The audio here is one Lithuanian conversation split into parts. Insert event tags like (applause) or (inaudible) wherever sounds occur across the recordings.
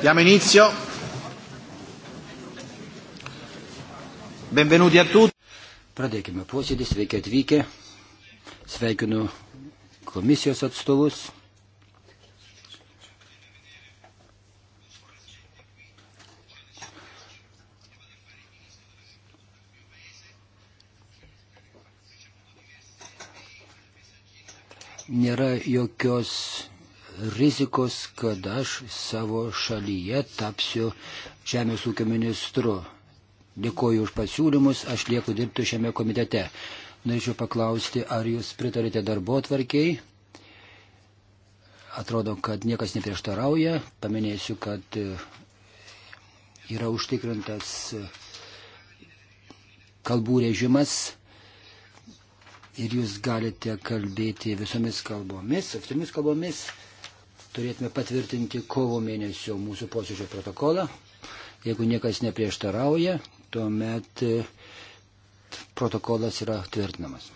Diamo inizio. Benvenuti a tutti. Pradėkime posėdį, sveiki atvykę. Sveikinu komisijos atstovus. Nėra jokios rizikos, kad aš savo šalyje tapsiu žemės ūkio ministru. Dėkoju už pasiūlymus, aš lieku dirbti šiame komitete. Norėčiau paklausti, ar jūs pritarite darbo tvarkiai? Atrodo, kad niekas neprieštarauja. Paminėsiu, kad e, yra užtikrintas e, kalbų režimas ir jūs galite kalbėti visomis kalbomis, oficialiomis kalbomis turėtume patvirtinti kovo mėnesio mūsų posėdžio protokolą. Jeigu niekas neprieštarauja, tuomet e, protokolas yra tvirtinamas.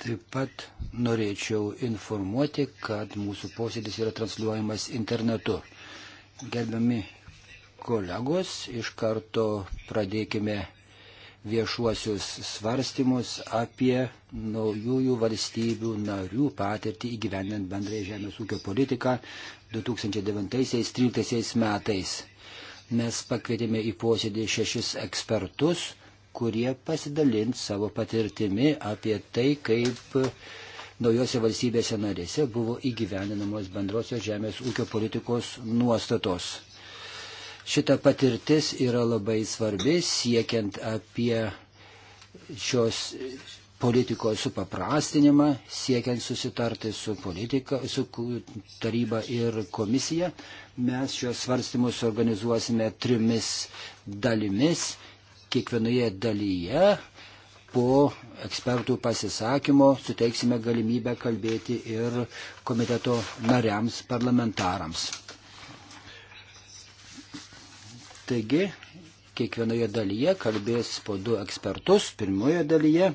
Taip pat norėčiau informuoti, kad mūsų posėdis yra transliuojamas internetu. Gerbiami kolegos, iš karto pradėkime viešuosius svarstymus apie naujųjų valstybių narių patirtį įgyvendinant bendrąją žemės ūkio politiką 2009-2013 metais. Mes pakvietėme į posėdį šešis ekspertus, kurie pasidalint savo patirtimi apie tai, kaip naujose valstybėse narėse buvo įgyvendinamos bendrosios žemės ūkio politikos nuostatos. Šita patirtis yra labai svarbi siekiant apie šios politikos supaprastinimą, siekiant susitarti su, politika, su taryba ir komisija. Mes šios svarstymus organizuosime trimis dalimis, kiekvienoje dalyje po ekspertų pasisakymo suteiksime galimybę kalbėti ir komiteto nariams, parlamentarams. Taigi, kiekvienoje dalyje kalbės po du ekspertus. Pirmoje dalyje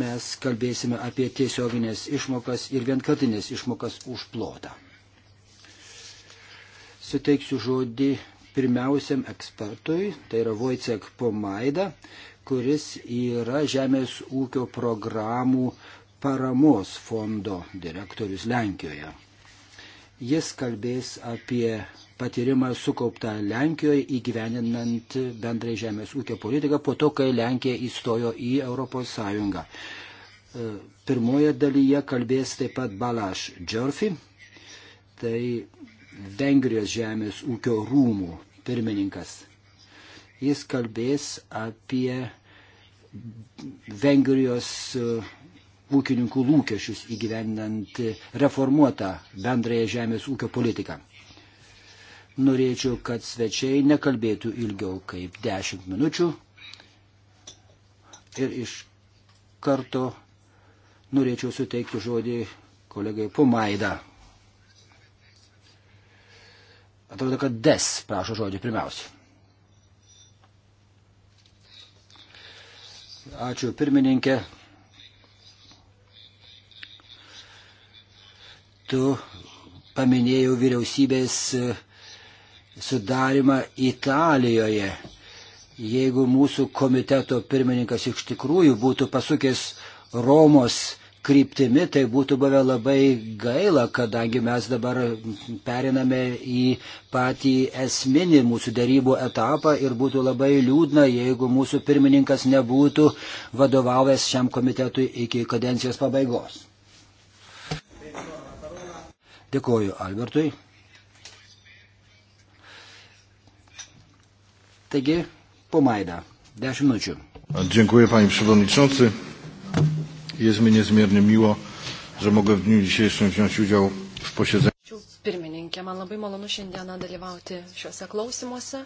mes kalbėsime apie tiesioginės išmokas ir vienkartinės išmokas už plotą. Suteiksiu žodį pirmiausiam ekspertui, tai yra Vojcek Pomaida, kuris yra Žemės ūkio programų paramos fondo direktorius Lenkijoje. Jis kalbės apie patyrimą sukauptą Lenkijoje įgyveninant bendrai žemės ūkio politiką po to, kai Lenkija įstojo į ES. E, pirmoje dalyje kalbės taip pat Balaš Džorfi, tai Vengrijos žemės ūkio rūmų pirmininkas. Jis kalbės apie Vengrijos e, ūkininkų lūkesčius įgyvendinant reformuotą bendrąją žemės ūkio politiką. Norėčiau, kad svečiai nekalbėtų ilgiau kaip 10 minučių. Ir iš karto norėčiau suteikti žodį kolegai Pumaida. Atrodo, kad des prašo žodį pirmiausia. Ačiū pirmininkė. Tu paminėjau vyriausybės uh, sudarimą Italijoje. Jeigu mūsų komiteto pirmininkas iš tikrųjų būtų pasukęs Romos kryptimi, tai būtų buvę labai gaila, kadangi mes dabar periname į patį esminį mūsų darybų etapą ir būtų labai liūdna, jeigu mūsų pirmininkas nebūtų vadovavęs šiam komitetui iki kadencijos pabaigos. Dėkuoju Albertui. Taigi, po Maida. Dešimt minučių. Dziękuję Panie Przewodniczący. Jest mi niezmiernie miło, że mogę w dniu dzisiejszym wziąć udział w posiedzeniu. Pirmininkė, man labai malonu šiandieną dalyvauti šiuose klausimuose.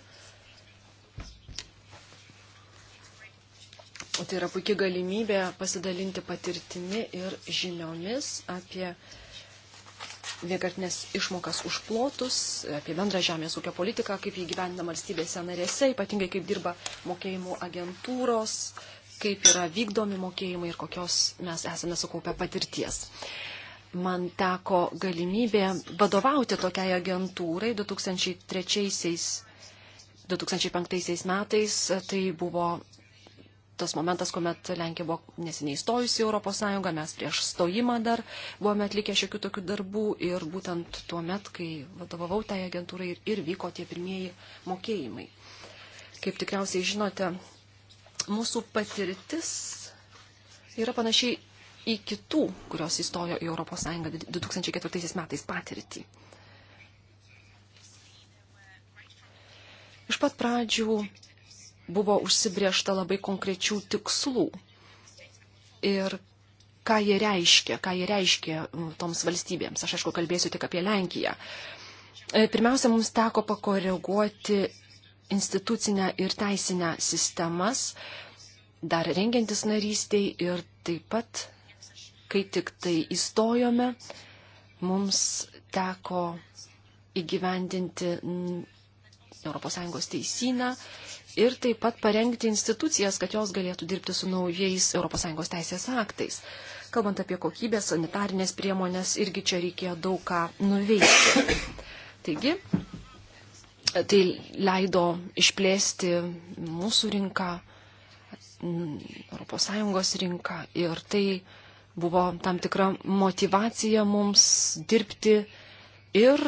O tai yra puikia galimybė pasidalinti patirtimi ir žiniomis apie vienkartinės išmokas už plotus, apie bendrą žemės ūkio politiką, kaip jį gyvendina valstybėse narėse, ypatingai kaip dirba mokėjimų agentūros, kaip yra vykdomi mokėjimai ir kokios mes esame sukaupę patirties. Man teko galimybė vadovauti tokiai agentūrai 2003-2005 metais. Tai buvo tas momentas, kuomet Lenkija buvo neseniai įstojusi į Europos Sąjungą, mes prieš stojimą dar buvome atlikę šiokių tokių darbų ir būtent tuo met, kai vadovavau tai agentūrai ir, ir vyko tie pirmieji mokėjimai. Kaip tikriausiai žinote, mūsų patirtis yra panašiai į kitų, kurios įstojo į Europos Sąjungą 2004 metais patirtį. Iš pat pradžių buvo užsibriešta labai konkrečių tikslų. Ir ką jie reiškia, ką jie reiškia toms valstybėms. Aš aišku, kalbėsiu tik apie Lenkiją. E, pirmiausia, mums teko pakoreguoti institucinę ir teisinę sistemas, dar rengiantis narystiai ir taip pat, kai tik tai įstojome, mums teko įgyvendinti ES teisyną ir taip pat parengti institucijas, kad jos galėtų dirbti su naujais ES teisės aktais. Kalbant apie kokybę, sanitarnės priemonės, irgi čia reikėjo daug ką nuveikti. Taigi, tai leido išplėsti mūsų rinką, ES rinką ir tai buvo tam tikra motivacija mums dirbti ir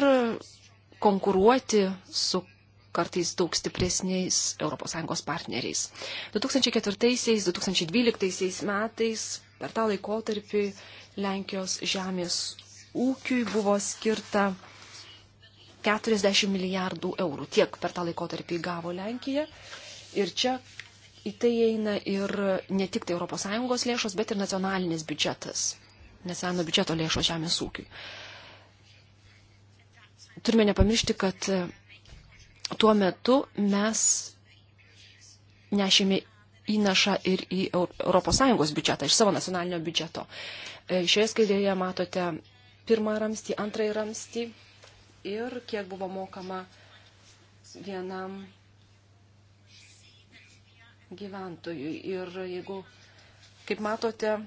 konkuruoti su kartais daug stipresniais ES partneriais. 2004-2012 metais per tą laikotarpį Lenkijos žemės ūkiui buvo skirta 40 milijardų eurų. Tiek per tą laikotarpį gavo Lenkija. Ir čia į tai eina ir ne tik tai ES lėšos, bet ir nacionalinis biudžetas. Neseno biudžeto lėšos žemės ūkiui. Turime nepamiršti, kad tuo metu mes nešėme įnašą ir į ES biudžetą, iš savo nacionalinio biudžeto. E, šioje skaidrėje matote pirmą ramstį, antrąjį ramstį ir kiek buvo mokama vienam gyventojui. Ir jeigu, kaip matote,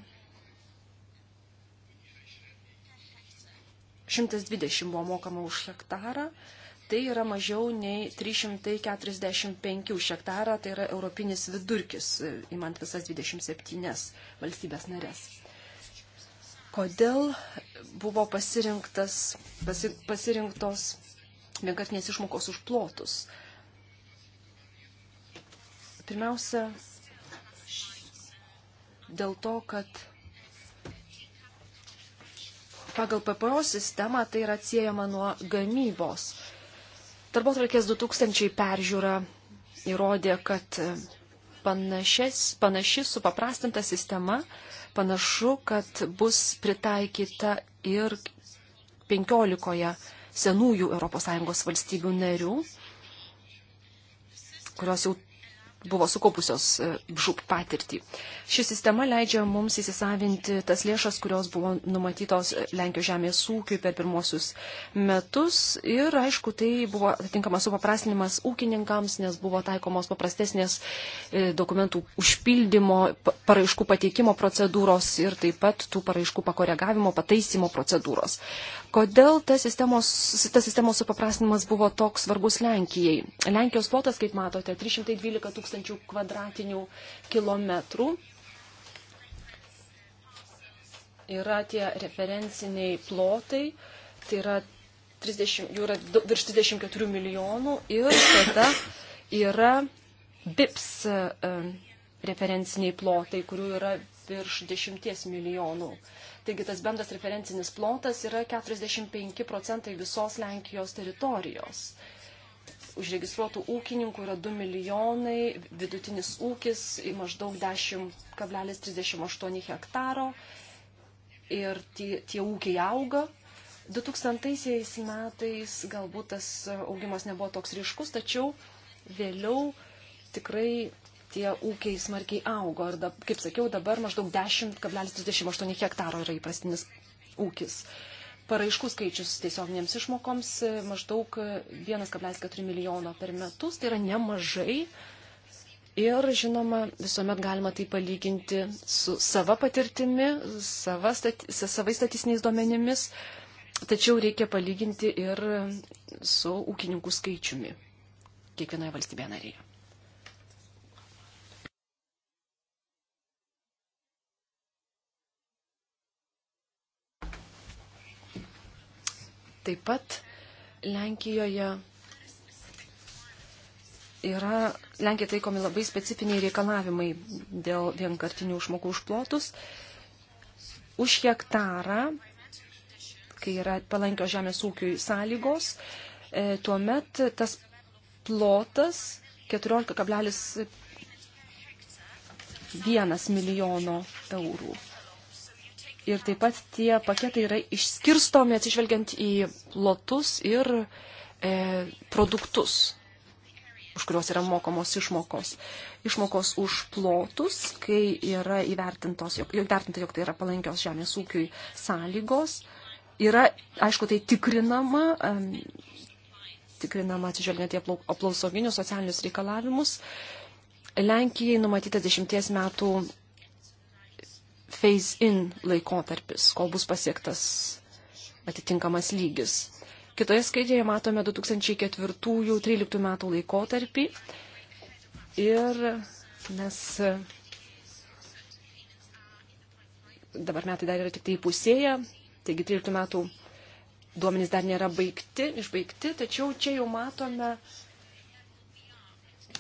120 buvo mokama už hektarą, Tai yra mažiau nei 345 šektarą, tai yra europinis vidurkis, e, imant visas 27 valstybės narės. Kodėl buvo pasirinktas, pasi, pasirinktos vienkartinės išmokos už plotus? Pirmiausia, dėl to, kad pagal PPO sistemą tai yra atsiejama nuo gamybos. Darbotvarkės 2000 peržiūra įrodė, kad panašias, panaši supaprastinta sistema panašu, kad bus pritaikyta ir 15 senųjų ES valstybių narių, kurios jau buvo sukaupusios e, žūp patirtį. Ši sistema leidžia mums įsisavinti tas lėšas, kurios buvo numatytos e, Lenkijos žemės ūkiui per pirmosius metus. Ir, aišku, tai buvo atitinkamas supaprastinimas ūkininkams, nes buvo taikomos paprastesnės e, dokumentų užpildymo, paraiškų pateikimo procedūros ir taip pat tų paraiškų pakoregavimo, pataisimo procedūros. Kodėl tas sistemos, tas sistemos supaprastinimas buvo toks svarbus Lenkijai? Lenkijos plotas, kaip matote, 312 tūkstančių kvadratinių kilometrų yra tie referenciniai plotai, tai yra, 30, jų yra virš 34 milijonų ir tada yra BIPS e, referenciniai plotai, kurių yra virš 10 milijonų. Taigi tas bendras referencinis plotas yra 45 procentai visos Lenkijos teritorijos. Užregistruotų ūkininkų yra 2 milijonai, vidutinis ūkis maždaug 10,38 hektaro ir tie, tie ūkiai auga. 2000 metais galbūt tas augimas nebuvo toks ryškus, tačiau vėliau tikrai tie ūkiai smarkiai augo. Ir, da, kaip sakiau, dabar maždaug 10,38 hektaro yra įprastinis ūkis. Paraiškų skaičius tiesioginėms išmokoms maždaug 1,4 milijono per metus, tai yra nemažai. Ir, žinoma, visuomet galima tai palyginti su sava patirtimi, sava stati, savais statistiniais duomenimis, tačiau reikia palyginti ir su ūkininkų skaičiumi kiekvienoje valstybėje narėje. Taip pat Lenkijoje yra, Lenkija taikomi labai specifiniai reikalavimai dėl vienkartinių išmokų užplotus. Už hektarą, kai yra palankio žemės ūkiui sąlygos, e, tuomet tas plotas 14,1 milijono eurų. Ir taip pat tie paketai yra išskirstomi atsižvelgiant į lotus ir e, produktus, už kuriuos yra mokamos išmokos. Išmokos už plotus, kai yra įvertintos, jog, įvertinta, jog tai yra palankios žemės ūkiui sąlygos. Yra, aišku, tai tikrinama, um, tikrinama atsižvelgiant į aplausoginius socialinius reikalavimus. Lenkijai numatytas dešimties metų phase-in laikotarpis, kol bus pasiektas atitinkamas lygis. Kitoje skaidrėje matome 2004-2013 metų laikotarpį ir mes dabar metai dar yra tik tai pusėje, taigi 13 metų duomenys dar nėra baigti, išbaigti, tačiau čia jau matome,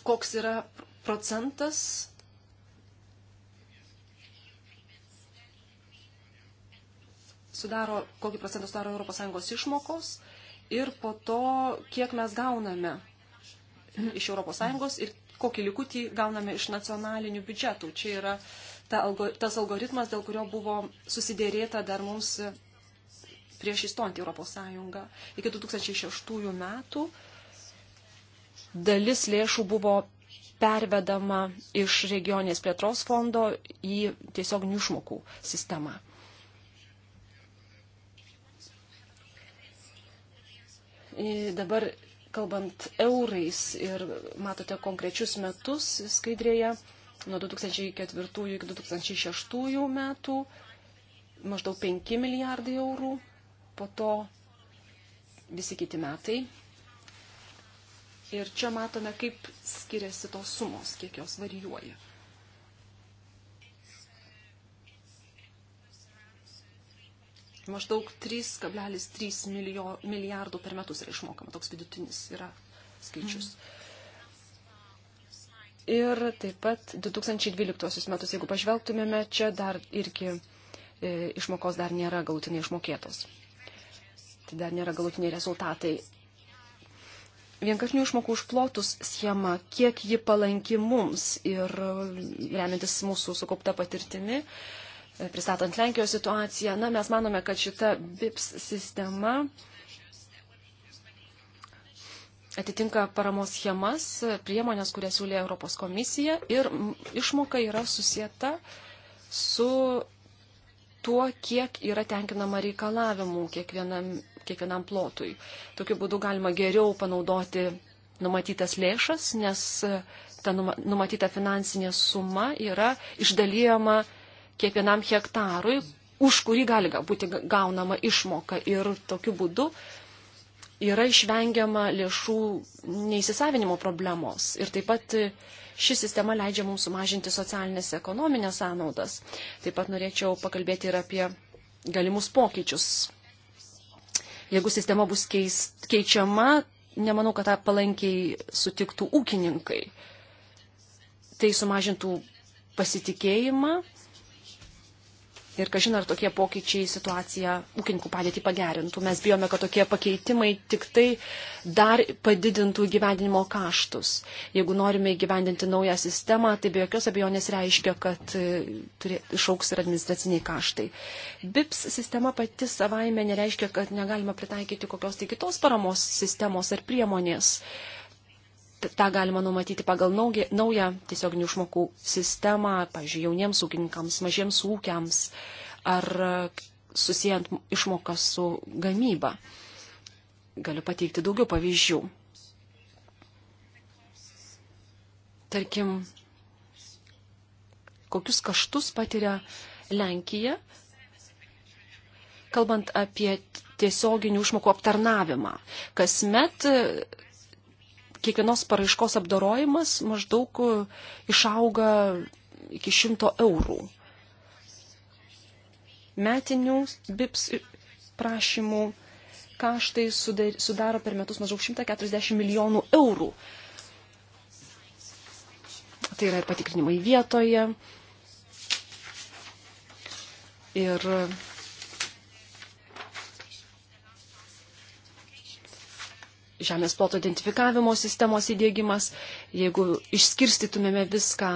koks yra procentas sudaro, kokį procentą sudaro ES išmokos ir po to, kiek mes gauname iš ES ir kokį likutį gauname iš nacionalinių biudžetų. Čia yra ta, tas algoritmas, dėl kurio buvo susidėrėta dar mums prieš įstojant į ES. Iki 2006 metų dalis lėšų buvo pervedama iš regionės plėtros fondo į tiesioginių išmokų sistemą. Dabar kalbant eurais ir matote konkrečius metus skaidrėje nuo 2004 iki 2006 metų maždaug 5 milijardai eurų, po to visi kiti metai. Ir čia matome, kaip skiriasi tos sumos, kiek jos varijuoja. maždaug 3,3 milijardų per metus yra išmokama. Toks vidutinis yra skaičius. Ir taip pat 2012 metus, jeigu pažvelgtumėme, čia dar irgi e, išmokos dar nėra galutinai išmokėtos. Tai dar nėra galutiniai rezultatai. Vienkartinių išmokų už plotus schema, kiek ji palanki mums ir e, remiantis mūsų sukaupta patirtimi, e, E, pristatant Lenkijos situaciją. Na, mes manome, kad šita BIPS sistema atitinka paramos schemas, priemonės, kurias siūlė Europos komisija ir išmoka yra susieta su tuo, kiek yra tenkinama reikalavimų kiekvienam, kiekvienam plotui. Tokiu būdu galima geriau panaudoti numatytas lėšas, nes ta numatyta finansinė suma yra išdalyjama kiekvienam hektarui, už kurį gali būti gaunama išmoka. Ir tokiu būdu yra išvengiama lėšų neįsisavinimo problemos. Ir taip pat ši sistema leidžia mums sumažinti socialinės ekonominės sąnaudas. Taip pat norėčiau pakalbėti ir apie galimus pokyčius. Jeigu sistema bus keis, keičiama, nemanau, kad tą palankiai sutiktų ūkininkai. Tai sumažintų pasitikėjimą Ir kažin ar tokie pokyčiai situaciją ūkininkų padėtį pagerintų. Mes bijome, kad tokie pakeitimai tik tai dar padidintų gyvendinimo kaštus. Jeigu norime įgyvendinti naują sistemą, tai be jokios abejonės reiškia, kad e, turė, išauks ir administraciniai kaštai. BIPS sistema pati savaime nereiškia, kad negalima pritaikyti kokios tai kitos paramos sistemos ar priemonės tą galima numatyti pagal naują, naują tiesioginių išmokų sistemą, pažiūrėjau, jauniems ūkininkams, mažiems ūkiams ar susijęs išmokas su gamyba. Galiu pateikti daugiau pavyzdžių. Tarkim, kokius kaštus patiria Lenkija, kalbant apie tiesioginių išmokų aptarnavimą. Kasmet kiekvienos paraiškos apdorojimas maždaug e, išauga iki 100 eurų. Metinių BIPS prašymų kaštai sudaro per metus maždaug 140 milijonų eurų. Tai yra ir patikrinimai vietoje. Ir žemės ploto identifikavimo sistemos įdėgymas, jeigu išskirstytumėme viską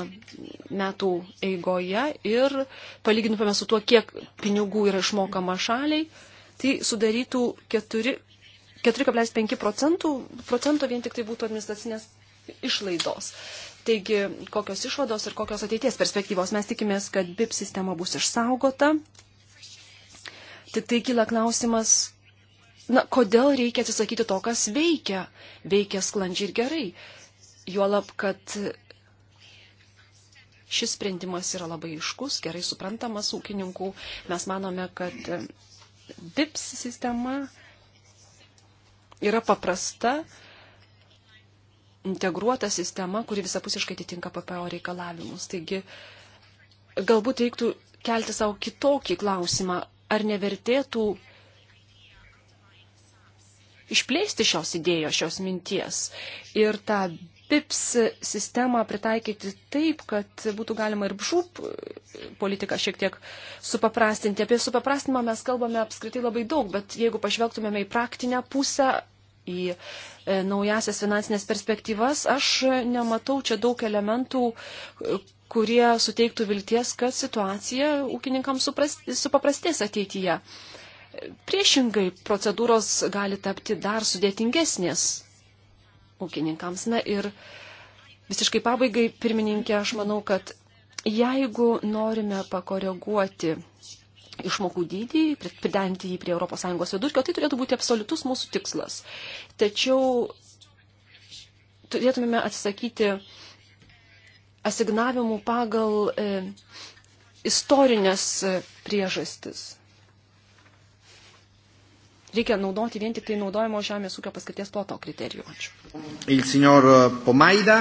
metų eigoje ir palygintumėme su tuo, kiek pinigų yra išmokama šaliai, tai sudarytų 4,5 procentų, procento vien tik tai būtų administracinės išlaidos. Taigi, kokios išvados ir kokios ateities perspektyvos mes tikimės, kad BIP sistema bus išsaugota. Tik tai kyla klausimas, na, kodėl reikia atsisakyti to, kas veikia, veikia sklandžiai ir gerai. Juolab, kad šis sprendimas yra labai iškus, gerai suprantamas ūkininkų. Mes manome, kad VIPS sistema yra paprasta, integruota sistema, kuri visapusiškai atitinka PPO reikalavimus. Taigi, galbūt reiktų kelti savo kitokį klausimą, ar nevertėtų išplėsti šios idėjos, šios minties ir tą PIPS sistemą pritaikyti taip, kad būtų galima ir BŽUP politiką šiek tiek supaprastinti. Apie supaprastinimą mes kalbame apskritai labai daug, bet jeigu pažvelgtumėme į praktinę pusę, į e, naujasias finansinės perspektyvas, aš nematau čia daug elementų, e, kurie suteiktų vilties, kad situacija ūkininkams suprastės ateityje. Priešingai, procedūros gali tapti dar sudėtingesnės ūkininkams. Na ir visiškai pabaigai, pirmininkė, aš manau, kad jeigu norime pakoreguoti išmokų dydį, pridengti jį prie ES vidurkio, tai turėtų būti absoliutus mūsų tikslas. Tačiau turėtumėme atsisakyti asignavimų pagal e, istorinės e, priežastis reikia naudoti vien tik tai naudojimo žemės ūkio paskirties ploto kriterijų. Ačiū. Il signor eh, Pomaida.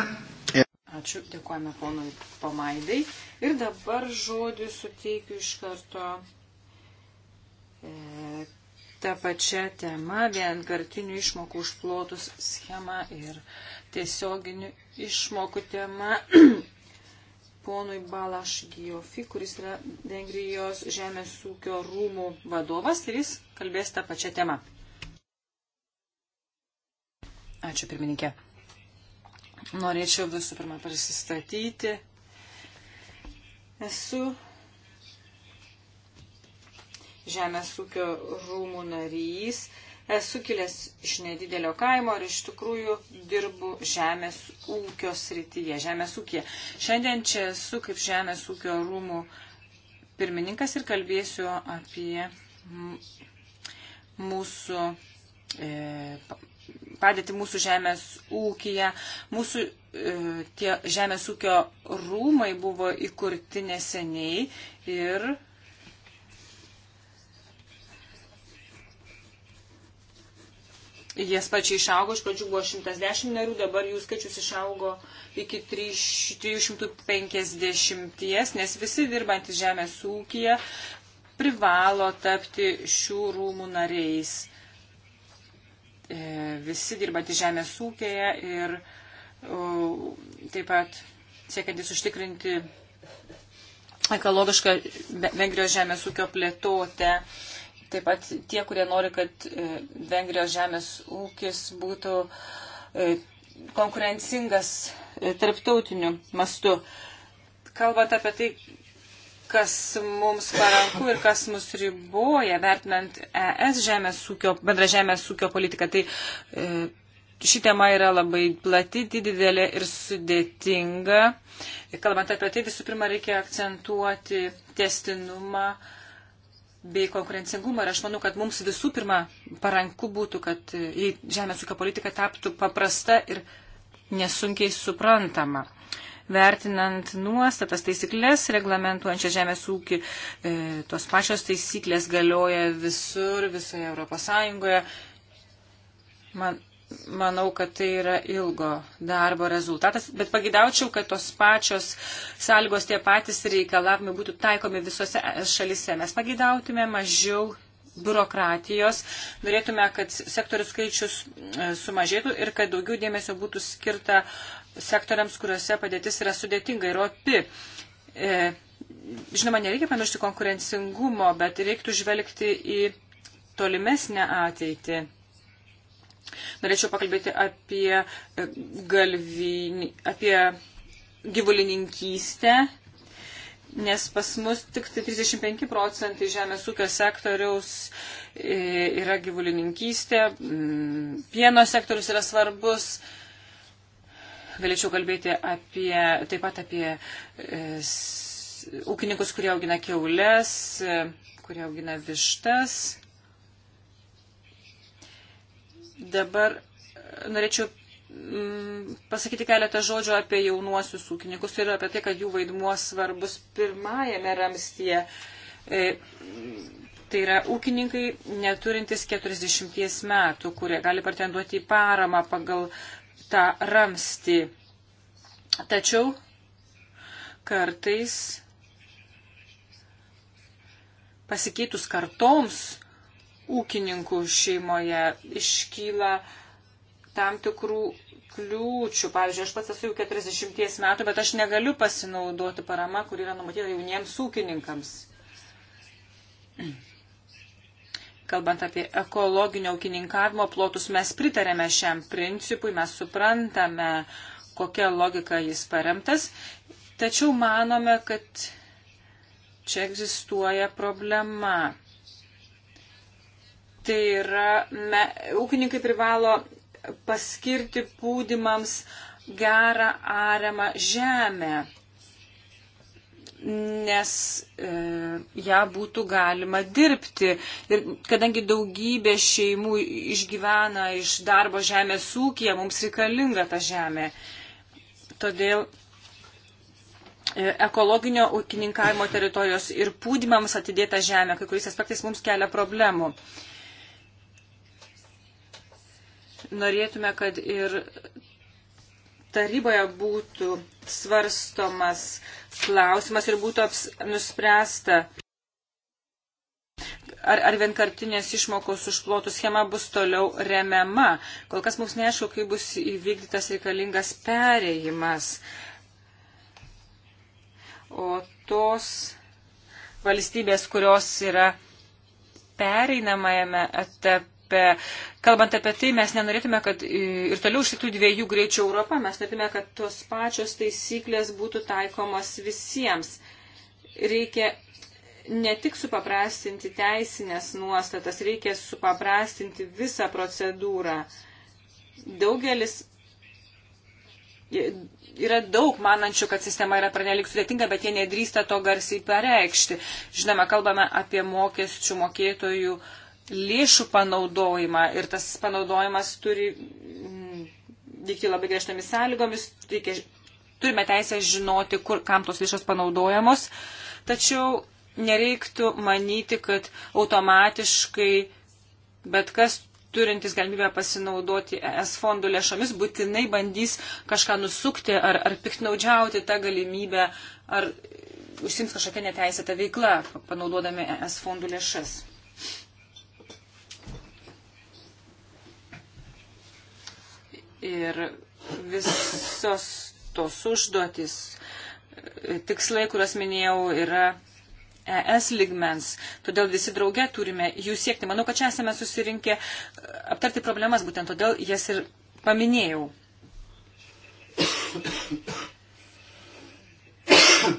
E- Ačiū, dėkojame ponui Pomaidai. Ir dabar žodį suteikiu iš karto e, tą pačią temą, vienkartinių išmokų užplotus schema ir tiesioginių išmokų tema. (clears throat) ponui Balaš Gijofi, kuris yra Vengrijos žemės ūkio rūmų vadovas ir jis kalbės tą pačią temą. Ačiū pirmininkė. Norėčiau visų pirma prisistatyti. Esu žemės ūkio rūmų narys Esu kilęs iš nedidelio kaimo ir iš tikrųjų dirbu žemės ūkio srityje, žemės ūkė. Šiandien čia esu kaip žemės ūkio rūmų pirmininkas ir kalbėsiu apie mūsų e, padėti mūsų žemės ūkija. Mūsų e, tie žemės ūkio rūmai buvo įkurti neseniai ir jie sparčiai išaugo, iš pradžių buvo 110 narių, dabar jų skaičius išaugo iki 350, nes visi dirbantis žemės ūkija privalo tapti šių rūmų nariais. E, visi dirbantys žemės ūkėje ir taip pat siekiantis užtikrinti ekologišką Vengrijos žemės ūkio plėtotę. E, Taip pat tie, kurie nori, kad e, Vengrijos žemės ūkis būtų e, konkurencingas e, tarptautiniu mastu. Kalbant apie tai, kas mums paranku ir kas mus riboja, vertinant ES žemės ūkio, bendra žemės ūkio politiką, tai e, ši tema yra labai plati, didelė ir sudėtinga. Kalbant apie tai, visų pirma, reikia akcentuoti testinumą, e, bei konkurencingumą. Ir aš manau, kad mums visų pirma paranku būtų, kad e, žemės ūkio politika taptų paprasta ir nesunkiai suprantama. Vertinant nuostatas, taisyklės reglamentuojančią žemės ūkį, e, tos pačios taisyklės galioja visur, visoje Europos Sąjungoje. Man, manau, kad tai yra ilgo darbo rezultatas, bet pagidaučiau, kad tos pačios sąlygos, tie patys reikalavimai būtų taikomi visose šalise. Mes pagidautume mažiau biurokratijos, norėtume, kad sektorių skaičius e, sumažėtų ir kad daugiau dėmesio būtų skirta sektoriams, kuriuose padėtis yra sudėtinga ir opi. E, žinoma, nereikia pamiršti konkurencingumo, bet reiktų žvelgti į tolimesnę ateitį. Norėčiau pakalbėti apie, e, galvinį, apie gyvulininkystę, nes pas mus tik 35 tai procentai žemės ūkio sektoriaus e, yra gyvulininkystė, pieno sektorius yra svarbus. Galėčiau kalbėti apie, taip pat apie e, s, ūkininkus, kurie augina keulės, e, kurie augina vištas. Dabar e, norėčiau mm, pasakyti keletą žodžių apie jaunuosius ūkininkus ir apie tai, kad jų vaidmuo svarbus pirmajame ramstyje. E, tai yra ūkininkai neturintys 40 metų, kurie gali pretenduoti į paramą pagal tą ramstį. Tačiau kartais pasikeitus kartoms ūkininkų šeimoje iškyla tam tikrų kliūčių. Pavyzdžiui, aš pats esu jau 40 metų, bet aš negaliu pasinaudoti parama, kur yra numatyta jauniems ūkininkams. Kalbant apie ekologinio ūkininkavimo plotus, mes pritarėme šiam principui, mes suprantame, kokia logika jis paremtas, tačiau manome, kad čia egzistuoja problema Tai yra, me, ūkininkai privalo paskirti pūdymams gerą ariamą žemę, nes e, ją būtų galima dirbti. Ir kadangi daugybė šeimų išgyvena iš darbo žemės ūkija, mums reikalinga ta žemė. Todėl e, ekologinio ūkininkavimo teritorijos ir pūdymams atidėta žemė, kai kuriais aspektais mums kelia problemų. E, Norėtume, kad ir taryboje būtų svarstomas klausimas ir būtų aps, nuspręsta, ar, ar vienkartinės išmokos užplotų schema bus toliau remiama. Kol kas mums neaišku, kaip bus įvykdytas reikalingas pereimas. O tos valstybės, kurios yra pereinamajame etape, Europę. Kalbant apie tai, mes nenorėtume, kad e, ir toliau iš tikrųjų dviejų greičių Europą, mes norėtume, kad tos pačios taisyklės būtų taikomos visiems. Reikia ne tik supaprastinti teisinės nuostatas, reikia supaprastinti visą procedūrą. Daugelis e, yra daug manančių, kad sistema yra pranelik sudėtinga, bet jie nedrįsta to garsiai pareikšti. Žinoma, kalbame apie mokesčių mokėtojų uh, lėšų panaudojimą ir tas panaudojimas turi mm, vykti labai griežtomis sąlygomis, reikia, turime teisę žinoti, kur, kam tos lėšos panaudojamos, tačiau nereiktų manyti, kad automatiškai bet kas turintis galimybę pasinaudoti ES fondų lėšomis būtinai bandys kažką nusukti ar, ar piktnaudžiauti tą galimybę ar užsims kažkokią neteisėtą veiklą, panaudodami ES fondų lėšas. Ir visos tos užduotis, e, tikslai, kuriuos minėjau, yra ES ligmens. Todėl visi drauge turime jų siekti. Manau, kad čia esame susirinkę e, aptarti problemas, būtent todėl jas ir paminėjau.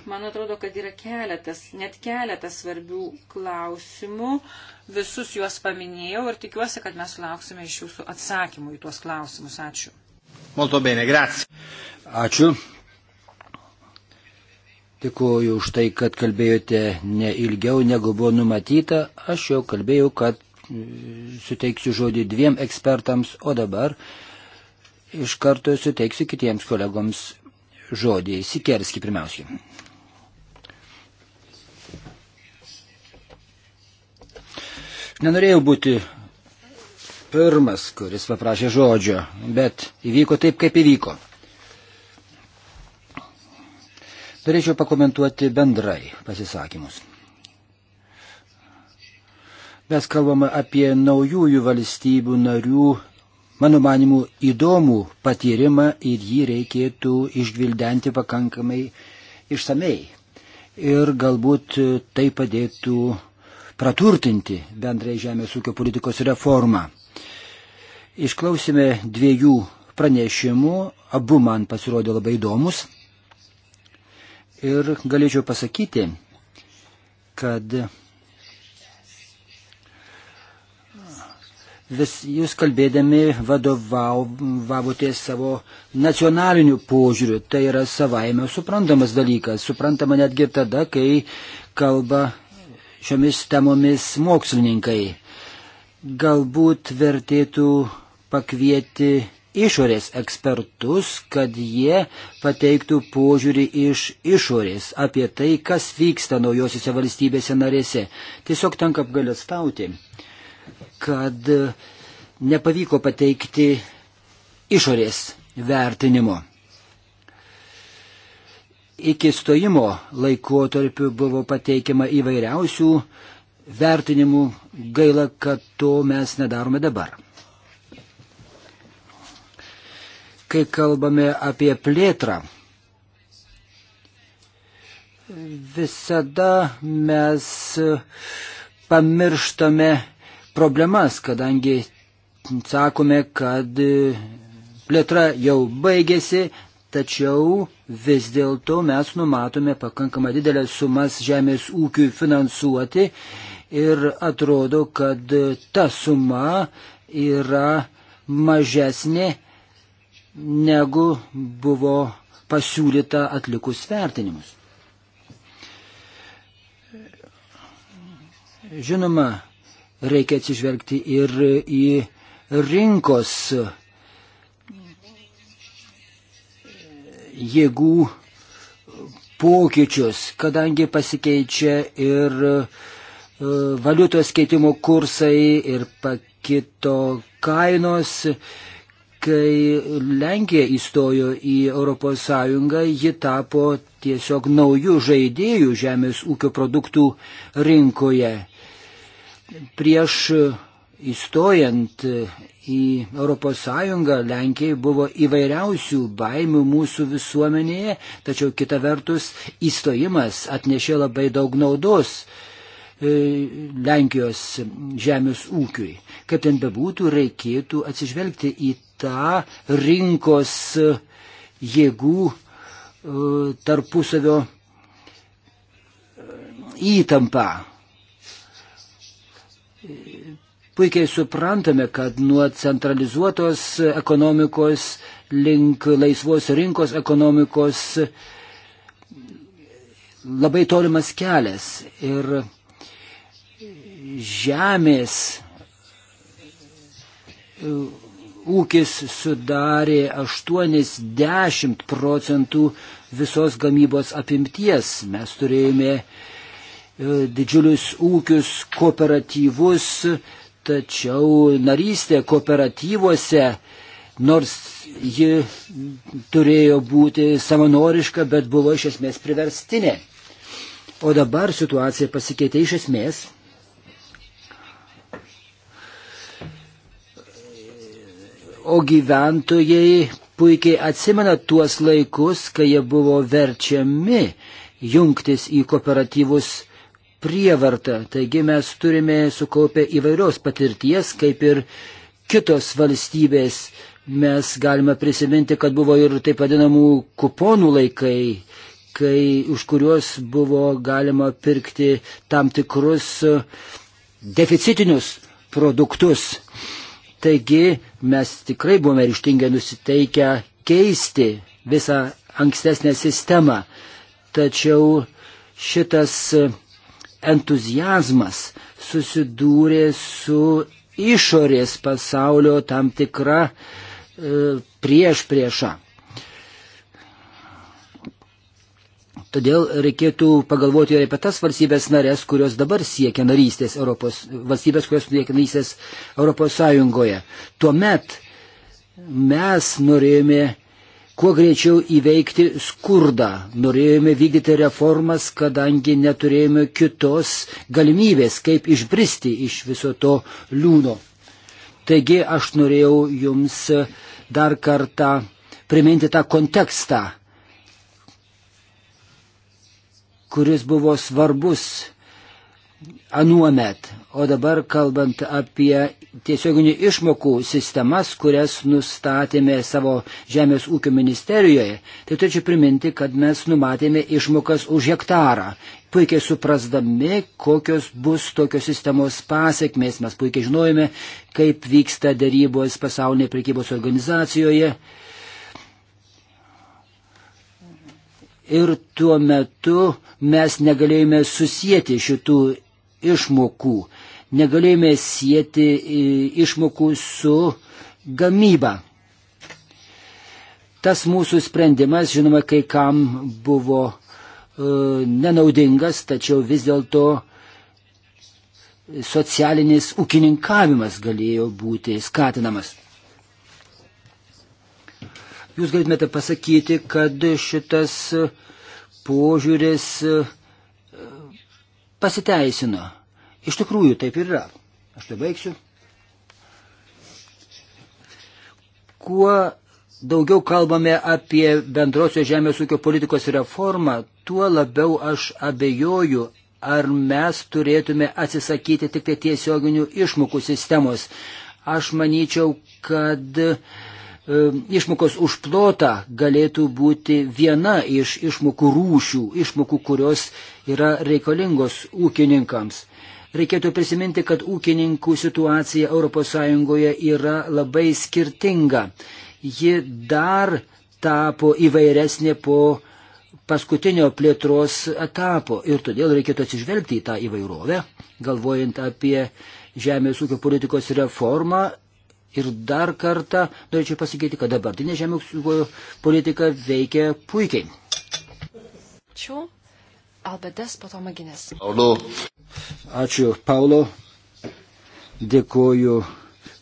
Man atrodo, kad yra keletas, net keletas svarbių klausimų. Visus juos paminėjau ir tikiuosi, kad mes lauksime iš jūsų atsakymų į tuos klausimus. Ačiū. Molto bene, grazie. Ačiū. Tikuoju už tai, kad kalbėjote ne ilgiau negu buvo numatyta. Aš jau kalbėjau, kad mm, suteiksiu žodį dviem ekspertams, o dabar iš karto suteiksiu kitiems kolegoms žodį. Sikerski pirmiausiai. Nenorėjau būti pirmas, kuris paprašė žodžio, bet įvyko taip, kaip įvyko. Turėčiau pakomentuoti bendrai pasisakymus. Mes kalbame apie naujųjų valstybių narių mano manimu, įdomų patyrimą ir jį reikėtų išgvildenti pakankamai išsamei. Ir galbūt tai padėtų praturtinti bendrai žemės ūkio politikos reformą. Išklausime dviejų pranešimų, abu man pasirodė labai įdomus. Ir galėčiau pasakyti, kad vis jūs kalbėdami vadovavotės savo nacionaliniu požiūriu. Tai yra savaime suprantamas dalykas. Suprantama netgi tada, kai kalba šiomis temomis mokslininkai. Galbūt vertėtų pakvieti išorės ekspertus, kad jie pateiktų požiūrį iš išorės apie tai, kas vyksta naujosiuose valstybėse narėse. Tiesiog tenka apgalėstauti, kad nepavyko pateikti išorės vertinimo. Iki stojimo laikotarpiu buvo pateikiama įvairiausių vertinimų, gaila, kad to mes nedarome dabar. Kai kalbame apie plėtrą, visada mes pamirštame problemas, kadangi sakome, kad e, plėtra jau baigėsi, tačiau vis dėlto mes numatome pakankamą didelę sumas žemės ūkiui finansuoti ir atrodo, kad ta suma yra mažesnė negu buvo pasiūlyta atlikus vertinimus. Žinoma, reikia atsižvelgti ir į rinkos jėgų pokyčius, kadangi pasikeičia ir e, valiutos keitimo kursai ir pakito kainos. Kai Lenkija įstojo į ES, ji tapo tiesiog naujų žaidėjų žemės ūkio produktų rinkoje. Prieš įstojant į ES Lenkijai buvo įvairiausių baimių mūsų visuomenėje, tačiau kita vertus įstojimas atnešė labai daug naudos. E, Lenkijos žemės ūkiui. Kaip ten bebūtų, reikėtų atsižvelgti į tą rinkos jėgų e, tarpusavio e, įtampą. Puikiai suprantame, kad nuo centralizuotos ekonomikos link laisvos rinkos ekonomikos labai tolimas kelias ir žemės ūkis sudarė 80 procentų visos gamybos apimties. Mes turėjome e, didžiulius ūkius, kooperatyvus, Tačiau narystė kooperatyvuose, nors ji turėjo būti savanoriška, bet buvo iš esmės priverstinė. O dabar situacija pasikeitė iš esmės. O gyventojai puikiai atsimena tuos laikus, kai jie buvo verčiami jungtis į kooperatyvus prievarta. Taigi mes turime sukaupę įvairios patirties, kaip ir kitos valstybės. Mes galime prisiminti, kad buvo ir taip vadinamų kuponų laikai, kai, už kuriuos buvo galima pirkti tam tikrus uh, deficitinius produktus. Taigi mes tikrai buvome ryštingai nusiteikę keisti visą ankstesnę sistemą. Tačiau šitas uh, entuzijazmas susidūrė su išorės pasaulio tam tikra e, prieš priešą. Todėl reikėtų pagalvoti ir apie tas valstybės narės, kurios dabar siekia narystės Europos, valstybės, kurios siekia narystės Europos Sąjungoje. Tuomet mes norėjome kuo greičiau įveikti skurdą. Norėjome vykdyti reformas, kadangi neturėjome kitos galimybės, kaip išbristi iš viso to liūno. Taigi aš norėjau jums dar kartą priminti tą kontekstą, kuris buvo svarbus anuomet. O dabar kalbant apie tiesioginių išmokų sistemas, kurias nustatėme savo Žemės ūkio ministerijoje, tai turėčiau priminti, kad mes numatėme išmokas už hektarą. Puikiai suprasdami, kokios bus tokios sistemos pasiekmės, mes puikiai žinojame, kaip vyksta dėrybos pasaulinėje prekybos organizacijoje. Ir tuo metu mes negalėjome susijęti šitų išmokų negalėjome sieti e, išmokų su gamyba. Tas mūsų sprendimas, žinoma, kai kam buvo e, nenaudingas, tačiau vis dėlto socialinis ūkininkavimas galėjo būti skatinamas. Jūs galėtumėte pasakyti, kad šitas požiūris e, pasiteisino. Iš tikrųjų taip ir yra. Aš tai baigsiu. Kuo daugiau kalbame apie bendrosios žemės ūkio politikos reformą, tuo labiau aš abejoju, ar mes turėtume atsisakyti tik tai tiesioginių išmokų sistemos. Aš manyčiau, kad e, Išmokos už plotą galėtų būti viena iš išmokų rūšių, išmokų, kurios yra reikalingos ūkininkams. Reikėtų prisiminti, kad ūkininkų situacija ES yra labai skirtinga. Ji dar tapo įvairesnė po paskutinio plėtros etapo ir todėl reikėtų atsižvelgti į tą įvairovę, galvojant apie žemės ūkio politikos reformą. Ir dar kartą norėčiau pasakyti, kad dabartinė žemės ūkio politika veikia puikiai. Ačiū. Albedes, po to Maginės. Paulo. Ačiū, Paulo. Dėkoju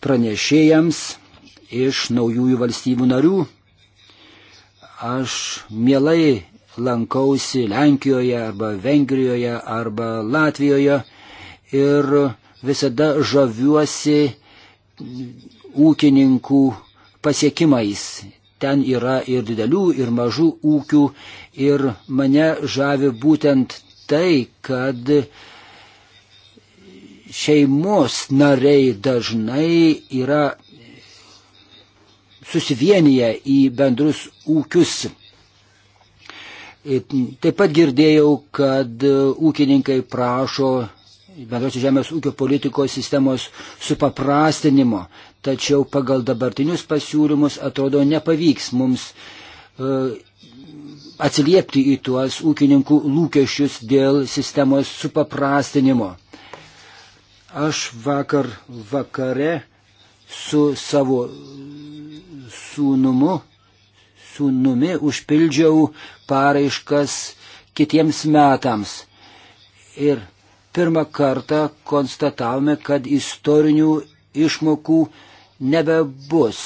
pranešėjams iš naujųjų valstybių narių. Aš mielai lankausi Lenkijoje arba Vengrijoje arba Latvijoje ir visada žaviuosi ūkininkų pasiekimais ten yra ir didelių, ir mažų ūkių. Ir mane žavi būtent tai, kad šeimos nariai dažnai yra susivienyje į bendrus ūkius. Taip pat girdėjau, kad ūkininkai prašo bendrosios žemės ūkio politikos sistemos supaprastinimo tačiau pagal dabartinius pasiūlymus atrodo nepavyks mums e, atsiliepti į tuos ūkininkų lūkesčius dėl sistemos supaprastinimo. Aš vakar vakare su savo sūnumu, sūnumi užpildžiau paraiškas kitiems metams. Ir pirmą kartą konstatavome, kad istorinių išmokų nebebus.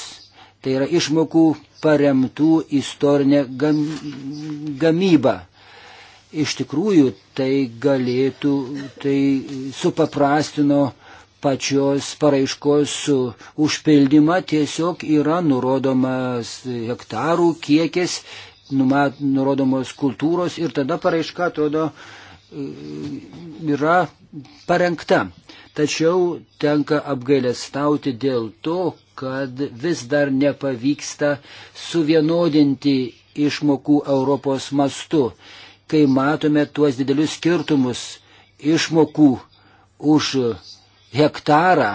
Tai yra išmokų paremtų istorinė gam, gamyba. Iš tikrųjų, tai galėtų, tai supaprastino pačios paraiškos užpildymą, tiesiog yra nurodomas hektarų kiekis, numat, nurodomos kultūros ir tada paraiška atrodo E, yra parengta. Tačiau tenka apgailestauti dėl to, kad vis dar nepavyksta suvienodinti išmokų Europos mastu, kai matome tuos didelius skirtumus išmokų už hektarą.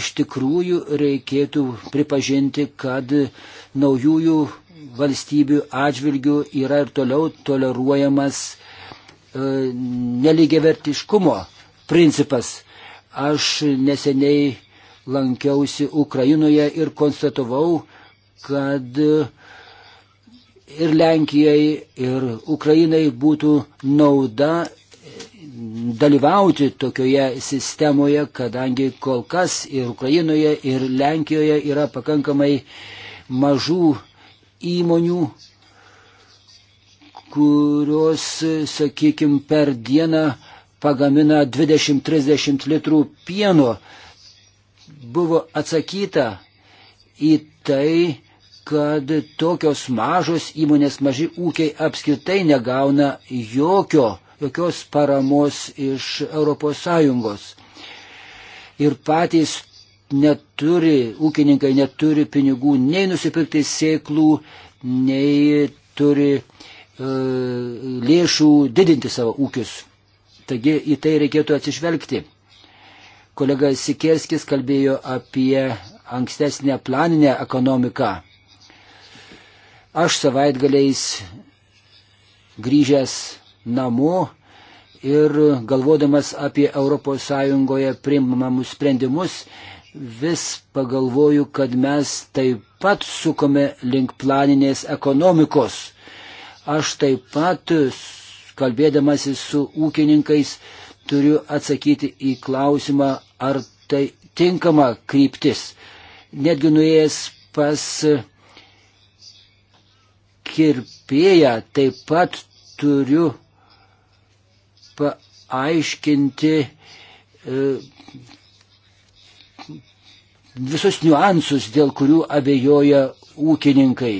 Iš tikrųjų reikėtų pripažinti, kad naujųjų valstybių atžvilgių yra ir toliau toleruojamas E, neligiavertiškumo principas. Aš neseniai lankiausi Ukrainoje ir konstatavau, kad ir Lenkijai, ir Ukrainai būtų nauda dalyvauti tokioje sistemoje, kadangi kol kas ir Ukrainoje, ir Lenkijoje yra pakankamai mažų įmonių, kurios, sakykime, per dieną pagamina 20-30 litrų pieno, buvo atsakyta į tai, kad tokios mažos įmonės, maži ūkiai apskritai negauna jokio, jokios paramos iš ES. Ir patys neturi, ūkininkai neturi pinigų nei nusipirkti sėklų, nei turi E, lėšų didinti savo ūkius. Taigi į tai reikėtų atsižvelgti. Kolega Sikerskis kalbėjo apie ankstesnę planinę ekonomiką. Aš savaitgaliais grįžęs namo ir galvodamas apie ES priimamus sprendimus, vis pagalvoju, kad mes taip pat sukome link planinės ekonomikos. Aš taip pat, kalbėdamasis su ūkininkais, turiu atsakyti į klausimą, ar tai tinkama kryptis. Netgi nuėjęs pas kirpėją taip pat turiu paaiškinti e, visus niuansus, dėl kurių abejoja ūkininkai.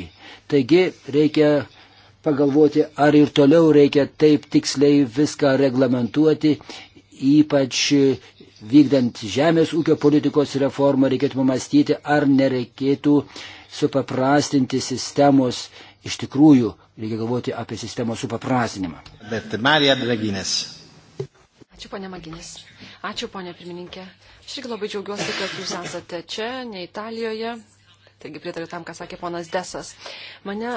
Taigi reikia pagalvoti, ar ir toliau reikia taip tiksliai viską reglamentuoti, ypač vykdant žemės ūkio politikos reformą reikėtų pamastyti, ar nereikėtų supaprastinti sistemos. Iš tikrųjų, reikia galvoti apie sistemos supaprastinimą. Bet Marija Draginės. Ačiū, ponė Maginės. Ačiū, ponė pirmininkė. Aš irgi labai džiaugiuosi, kad jūs esate čia, ne Italijoje. Taigi pritariu tam, ką sakė ponas Desas. Mane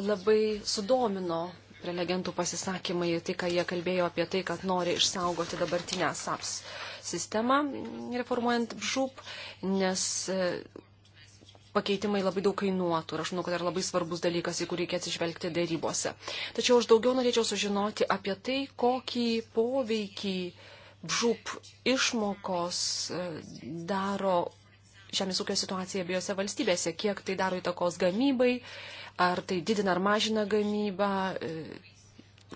labai sudomino prelegentų pasisakymai, tai, ką jie kalbėjo apie tai, kad nori išsaugoti dabartinę SAPS sistemą, reformuojant BŽUP, nes e, pakeitimai labai daug kainuotų ir aš manau, kad tai yra labai svarbus dalykas, į kurį reikia atsižvelgti dėrybose. Tačiau aš daugiau norėčiau sužinoti apie tai, kokį poveikį BŽUP išmokos e, daro žemės ūkio situacija abiejose valstybėse, kiek tai daro įtakos gamybai, ar tai didina ar mažina gamybą, e,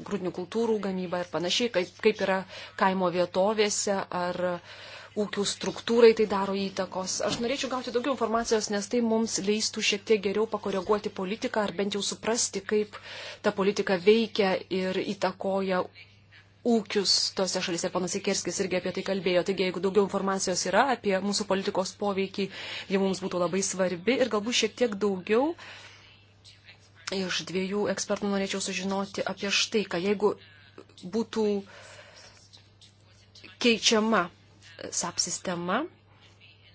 grūdinių kultūrų gamybą ir panašiai, kaip, kaip yra kaimo vietovėse, ar ūkių struktūrai tai daro įtakos. Aš norėčiau gauti daugiau informacijos, nes tai mums leistų šiek tiek geriau pakoreguoti politiką ar bent jau suprasti, kaip ta politika veikia ir įtakoja ūkius tose šalise. Panas Ikerskis irgi apie tai kalbėjo. Taigi, jeigu daugiau informacijos yra apie mūsų politikos poveikį, jie mums būtų labai svarbi ir galbūt šiek tiek daugiau iš dviejų ekspertų norėčiau sužinoti apie štai, kad jeigu būtų keičiama SAP sistema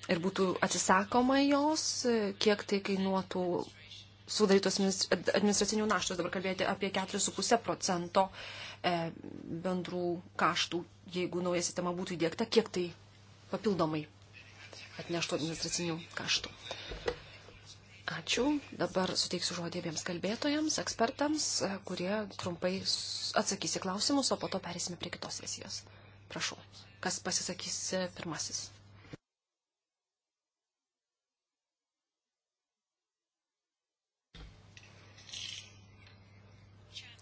ir būtų atsisakoma jos, kiek tai kainuotų sudarytos administracinių naštos, dabar kalbėti apie 4,5 procento e, bendrų kaštų, jeigu nauja sistema būtų įdėkta, kiek tai papildomai atneštų administracinių kaštų. Ačiū. Dabar suteiksiu žodį abiems kalbėtojams, ekspertams, e, kurie trumpai atsakys į klausimus, o po to perėsime prie kitos sesijos. Prašau, kas pasisakys e, pirmasis?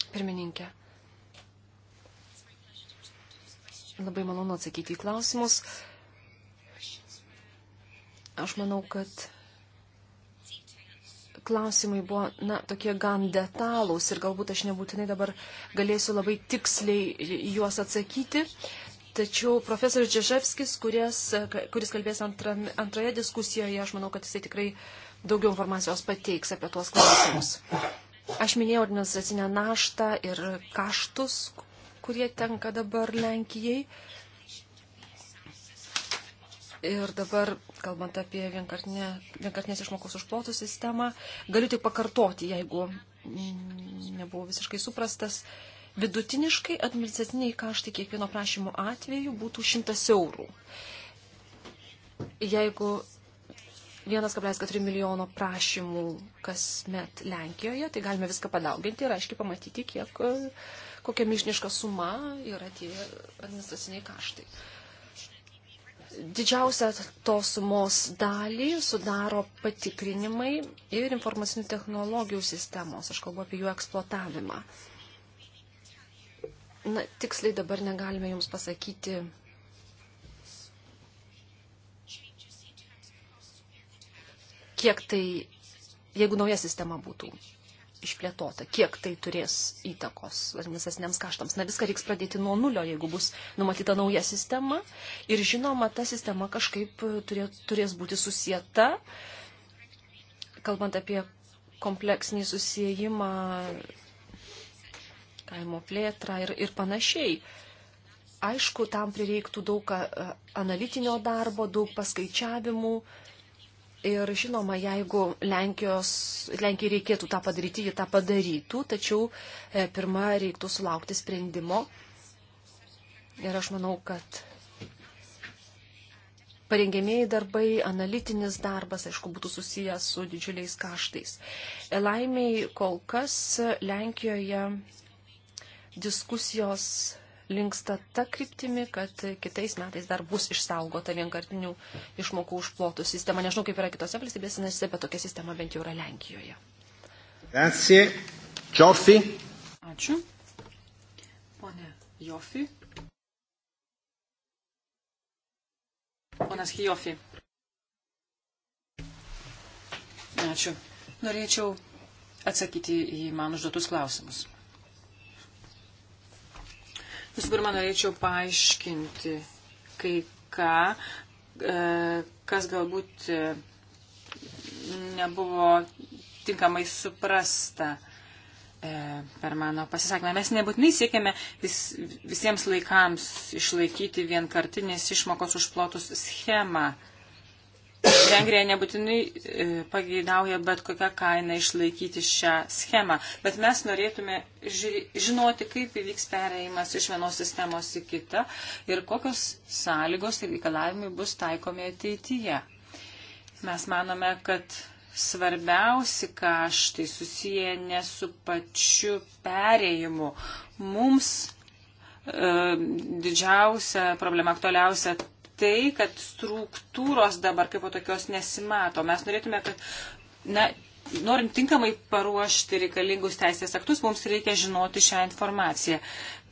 Pirmininkė. Labai malonu atsakyti į klausimus. Aš manau, kad klausimai buvo, na, tokie gan detalūs ir galbūt aš nebūtinai dabar galėsiu labai tiksliai juos atsakyti. Tačiau profesorius Džeževskis, kuris, kuris kalbės antra, antroje diskusijoje, aš manau, kad jisai tikrai daugiau informacijos pateiks apie tuos klausimus. Aš minėjau organizacinę naštą ir kaštus, kurie tenka dabar Lenkijai. Uh, Ir dabar, kalbant apie vienkartinę, vienkartinės išmokos už plotų sistemą, galiu tik pakartoti, jeigu nebuvau visiškai suprastas, vidutiniškai administraciniai kaštai kiekvieno prašymo atveju būtų 100 eurų. Jeigu 1,4 milijono prašymų kasmet Lenkijoje, tai galime viską padauginti ir aiškiai pamatyti, kiek, kokia milžiniška suma yra tie administraciniai kaštai. Uh, Didžiausią tos sumos dalį sudaro patikrinimai ir informacinių technologijų sistemos. Aš kalbu apie jų eksploatavimą. Na, tiksliai dabar negalime Jums pasakyti, kiek tai, jeigu nauja sistema būtų, išplėtota, kiek tai turės įtakos administraciniams kaštams. Na, viską reiks pradėti nuo nulio, jeigu bus numatyta nauja sistema. Ir žinoma, ta sistema kažkaip turė, turės būti susieta, kalbant apie kompleksinį susijimą, kaimo plėtrą ir, ir panašiai. Aišku, tam prireiktų daug analitinio darbo, daug paskaičiavimų, uh, Ir žinoma, jeigu Lenkijos, Lenkijai reikėtų tą padaryti, ji tą padarytų, tačiau e, pirmą reiktų sulaukti sprendimo. Ir aš manau, kad parengėmėjai darbai, analitinis darbas, aišku, būtų susijęs su didžiuliais kaštais. E, laimiai kol kas Lenkijoje diskusijos linksta ta kryptimi, kad kitais metais dar bus išsaugota vienkartinių išmokų užplotų sistema. Nežinau, kaip yra kitose valstybėse, nes bet tokia sistema bent jau yra Lenkijoje. Grazie. Čiofi. Ačiū. Pone Jofi. Ponas Hijofi. Ačiū. Norėčiau atsakyti į man užduotus klausimus. Visų pirma, norėčiau paaiškinti kai ką, e, kas galbūt e, nebuvo tinkamai suprasta e, per mano pasisakymą. Mes nebūtinai siekiame vis, visiems laikams išlaikyti vienkartinės išmokos už plotus schemą. Vengrija nebūtinai e, pageidauja bet kokią kainą išlaikyti šią schemą, bet mes norėtume žinoti, kaip įvyks pereimas iš vienos sistemos į kitą ir kokios sąlygos ir reikalavimai bus taikomi ateityje. Mes manome, kad svarbiausi kaštai susiję ne su pačiu pereimu. Mums e, didžiausia problema aktualiausia tai, kad struktūros dabar kaip po tokios nesimato. Mes norėtume, kad, na, norint tinkamai paruošti reikalingus teisės aktus, mums reikia žinoti šią informaciją.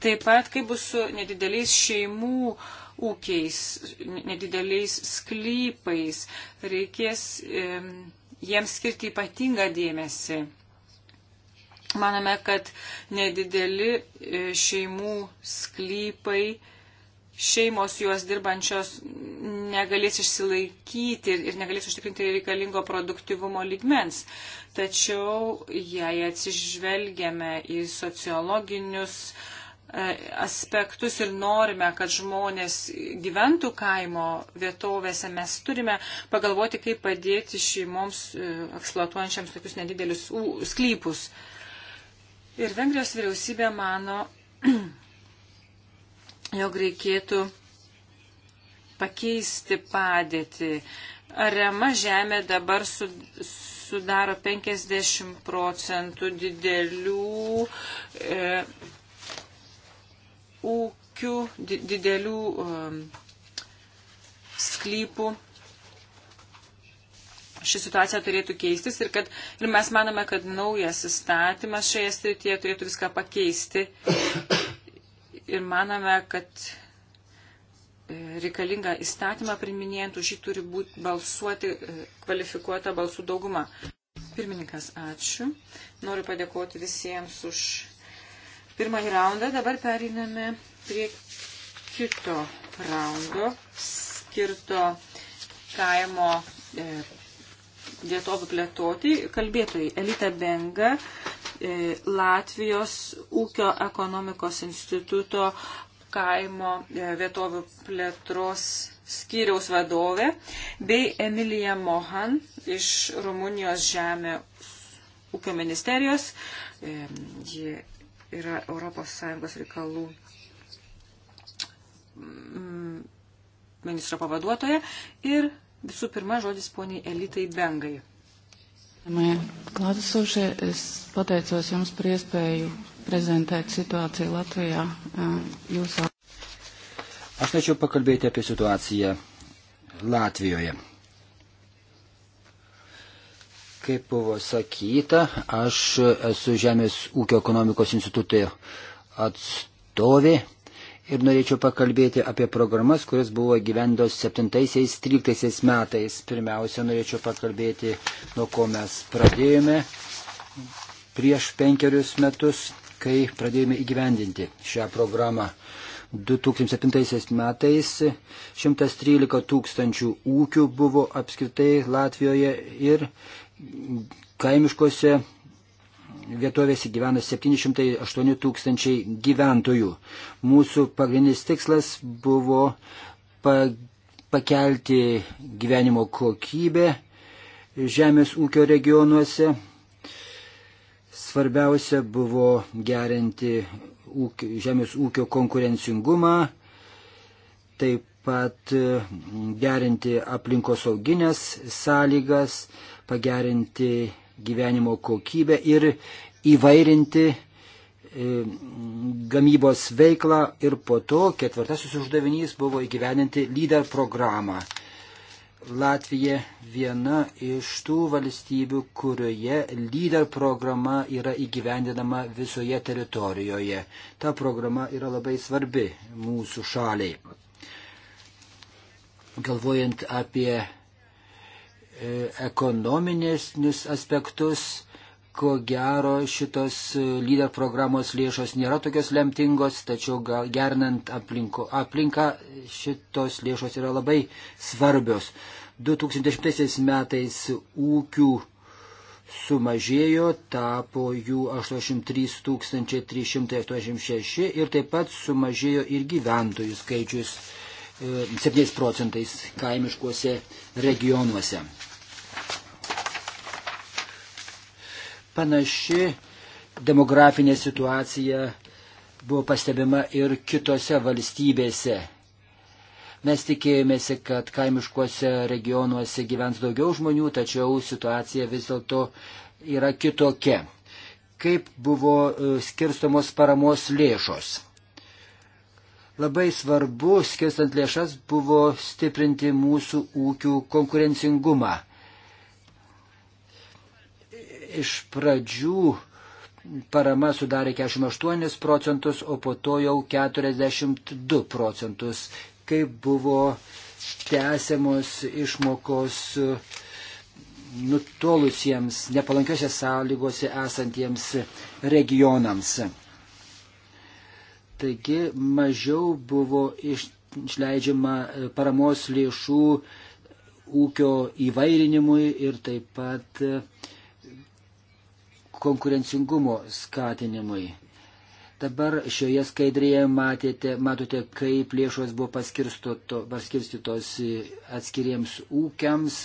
Taip pat, kaip bus su nedideliais šeimų ūkiais, nedideliais sklypais, reikės e, jiems skirti ypatingą dėmesį. Manome, kad nedideli e, šeimų sklypai šeimos juos dirbančios negalės išsilaikyti ir negalės užtikrinti reikalingo produktivumo ligmens. Tačiau jei atsižvelgiame į sociologinius e, aspektus ir norime, kad žmonės gyventų kaimo vietovėse, mes turime pagalvoti, kaip padėti šeimoms e, eksploatuojančiams tokius nedidelius sklypus. Ir Vengrijos vyriausybė mano, (clears throat) jog reikėtų pakeisti padėtį. Arema žemė dabar su, sudaro 50 procentų didelių e, ūkių, di, didelių e, sklypų. Ši situacija turėtų keistis ir, kad, ir mes manome, kad naujas įstatymas šioje srityje turėtų viską pakeisti ir manome, kad e, reikalinga įstatymą priminėjant, už jį turi būti balsuoti e, kvalifikuota balsų dauguma. Pirmininkas, ačiū. Noriu padėkoti visiems už pirmąjį raundą. Dabar periname prie kito raundo, skirto kaimo e, vietovių plėtoti. Kalbėtojai Elita Benga, E, Latvijos ūkio ekonomikos instituto kaimo e, vietovių plėtros skyriaus vadovė bei Emilija Mohan iš Rumunijos žemė ūkio ministerijos. E, ji yra ES reikalų mm, ministro pavaduotoja. Ir visų pirma žodis poniai Elitai Bengai. Klātesošie, es pateicos jums par iespēju prezentēt situāciju Latvijā. Jūsu... Aš tačiau pakalbėti apie situaciją Latvijoje. Kaip buvo sakyta, aš esu Žemės ūkio ekonomikos instituto atstovė ir norėčiau pakalbėti apie programas, kurios buvo gyvendos 7-13 metais. Pirmiausia, norėčiau pakalbėti, nuo ko mes pradėjome prieš penkerius metus, kai pradėjome įgyvendinti šią programą. 2007 metais 113 tūkstančių ūkių buvo apskritai Latvijoje ir kaimiškose vietovėse gyvena 708 tūkstančiai gyventojų. Mūsų pagrindinis tikslas buvo pa, pakelti gyvenimo kokybę žemės ūkio regionuose. Svarbiausia buvo gerinti ūkio, žemės ūkio konkurencingumą, taip pat e, gerinti aplinkosauginės sąlygas, pagerinti gyvenimo kokybę ir įvairinti e, gamybos veiklą ir po to ketvirtasis uždavinys buvo įgyveninti lyder programą. Latvija viena iš tų valstybių, kurioje lyder programa yra įgyvendinama visoje teritorijoje. Ta programa yra labai svarbi mūsų šaliai. Galvojant apie E, ekonominės aspektus, ko gero šitos e, lyder programos lėšos nėra tokios lemtingos, tačiau gernant aplinko, aplinką šitos lėšos yra labai svarbios. 2010 metais ūkių sumažėjo, tapo jų 83 386 ir taip pat sumažėjo ir gyventojų skaičius 7 e, procentais kaimiškuose regionuose. Panaši demografinė situacija buvo pastebima ir kitose valstybėse. Mes tikėjomėsi, kad kaimiškuose regionuose gyvens daugiau žmonių, tačiau situacija vis dėlto yra kitokia. Kaip buvo e, skirstomos paramos lėšos? Labai svarbu, skirstant lėšas, buvo stiprinti mūsų ūkių konkurencingumą iš pradžių parama sudarė 48 procentus, o po to jau 42 procentus, kaip buvo tęsiamos išmokos e, nutolusiems, nepalankiose sąlygose esantiems regionams. Taigi mažiau buvo išleidžiama e, paramos lėšų ūkio įvairinimui ir taip pat uh, konkurencingumo skatinimui. Dabar šioje skaidrėje matėte, matote, kaip lėšos buvo paskirstytos atskiriems ūkiams.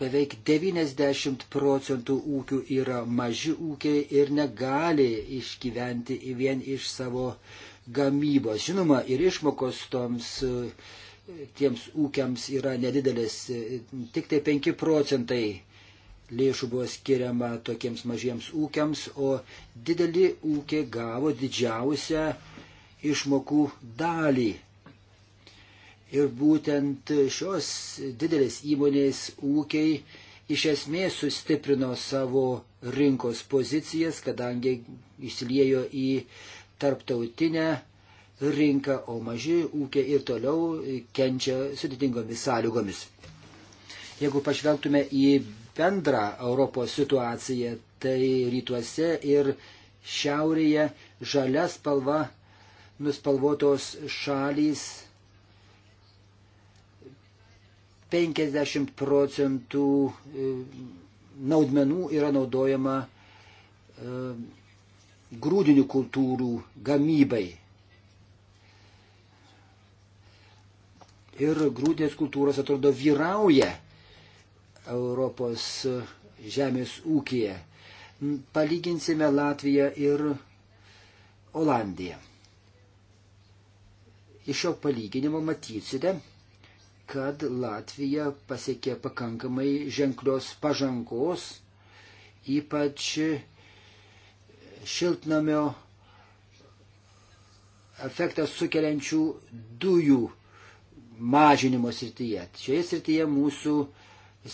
Beveik 90 procentų ūkių yra maži ūkiai ir negali išgyventi vien iš savo gamybos. Žinoma, ir išmokos toms uh, tiems ūkiams yra nedidelis, tik tai 5 procentai lėšų buvo skiriama tokiems mažiems ūkiams, o dideli ūkiai gavo didžiausią išmokų dalį. Ir būtent šios didelės įmonės ūkiai iš esmės sustiprino savo rinkos pozicijas, kadangi įsiliejo į tarptautinę rinką, o maži ūkiai ir toliau kenčia sudėtingomis sąlygomis. Jeigu pažvelgtume į bendrą Europos situaciją, tai rytuose ir šiaurėje žalia spalva nuspalvotos šalys 50 procentų e, naudmenų yra naudojama e, grūdinių kultūrų gamybai. ir grūdinės kultūros atrodo vyrauja Europos žemės ūkija. Palyginsime Latviją ir Olandiją. Iš šio palyginimo matysite, kad Latvija pasiekė pakankamai ženklios pažangos, ypač šiltnamio efektą sukeliančių dujų mažinimo srityje. Šioje srityje mūsų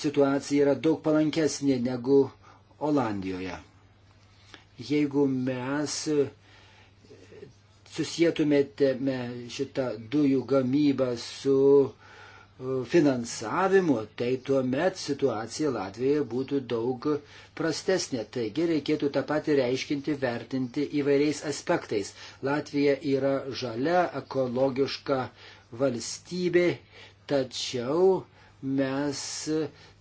situacija yra daug palankesnė negu Olandijoje. Jeigu mes susijėtumėte šitą dujų gamybą su e, finansavimu, tai tuomet situacija Latvijoje būtų daug prastesnė. Taigi reikėtų tą patį reiškinti, vertinti įvairiais aspektais. Latvija yra žalia, ekologiška valstybė, tačiau mes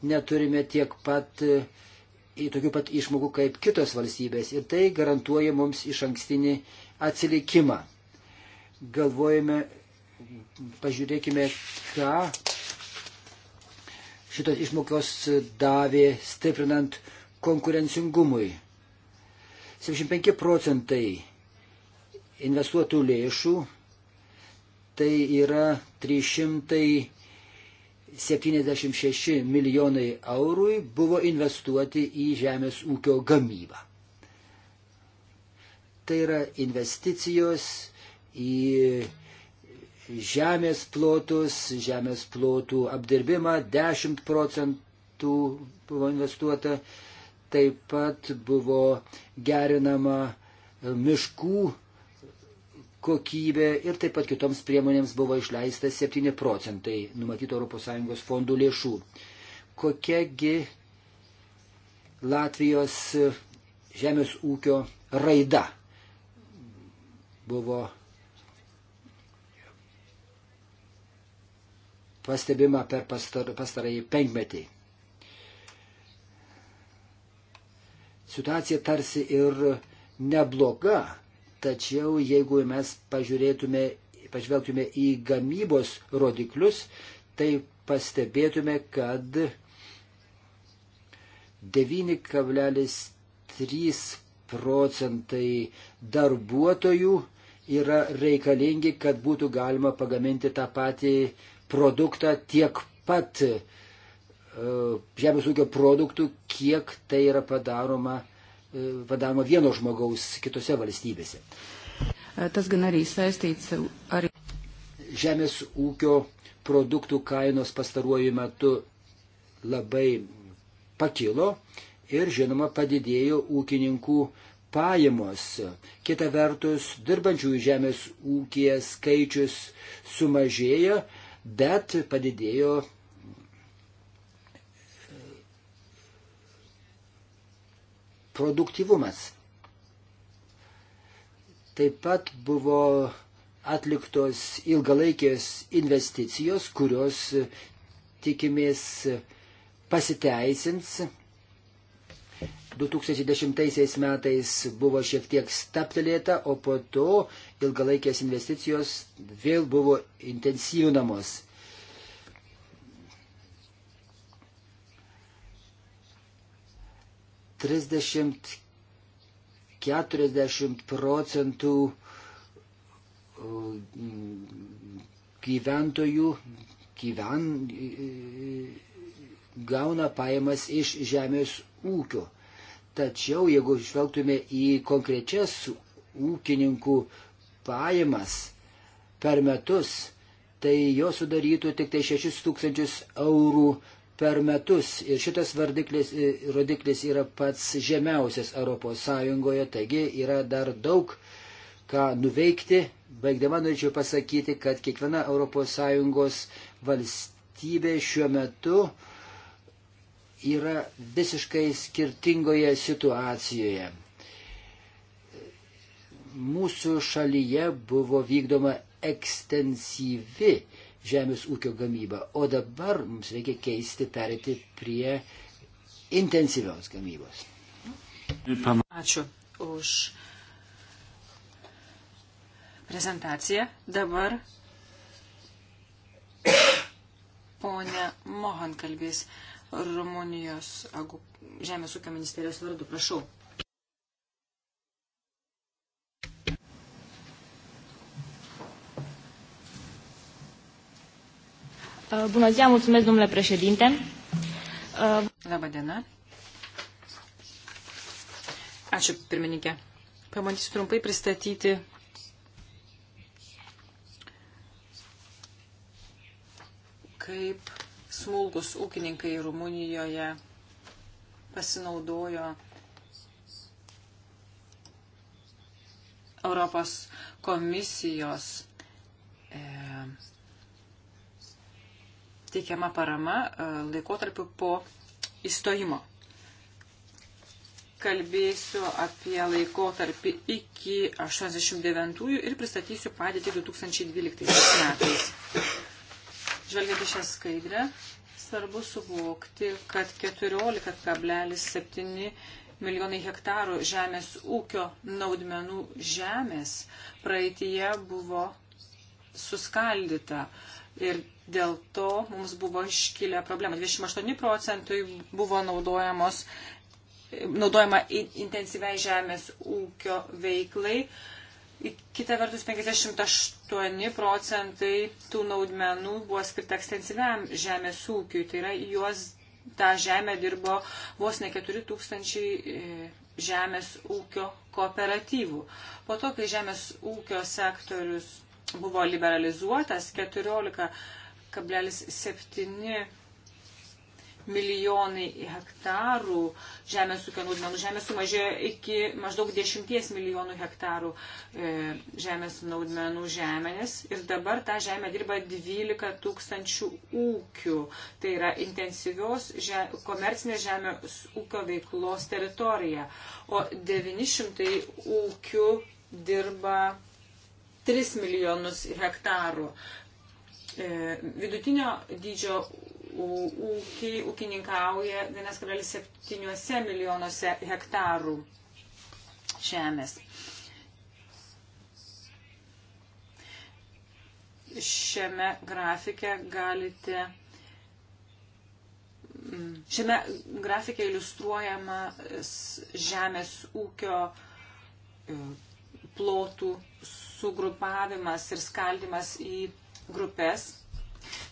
neturime tiek pat e, tokių pat išmokų kaip kitos valstybės ir tai garantuoja mums iš ankstinį atsilikimą. Galvojame, pažiūrėkime, ką šitos išmokos davė stiprinant konkurencingumui. 75 procentai investuotų lėšų tai yra 376 milijonai eurų buvo investuoti į žemės ūkio gamybą. Tai yra investicijos į žemės plotus, žemės plotų apdirbimą 10 procentų buvo investuota, taip pat buvo gerinama miškų kokybę ir taip pat kitoms priemonėms buvo išleista 7 procentai numatyto ES fondų lėšų. Kokiagi Latvijos žemės ūkio raida buvo pastebima per pastar, pastarąjį penkmetį. Situacija tarsi ir nebloga, Tačiau jeigu mes pažiūrėtume, pažvelgtume į gamybos rodiklius, tai pastebėtume, kad 9,3 procentai darbuotojų yra reikalingi, kad būtų galima pagaminti tą patį produktą tiek pat e, žemės ūkio produktų, kiek tai yra padaroma uh, E, vadavimo vieno žmogaus kitose valstybėse. E, tas gan arī saistīts ar. Žemės ūkio produktų kainos pastaruoju metu labai pakilo ir, žinoma, padidėjo ūkininkų pajamos. Kita vertus, dirbančiųjų žemės ūkija skaičius sumažėjo, bet padidėjo produktyvumas. Taip pat buvo atliktos ilgalaikės investicijos, kurios e, tikimės pasiteisins. 2010 metais buvo šiek tiek staptelėta, o po to ilgalaikės investicijos vėl buvo intensyvinamos. 30-40 procentų gyventojų gyven, gauna pajamas iš žemės ūkio. Tačiau, jeigu žvelgtume į konkrečias ūkininkų pajamas per metus, tai jo sudarytų tik tai 6 tūkstančius eurų per metus ir šitas vardiklis, e, rodiklis yra pats žemiausias ES, taigi yra dar daug ką nuveikti. Baigdama norėčiau pasakyti, kad kiekviena ES valstybė šiuo metu yra visiškai skirtingoje situacijoje. Mūsų šalyje buvo vykdoma ekstensyvi žemės ūkio gamybą. O dabar mums reikia keisti, perėti prie intensyvios gamybos. Ačiū už prezentaciją. Dabar ponė Mohan kalbės Rumunijos žemės ūkio ministerijos vardu. Prašau. Uh, bună ziua, mulțumesc, domnule președinte. Uh, Labą dieną. Ačiū, pirmininkė. Pamantysiu trumpai pristatyti kaip smulkus ūkininkai Rumunijoje pasinaudojo Europos komisijos e, teikiama parama e, laikotarpiu po įstojimo. Kalbėsiu apie laikotarpį iki 89-ųjų ir pristatysiu padėtį 2012 metais. Žvelgiant į šią skaidrę, svarbu suvokti, kad 14,7 milijonai hektarų žemės ūkio naudmenų žemės praeitie buvo suskaldyta. Uh, ir dėl to mums buvo iškilę problemų. 28 procentai buvo naudojamos, naudojama intensyviai žemės ūkio veiklai. Kita vertus, 58 procentai tų naudmenų buvo skirta ekstensyviam žemės ūkiui. Tai yra, juos tą žemę dirbo vos ne 4 tūkstančiai e, žemės ūkio kooperatyvų. Po to, kai žemės ūkio sektorius buvo liberalizuotas 14,7 milijonai hektarų žemės ūkio naudmenų. Žemė sumažėjo iki maždaug 10 milijonų hektarų e, žemės naudmenų žemės ir dabar tą žemę dirba 12 tūkstančių ūkių. Tai yra intensyvios žem, komercinės žemės ūkio veiklos teritorija. O 900 ūkių dirba 3 milijonus hektarų. E, vidutinio dydžio ūkiai ūkininkauja 1,7 milijonuose hektarų žemės. Šiame grafike galite mm, Šiame grafike iliustruojama žemės ūkio e, plotų sugrupavimas ir skaldimas į grupės.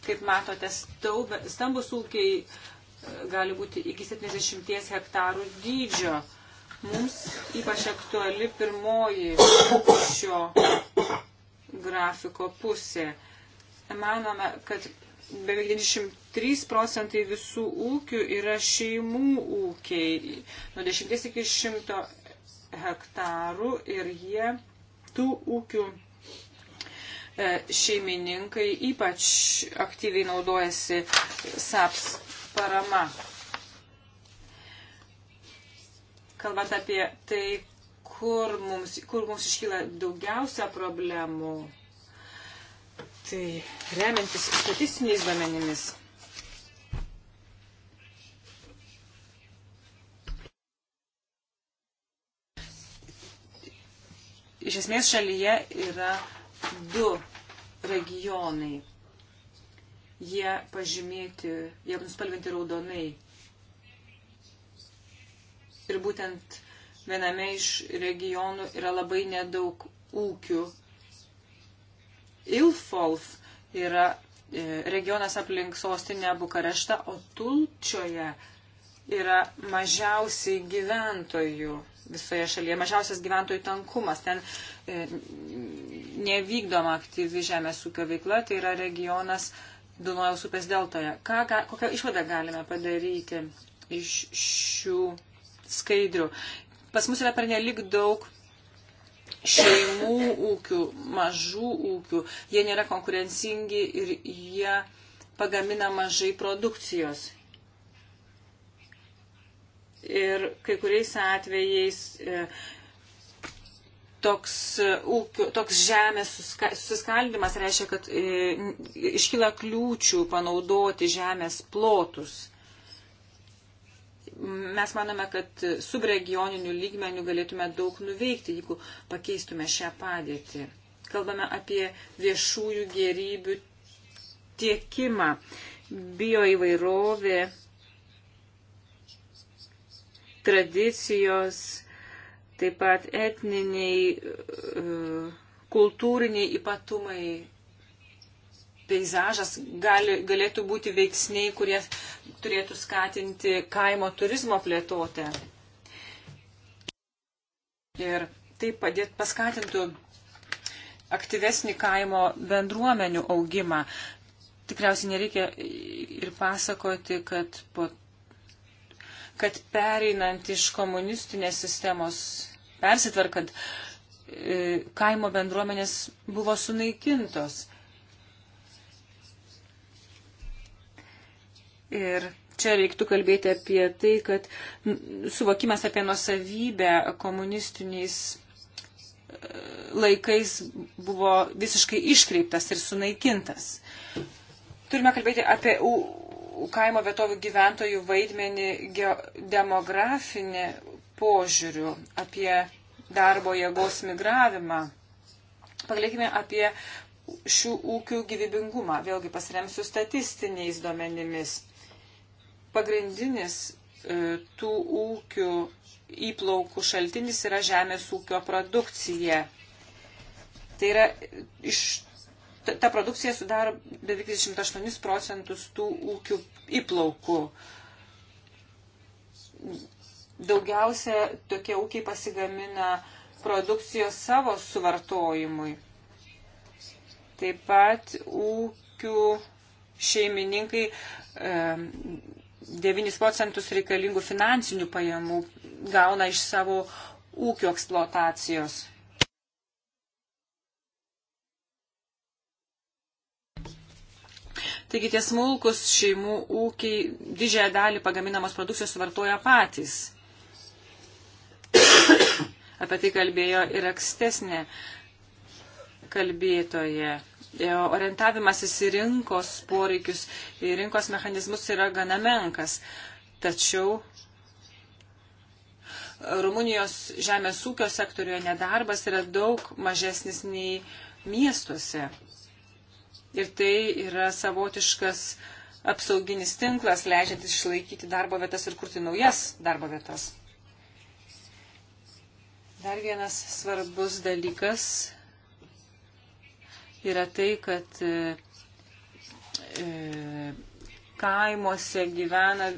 Kaip matote, stambus ūkiai e, gali būti iki 70 hektarų dydžio. Mums ypač aktuali pirmoji šio grafiko pusė. Manome, kad beveik 93 procentai visų ūkių yra šeimų ūkiai, nuo 10 iki 100 hektarų ir jie tų ūkių e, šeimininkai ypač aktyviai naudojasi SAPS parama. Kalbant apie tai, kur mums, kur mums iškyla daugiausia problemų, tai remiantis statistiniais duomenimis Iš esmės šalyje yra du regionai. Jie pažymėti, jie nuspalvinti raudonai. Ir būtent viename iš regionų yra labai nedaug ūkių. Ilfolf yra e, regionas aplink sostinę Bukareštą, o Tulčioje yra mažiausiai gyventojų visoje šalyje, mažiausias gyventojų tankumas. Ten e, nevykdoma aktyvi žemės ūkio veikla, tai yra regionas Dunojaus upės deltoje. Ką, ką, kokią išvadą galime padaryti iš šių skaidrių? Pas mus yra pernelik daug šeimų ūkių, mažų ūkių. Jie nėra konkurencingi ir jie pagamina mažai produkcijos ir kai kuriais atvejais e, toks, e, ūkio, toks žemės susiskaldimas reiškia, kad e, iškyla kliūčių panaudoti žemės plotus. Mes manome, kad subregioninių lygmenių galėtume daug nuveikti, jeigu pakeistume šią padėtį. Kalbame apie viešųjų gerybių tiekimą, bioįvairovė tradicijos, taip pat etniniai, e, kultūriniai ypatumai, peizažas gali, galėtų būti veiksniai, kurie turėtų skatinti kaimo turizmo plėtotę. Ir tai padėt, paskatintų aktyvesnį kaimo bendruomenių augimą. Tikriausiai nereikia ir pasakoti, kad po kad pereinant iš komunistinės sistemos, persitvarkant, e, kaimo bendruomenės buvo sunaikintos. Ir čia reiktų kalbėti apie tai, kad suvokimas apie nusavybę komunistiniais e, laikais buvo visiškai iškreiptas ir sunaikintas. Turime kalbėti apie kaimo vietovių gyventojų vaidmenį demografinį požiūrių apie darbo jėgos migravimą. Pagalėkime apie šių ūkių gyvybingumą. Vėlgi pasiremsiu statistiniais duomenimis. Pagrindinis e, tų ūkių įplaukų šaltinis yra žemės ūkio produkcija. Tai yra iš ta produkcija sudaro beveik 28 procentus tų ūkių įplaukų. Daugiausia tokie ūkiai pasigamina produkcijos savo suvartojimui. Taip pat ūkių šeimininkai 9 procentus reikalingų finansinių pajamų gauna iš savo ūkio eksploatacijos. Taigi tie smulkus šeimų ūkiai didžiąją dalį pagaminamos produkcijos suvartoja patys. (coughs) Apie tai kalbėjo ir ankstesnė kalbėtoje. Orientavimasis į rinkos poreikius, į rinkos mechanizmus yra gana menkas. Tačiau Rumunijos žemės ūkio sektoriuje nedarbas yra daug mažesnis nei miestuose. Ir tai yra savotiškas apsauginis tinklas, leidžiantis išlaikyti darbo vietas ir kurti naujas darbo vietas. Dar vienas svarbus dalykas yra tai, kad e, e kaimuose gyvena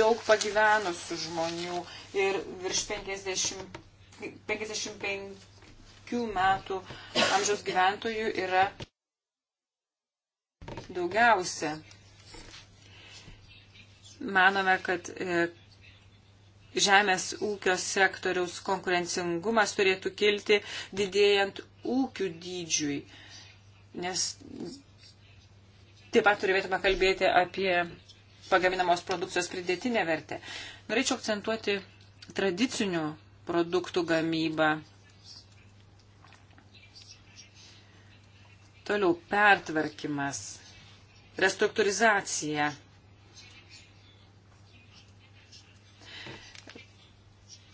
daug pagyvenusių žmonių ir virš 50, 55 metų amžiaus gyventojų yra daugiausia. Manome, kad e, žemės ūkio sektoriaus konkurencingumas turėtų kilti didėjant ūkių dydžiui, nes taip pat turėtume kalbėti apie pagaminamos produkcijos pridėtinę vertę. Norėčiau akcentuoti tradicinių produktų gamybą. Toliau pertvarkimas restruktūrizacija.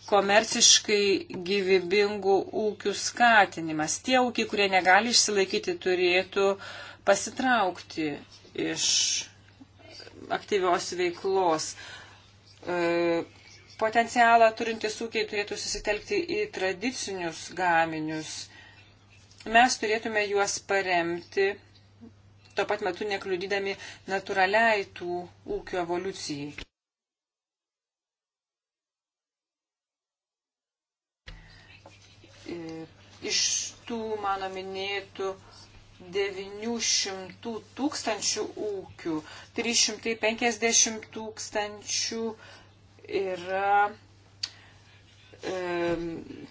Komerciškai gyvybingų ūkių skatinimas. Tie ūkiai, kurie negali išsilaikyti, turėtų pasitraukti iš aktyvios veiklos. E, potencialą turintys ūkiai turėtų susitelkti į tradicinius gaminius. Mes turėtume juos paremti tuo pat metu nekliudydami natūraliai tų ūkių evoliucijai. E, iš tų mano minėtų 900 tūkstančių ūkių, 350 tūkstančių yra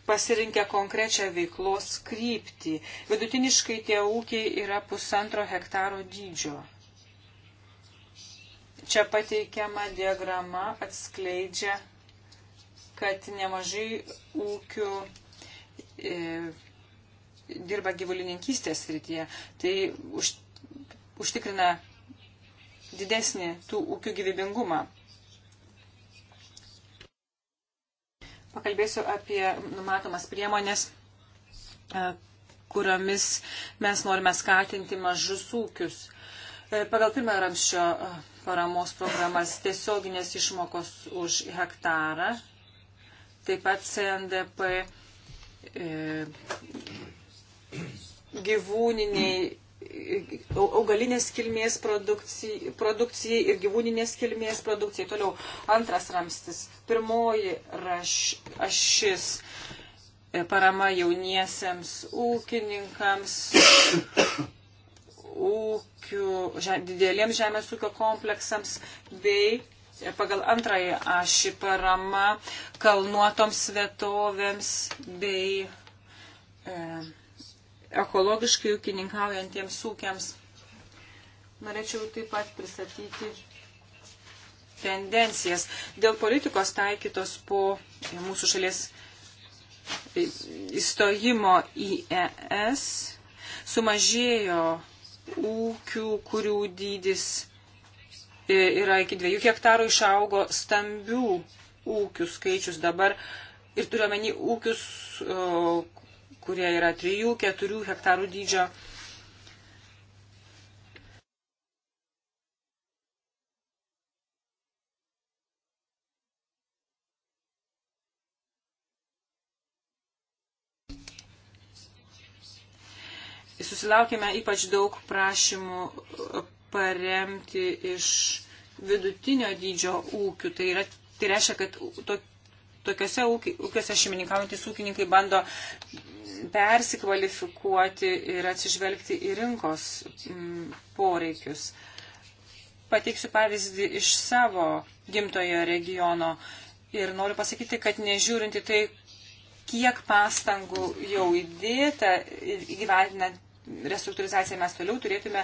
pasirinkę konkrečią veiklos kryptį. Vidutiniškai tie ūkiai yra pusantro hektaro dydžio. Čia pateikiama diagrama atskleidžia, kad nemažai ūkių e, dirba gyvulininkystės srityje. Tai už, užtikrina didesnį tų ūkių gyvybingumą. Pakalbėsiu apie numatomas priemonės, e, kuriomis mes norime skatinti mažus ūkius. E, pagal pirmą ramščio e, paramos programas tiesioginės išmokos už hektarą, taip pat CNDP gyvūniniai augalinės kilmės produkcijai, produkcijai ir gyvūninės kilmės produkcijai. Toliau antras ramstis. Pirmoji raš, ašis e, parama jauniesiems ūkininkams, (coughs) ūkių, žem, dideliems žemės ūkio kompleksams bei e, pagal antrąjį ašį parama kalnuotoms vietovėms bei e, ekologiškai ūkininkaujantiems ūkiams. Norėčiau taip pat pristatyti tendencijas dėl politikos taikytos po mūsų šalies įstojimo į ES sumažėjo ūkių, kurių dydis yra iki dviejų hektarų, išaugo stambių ūkių skaičius dabar ir turiuomenį ūkius, kurie yra 3-4 hektarų dydžio. Susilaukime ypač daug prašymų uh, paremti iš vidutinio dydžio ūkių. Tai, yra, tai reiškia, kad to, tokiuose ūkiuose šeimininkaujantis ūkininkai bando persikvalifikuoti ir atsižvelgti į rinkos mm, poreikius. Pateiksiu pavyzdį iš savo gimtojo regiono ir noriu pasakyti, kad nežiūrinti tai, kiek pastangų jau įdėta įgyvendinant restruktūrizaciją mes toliau turėtume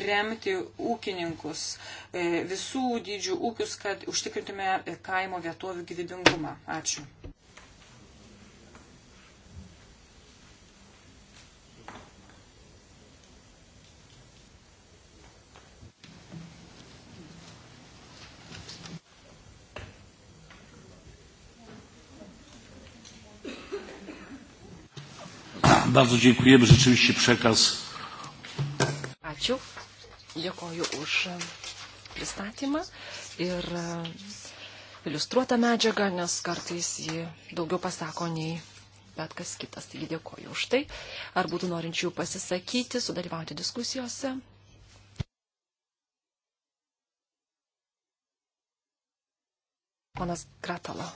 remti ūkininkus, e, visų dydžių ūkius, kad užtikrintume e, kaimo vietovių gyvybingumą. Ačiū. Bardzo dziękujemy. Rzeczywiście przekaz. Ačiū. Dėkoju už pristatymą ir e, iliustruotą medžiagą, nes kartais ji daugiau pasako nei bet kas kitas. Taigi dėkoju už tai. Ar būtų norinčių pasisakyti, sudalyvauti diskusijose? Panas Kratalo.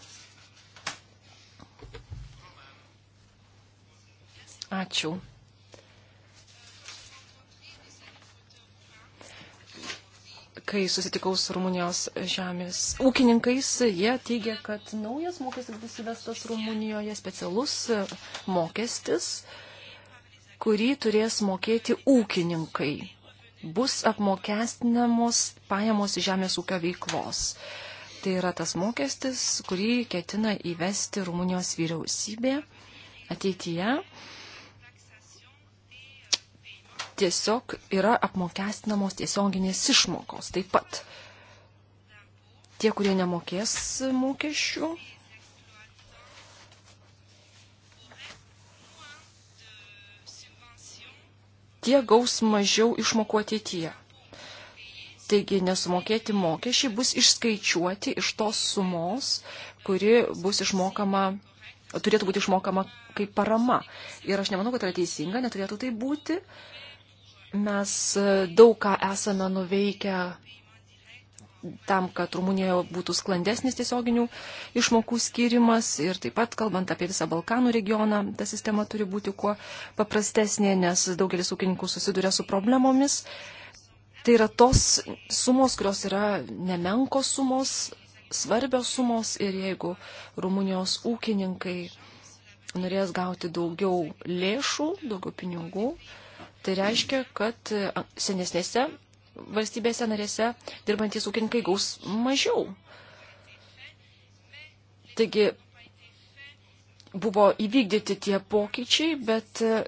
Ačiū. Kai susitikau su Rumunijos žemės ūkininkais, jie teigia, kad naujas mokestis bus įvestas Rumunijoje, specialus mokestis, kurį turės mokėti ūkininkai. Bus apmokestinamos pajamos žemės ūkio veiklos. Tai yra tas mokestis, kurį ketina įvesti Rumunijos vyriausybė ateityje tiesiog yra apmokestinamos tiesioginės išmokos taip pat. Tie, kurie nemokės mokesčių, tie gaus mažiau išmokų ateityje. Taigi nesumokėti mokesčiai bus išskaičiuoti iš tos sumos, kuri bus išmokama, turėtų būti išmokama kaip parama. Ir aš nemanau, kad tai yra teisinga, neturėtų tai būti. Uh, Mes e, daug ką esame nuveikę tam, kad Rumunijoje būtų sklandesnis tiesioginių išmokų skirimas ir taip pat, kalbant apie visą Balkanų regioną, ta sistema turi būti kuo paprastesnė, nes daugelis ūkininkų susiduria su problemomis. Tai yra tos sumos, kurios yra nemenkos sumos, svarbios sumos ir jeigu Rumunijos ūkininkai norės gauti daugiau lėšų, daugiau pinigų, Tai reiškia, kad senesnėse valstybėse narėse dirbantys ūkininkai gaus mažiau. Taigi buvo įvykdyti tie pokyčiai, bet e,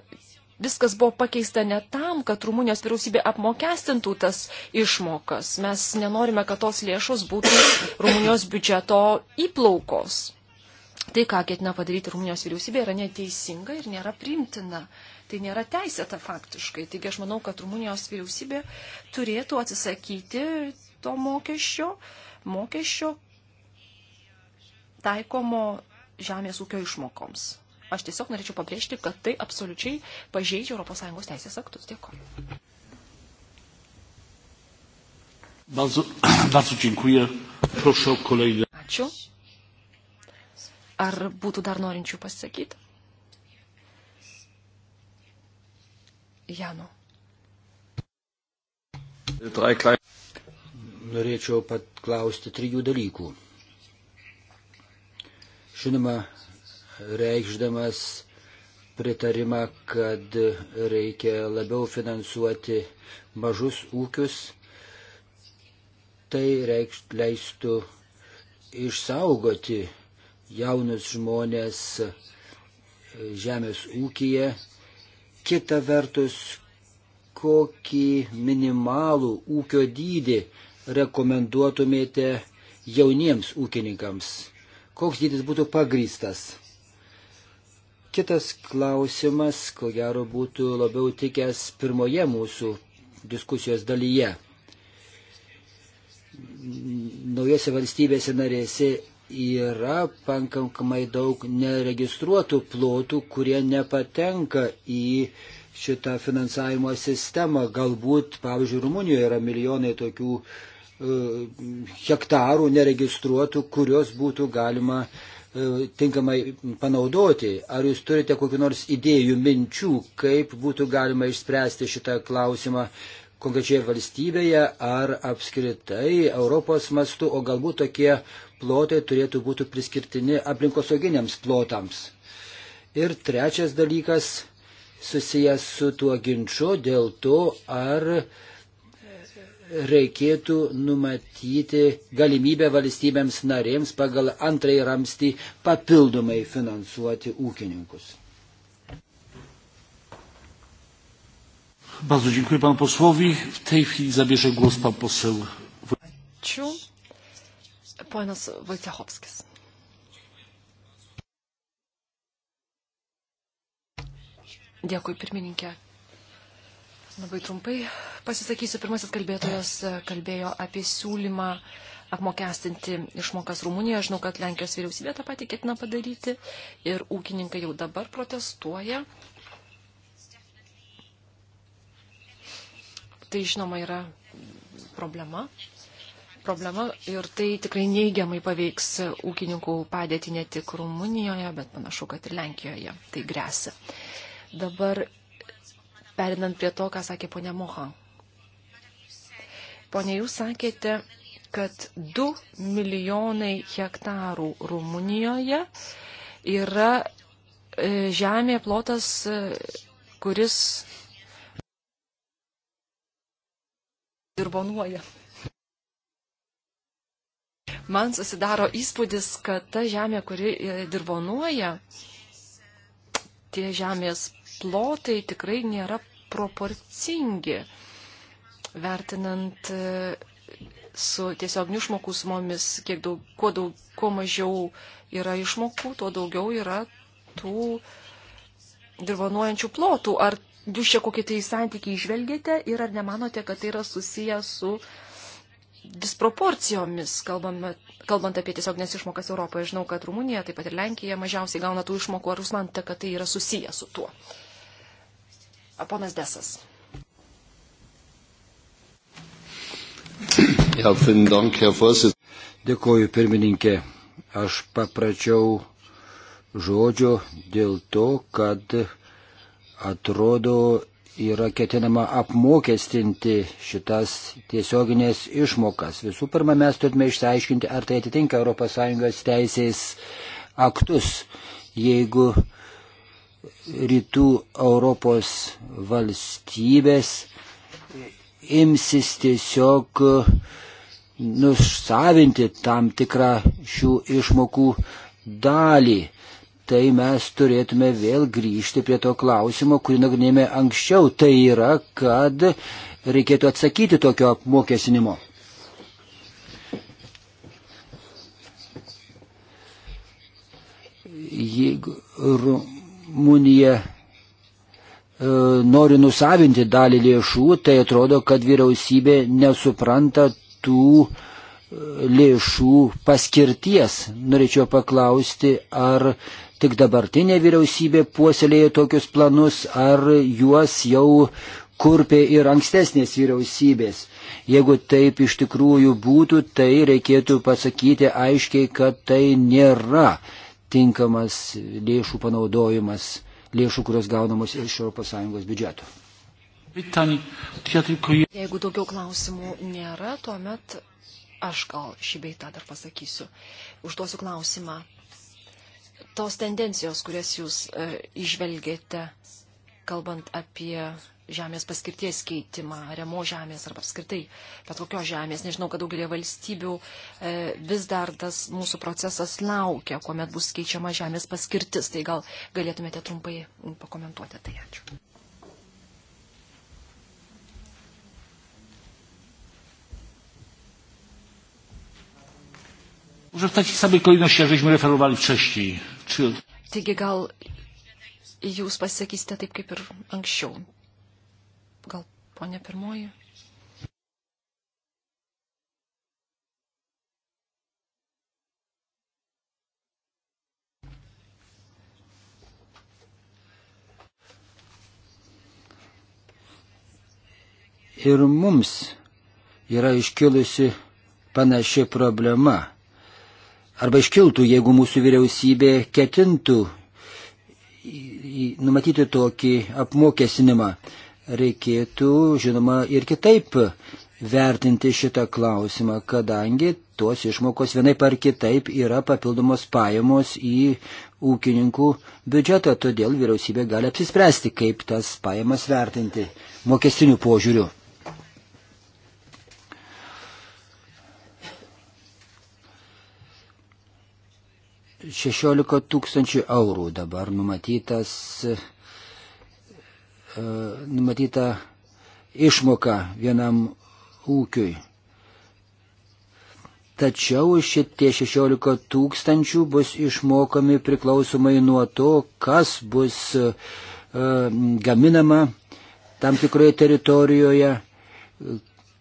viskas buvo pakeista ne tam, kad Rumunijos vyriausybė apmokestintų tas išmokas. Mes nenorime, kad tos lėšos būtų Rumunijos biudžeto įplaukos. Tai, ką ketina padaryti Rumunijos vyriausybė, yra neteisinga ir nėra primtina tai nėra teisėta faktiškai. Taigi aš manau, kad Rumunijos vyriausybė turėtų atsisakyti to mokesčio, mokesčio taikomo žemės ūkio išmokoms. Aš tiesiog norėčiau pabrėžti, kad tai absoliučiai pažeidžia ES teisės aktus. Dėkuoju. Bardzo, (clears throat) bardzo dziękuję. Proszę o kolejne. Ačiū. Ar būtų dar norinčių pasakyti? Jano. Norėčiau paklausti trijų dalykų. Žinoma, reikšdamas pritarimą, kad reikia labiau finansuoti mažus ūkius, tai reikš, leistų išsaugoti jaunus žmonės žemės ūkyje Kita vertus, kokį minimalų ūkio dydį rekomenduotumėte jauniems ūkininkams? Koks dydis būtų pagrystas? Kitas klausimas, ko gero, būtų labiau tikęs pirmoje mūsų diskusijos dalyje. Naujose valstybėse narėse yra pankankamai daug neregistruotų plotų, kurie nepatenka į šitą finansavimo sistemą. Galbūt, pavyzdžiui, Rumunijoje yra milijonai tokių uh, hektarų neregistruotų, kuriuos būtų galima uh, tinkamai panaudoti. Ar jūs turite kokiu nors idėjų, minčių, kaip būtų galima išspręsti šitą klausimą konkrečioje valstybėje ar apskritai Europos mastu, o galbūt tokie plotai turėtų būti priskirtini aplinkosauginiams plotams. Ir trečias dalykas susijęs su tuo ginčiu dėl to, ar reikėtų numatyti galimybę valstybėms narėms pagal antrąjį ramstį papildomai finansuoti ūkininkus. Bardzo dziękuję panu posłowi. W tej chwili zabierze głos pan poseł Ponas Vojcehovskis. Dėkui, pirmininkė. Labai trumpai pasisakysiu. Pirmasis kalbėtojas kalbėjo apie siūlymą apmokestinti išmokas Rumunijoje. Žinau, kad Lenkijos vyriausybė tą patį ketina padaryti ir ūkininkai jau dabar protestuoja. Tai žinoma yra problema problema ir tai tikrai neigiamai paveiks ūkininkų padėtį ne tik Rumunijoje, bet panašu, kad ir Lenkijoje tai grėsia. Dabar perinant prie to, ką sakė ponia Moha. Pone, jūs sakėte, kad 2 milijonai hektarų Rumunijoje yra e, žemė plotas, e, kuris dirbonuoja man susidaro įspūdis, kad ta žemė, kuri e, dirbonuoja, tie žemės plotai tikrai nėra proporcingi, vertinant e, su tiesioginių išmokų sumomis, kiek daug, kuo, daug, kuo mažiau yra išmokų, tuo daugiau yra tų dirbonuojančių plotų. Ar jūs čia kokį tai santykį išvelgėte ir ar nemanote, kad tai yra susiję su uh, disproporcijomis, kalbame, kalbant apie tiesioginės išmokas Europoje. Žinau, kad Rumunija, taip pat ir Lenkija mažiausiai gauna tų išmokų. Ar jūs manote, kad tai yra susiję su tuo? Ponas Desas. Dėkoju, pirmininkė. Aš paprašiau žodžio dėl to, kad atrodo yra ketinama apmokestinti šitas tiesioginės išmokas. Visų pirma, mes turime išsiaiškinti, ar tai atitinka ES teisės aktus. Jeigu rytų Europos valstybės imsis tiesiog nusavinti tam tikrą šių išmokų dalį tai mes turėtume vėl grįžti prie to klausimo, kurį nagrinėjome anksčiau. Tai yra, kad reikėtų atsakyti tokio apmokėsinimo. Jeigu Rumunija e, nori nusavinti dalį lėšų, tai atrodo, kad vyriausybė nesupranta tų e, lėšų paskirties. Norėčiau paklausti, ar tik dabartinė vyriausybė puoselėjo tokius planus, ar juos jau kurpė ir ankstesnės vyriausybės. Jeigu taip iš tikrųjų būtų, tai reikėtų pasakyti aiškiai, kad tai nėra tinkamas lėšų panaudojimas, lėšų, kurios gaunamos iš ES biudžeto. Jeigu daugiau klausimų nėra, tuomet aš gal šį beitą dar pasakysiu. Užduosiu klausimą tos tendencijos, kurias jūs e, išvelgėte, kalbant apie žemės paskirties keitimą, remo žemės arba apskritai, bet kokios žemės, nežinau, kad daugelį valstybių e, vis dar tas mūsų procesas laukia, kuomet bus keičiama žemės paskirtis. Tai gal galėtumėte trumpai pakomentuoti tai. Ačiū. Może w takiej samej kolejności, jak żeśmy referowali wcześniej to... Taigi gal jūs pasakysite taip kaip ir anksčiau. Gal ponė pirmoji? ir mums yra iškilusi panaši problema arba iškiltų, jeigu mūsų vyriausybė ketintų numatyti tokį apmokesinimą. Reikėtų, žinoma, ir kitaip vertinti šitą klausimą, kadangi tos išmokos vienai par kitaip yra papildomos pajamos į ūkininkų biudžetą, todėl vyriausybė gali apsispręsti, kaip tas pajamas vertinti mokestinių požiūrių. 16 tūkstančių eurų dabar numatytas, e, numatyta išmoka vienam ūkiui. Tačiau šitie 16 tūkstančių bus išmokami priklausomai nuo to, kas bus e, gaminama tam tikroje teritorijoje,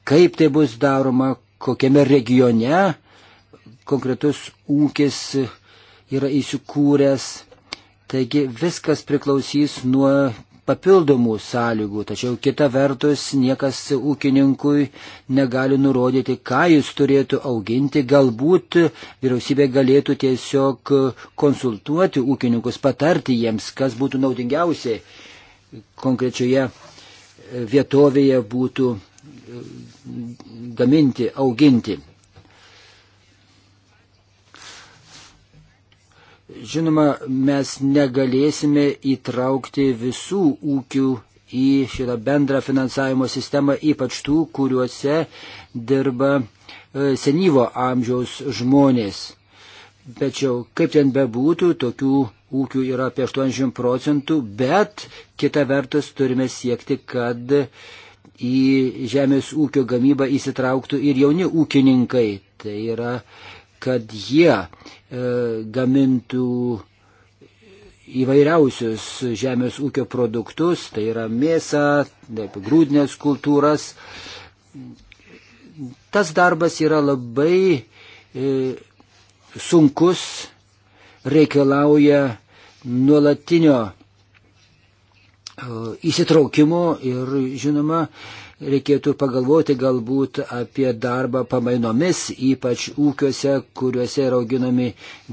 kaip tai bus daroma, kokiame regione konkretus ūkis yra įsikūręs. Taigi viskas priklausys nuo papildomų sąlygų, tačiau kita vertus niekas ūkininkui negali nurodyti, ką jis turėtų auginti. Galbūt vyriausybė galėtų tiesiog konsultuoti ūkininkus, patarti jiems, kas būtų naudingiausiai konkrečioje vietovėje būtų gaminti, auginti. Žinoma, mes negalėsime įtraukti visų ūkių į šitą bendrą finansavimo sistemą, ypač tų, kuriuose dirba e, senyvo amžiaus žmonės. Tačiau, kaip ten bebūtų, tokių ūkių yra apie 80 procentų, bet kita vertus turime siekti, kad į žemės ūkio gamybą įsitrauktų ir jauni ūkininkai. Tai yra kad jie e, gamintų įvairiausius žemės ūkio produktus, tai yra mėsą, tai grūdinės kultūras. Tas darbas yra labai e, sunkus, reikalauja nuolatinio e, įsitraukimo ir, žinoma, reikėtų pagalvoti galbūt apie darbą pamainomis, ypač ūkiuose, kuriuose yra auginami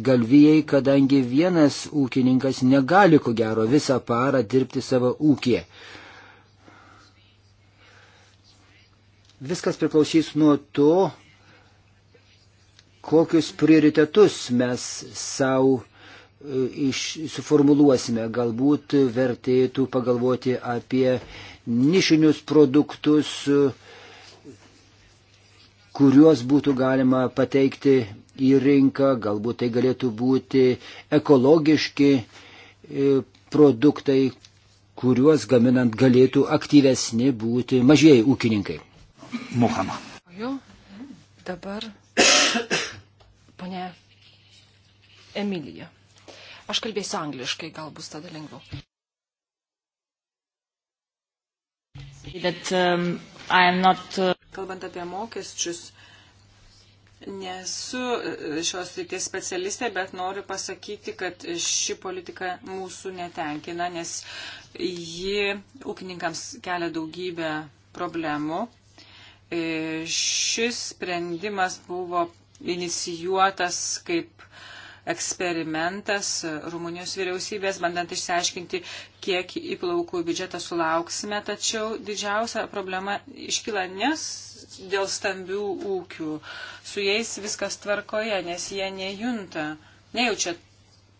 galvijai, kadangi vienas ūkininkas negali, ko gero, visą parą dirbti savo ūkiją. Viskas priklausys nuo to, kokius prioritetus mes savo iš, suformuluosime. Galbūt vertėtų pagalvoti apie nišinius produktus, kuriuos būtų galima pateikti į rinką, galbūt tai galėtų būti ekologiški e, produktai, kuriuos gaminant galėtų aktyvesni būti mažieji ūkininkai. Muhama. Dabar (coughs) ponia Emilija. Aš kalbėsiu angliškai, gal bus tada lengviau. That, um, not, uh... Kalbant apie mokesčius, nesu uh, šios ryties specialistė, bet noriu pasakyti, kad ši politika mūsų netenkina, nes ji ūkininkams kelia daugybę problemų. E, šis sprendimas buvo inicijuotas kaip uh, eksperimentas Rumunijos vyriausybės, bandant išsiaiškinti, kiek įplaukų biudžetą sulauksime, tačiau didžiausia problema iškyla nes dėl stambių ūkių. Su jais viskas tvarkoje, nes jie nejunta, nejaučia,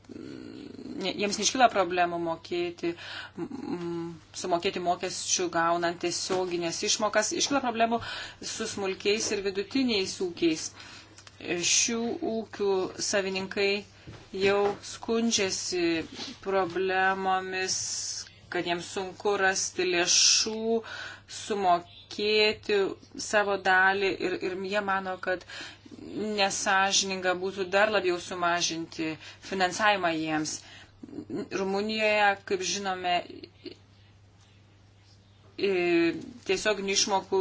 mm, ne, jiems neiškyla problemų mokėti, m, mm, sumokėti mokesčių gaunant tiesioginės išmokas, iškyla problemų su smulkiais ir vidutiniais ūkiais šių ūkių savininkai jau skundžiasi problemomis, kad jiems sunku rasti lėšų, sumokėti savo dalį ir, ir jie mano, kad nesažininga būtų dar labiau sumažinti finansavimą jiems. Rumunijoje, kaip žinome, tiesioginių išmokų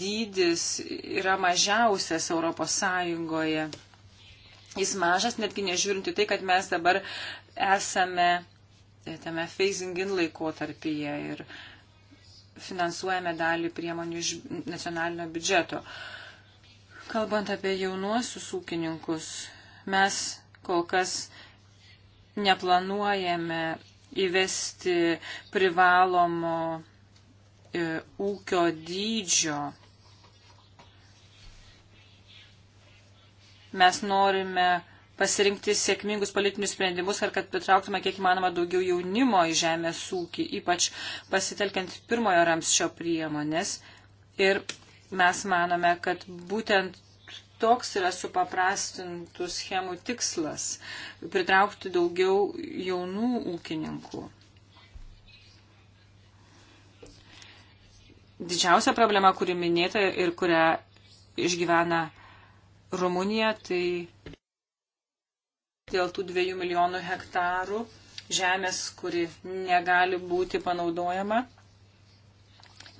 dydis yra mažiausias Europos Sąjungoje. Jis mažas, netgi nežiūrinti tai, kad mes dabar esame tame phasing in laikotarpyje ir finansuojame dalį priemonių iš nacionalinio biudžeto. Kalbant apie jaunuosius ūkininkus, mes kol kas neplanuojame įvesti privalomo E, ūkio dydžio. Mes norime pasirinkti sėkmingus politinius sprendimus ir kad pritrauktume kiek įmanoma daugiau jaunimo į žemės ūkį, ypač pasitelkiant pirmojo ramsčio priemonės. Ir mes manome, kad būtent toks yra supaprastintų schemų tikslas - pritraukti daugiau jaunų ūkininkų. Didžiausia problema, kuri minėta ir kurią išgyvena Rumunija, tai dėl tų dviejų milijonų hektarų žemės, kuri negali būti panaudojama.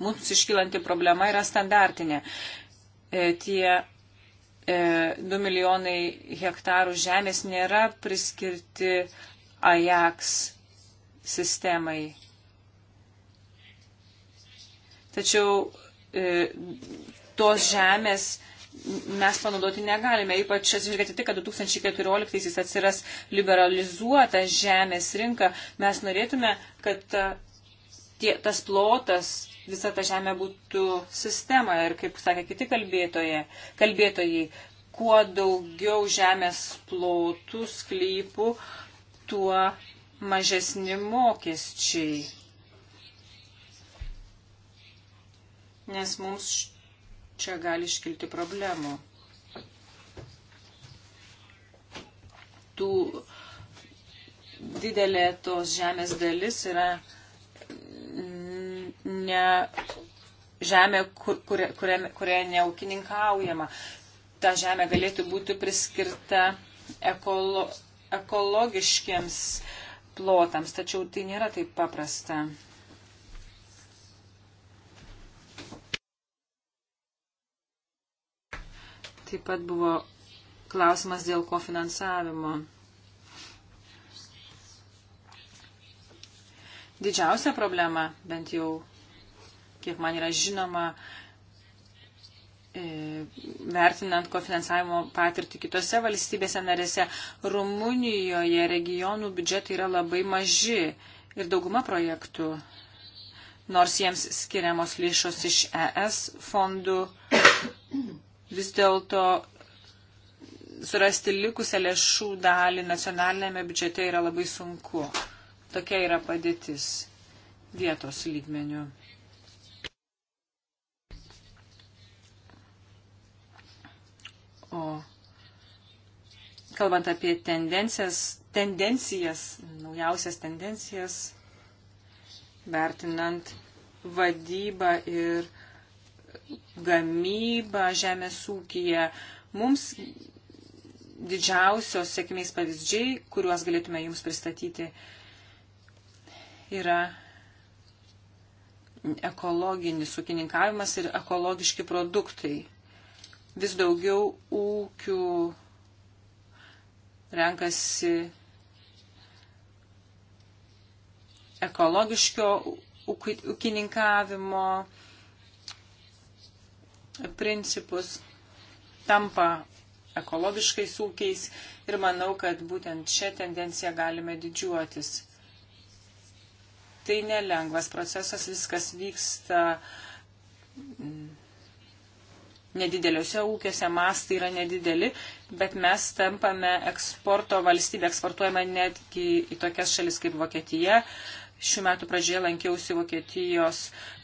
Mums iškylanti problema yra standartinė. E, tie e, 2 milijonai hektarų žemės nėra priskirti AJAX sistemai. Tačiau e, tos žemės mes panaudoti negalime, ypač atsižvelgiant tik, kad 2014-aisiais atsiras liberalizuota žemės rinka. Mes norėtume, kad ta, tie, tas plotas, visa ta žemė būtų sistema ir, kaip sakė kiti kalbėtojai, kalbėtojai kuo daugiau žemės plotų, sklypų, tuo mažesni mokesčiai. nes mums čia gali iškilti problemų. Tų didelė tos žemės dalis yra ne žemė, kur, kur, kurioje kur, neaukininkaujama. Ta žemė galėtų būti priskirta ekolo, ekologiškiams plotams, tačiau tai nėra taip paprasta. Taip pat buvo klausimas dėl kofinansavimo. Didžiausia problema, bent jau kiek man yra žinoma, e, vertinant kofinansavimo patirtį kitose valstybėse narėse, Rumunijoje regionų biudžetai yra labai maži ir dauguma projektų, nors jiems skiriamos lėšos iš ES fondų, vis dėlto surasti likusią lėšų dalį nacionalinėme biudžete yra labai sunku. Tokia yra padėtis vietos lygmenių. O kalbant apie tendencijas, tendencijas, naujausias tendencijas, vertinant vadybą ir gamybą žemės ūkyje. Mums didžiausios sėkmės pavyzdžiai, kuriuos galėtume jums pristatyti, yra ekologinis ūkininkavimas ir ekologiški produktai. Vis daugiau ūkių renkasi ekologiško ūkininkavimo principus, tampa ekologiškais ūkiais ir manau, kad būtent šią tendenciją galime didžiuotis. Tai nelengvas procesas, viskas vyksta mm, nedideliuose ūkiuose, mastai yra nedideli, bet mes tampame eksporto valstybė, eksportuojame netgi į tokias šalis kaip Vokietija, Šių metų pradžioje lankiausi Vokietijos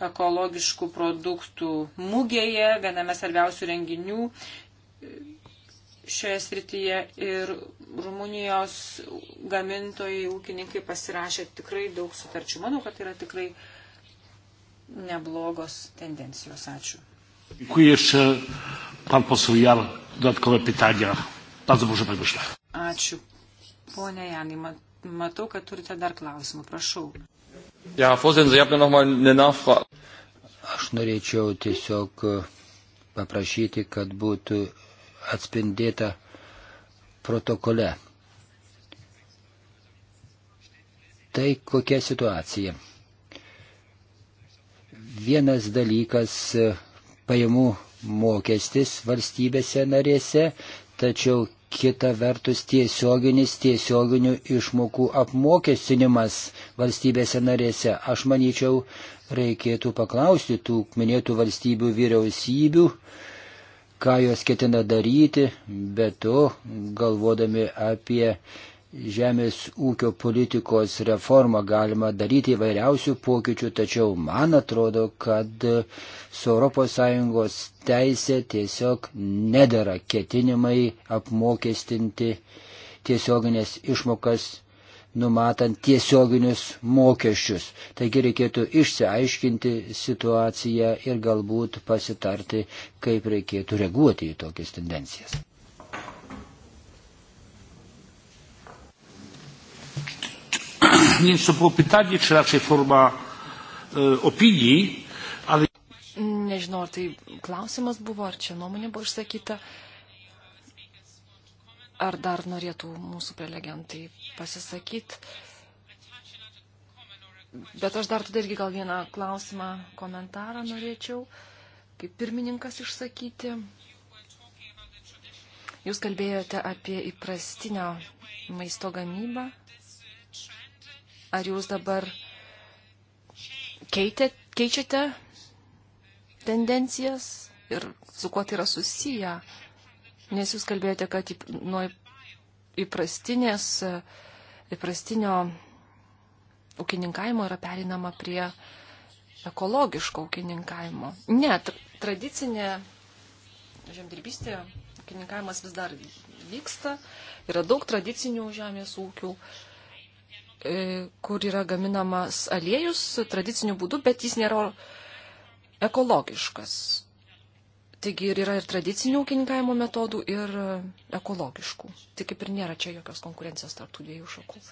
ekologiškų produktų mugėje, viename svarbiausių renginių šioje srityje ir Rumunijos gamintojai, ūkininkai pasirašė tikrai daug sutarčių. Manau, kad tai yra tikrai neblogos tendencijos. Ačiū. Dziękuję jeszcze pan poseł Jar. Dodatkowe pytania. Bardzo proszę panie pośle. Ačiū. Pone Janai, matau, kad turite dar klausimų. Prašau. Ja, Aš norėčiau tiesiog e, paprašyti, kad būtų atspindėta protokole. Tai kokia situacija? Vienas dalykas e, pajamų mokestis valstybėse narėse, tačiau kita vertus tiesioginis tiesioginių išmokų apmokestinimas valstybėse narėse. Aš manyčiau, reikėtų paklausti tų minėtų valstybių vyriausybių, ką jos ketina daryti, bet to galvodami apie žemės ūkio politikos reformą galima daryti įvairiausių pokyčių, tačiau man atrodo, kad su ES teisė tiesiog nedara ketinimai apmokestinti tiesioginės išmokas numatant tiesioginius mokesčius. Taigi reikėtų išsiaiškinti situaciją ir galbūt pasitarti, kaip reikėtų reaguoti į tokias tendencijas. (clears throat) nie wiem, czy to było pytanie, czy raczej forma e, opinii, ale. Nežinau, ar tai klausimas buvo, ar čia nuomonė buvo išsakyta, ar dar norėtų mūsų prelegentai pasisakyti. Bet aš dar tada irgi gal vieną klausimą, komentarą norėčiau, kaip pirmininkas išsakyti. Jūs kalbėjote apie įprastinę maisto gamybą ar jūs dabar keitė, keičiate tendencijas ir su kuo tai yra susiję? Nes jūs kalbėjote, kad nuo įprastinės, įprastinio ūkininkavimo yra perinama prie ekologiško ūkininkavimo. Ne, tra tradicinė žemdirbystė, ūkininkavimas vis dar vyksta, yra daug tradicinių žemės ūkių, E, kur yra gaminamas aliejus tradiciniu būdu, bet jis nėra ekologiškas. Taigi ir yra ir tradicinių ūkininkavimo metodų, ir ekologiškų. Tik kaip ir nėra čia jokios konkurencijos tarp tų dviejų šakų.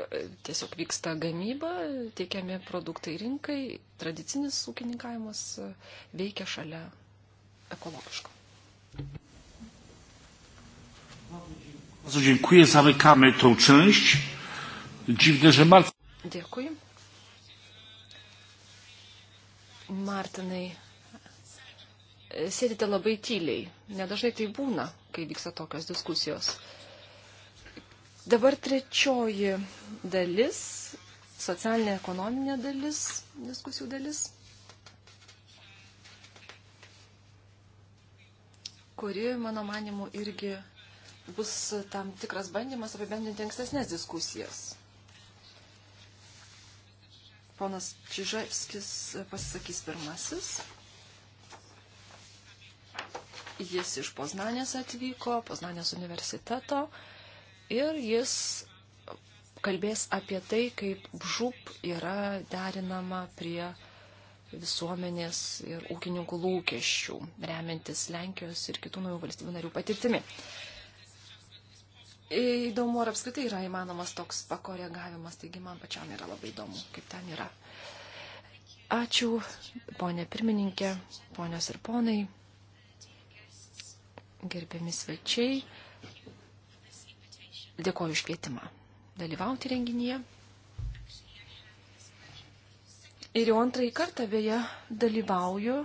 E, tiesiog vyksta gamyba, teikiami produktai rinkai, tradicinis ūkininkavimas e, veikia šalia ekologiško. Labai. Dziękuję, zamykamy tą część. Dziwne, że Martin. Dėkui. Martinai, e, sėdite labai tyliai. Nedažnai tai būna, kai vyksta tokios diskusijos. Dabar trečioji dalis, socialinė ekonominė dalis, diskusijų dalis, kuri, mano manimu, irgi bus tam tikras bandymas apibendinti ankstesnės diskusijas. Ponas Čiževskis pasisakys pirmasis. Jis iš Poznanės atvyko, Poznanės universiteto, ir jis kalbės apie tai, kaip žūp yra derinama prie visuomenės ir ūkininkų lūkesčių, remiantis Lenkijos ir kitų naujų valstybių narių patirtimi įdomu, ar apskritai yra įmanomas toks pakoregavimas, taigi man pačiam yra labai įdomu, kaip ten yra. Ačiū, ponė pirmininkė, ponios ir ponai, gerbiami svečiai. Dėkoju už kvietimą dalyvauti renginyje. Ir jau antrąjį kartą beje dalyvauju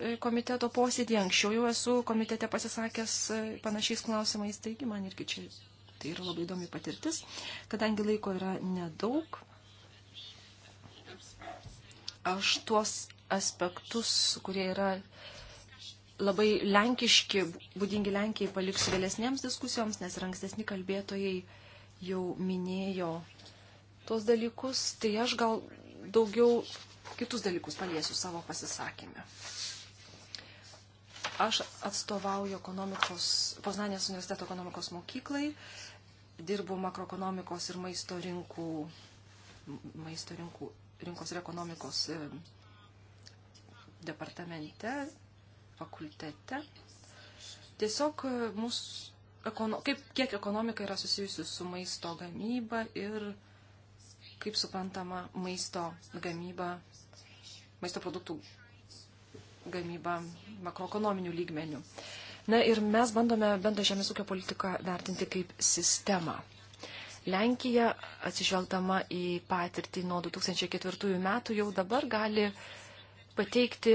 E, komiteto posėdį, anksčiau jau esu komitete pasisakęs e, panašiais klausimais, taigi man irgi čia tai yra labai įdomi patirtis, kadangi laiko yra nedaug. Aš tuos aspektus, kurie yra labai lenkiški, būdingi Lenkijai, paliksiu vėlesniems diskusijoms, nes ir ankstesni kalbėtojai jau minėjo tuos dalykus, tai aš gal daugiau kitus dalykus paliesiu savo pasisakymę. Aš atstovauju Poznanės universiteto ekonomikos mokyklai, dirbu makroekonomikos ir maisto rinkų, maisto rinkų, rinkos ir ekonomikos e, departamente, fakultete. Tiesiog e, mūsų, ekono, kaip, kiek ekonomika yra susijusi su maisto gamyba ir, kaip suprantama, maisto gamyba, maisto produktų gamybą makroekonominių lygmenių. Na ir mes bandome bendrą žemės ūkio politiką vertinti kaip sistemą. Lenkija, atsižvelgdama į patirtį nuo 2004 metų, jau dabar gali pateikti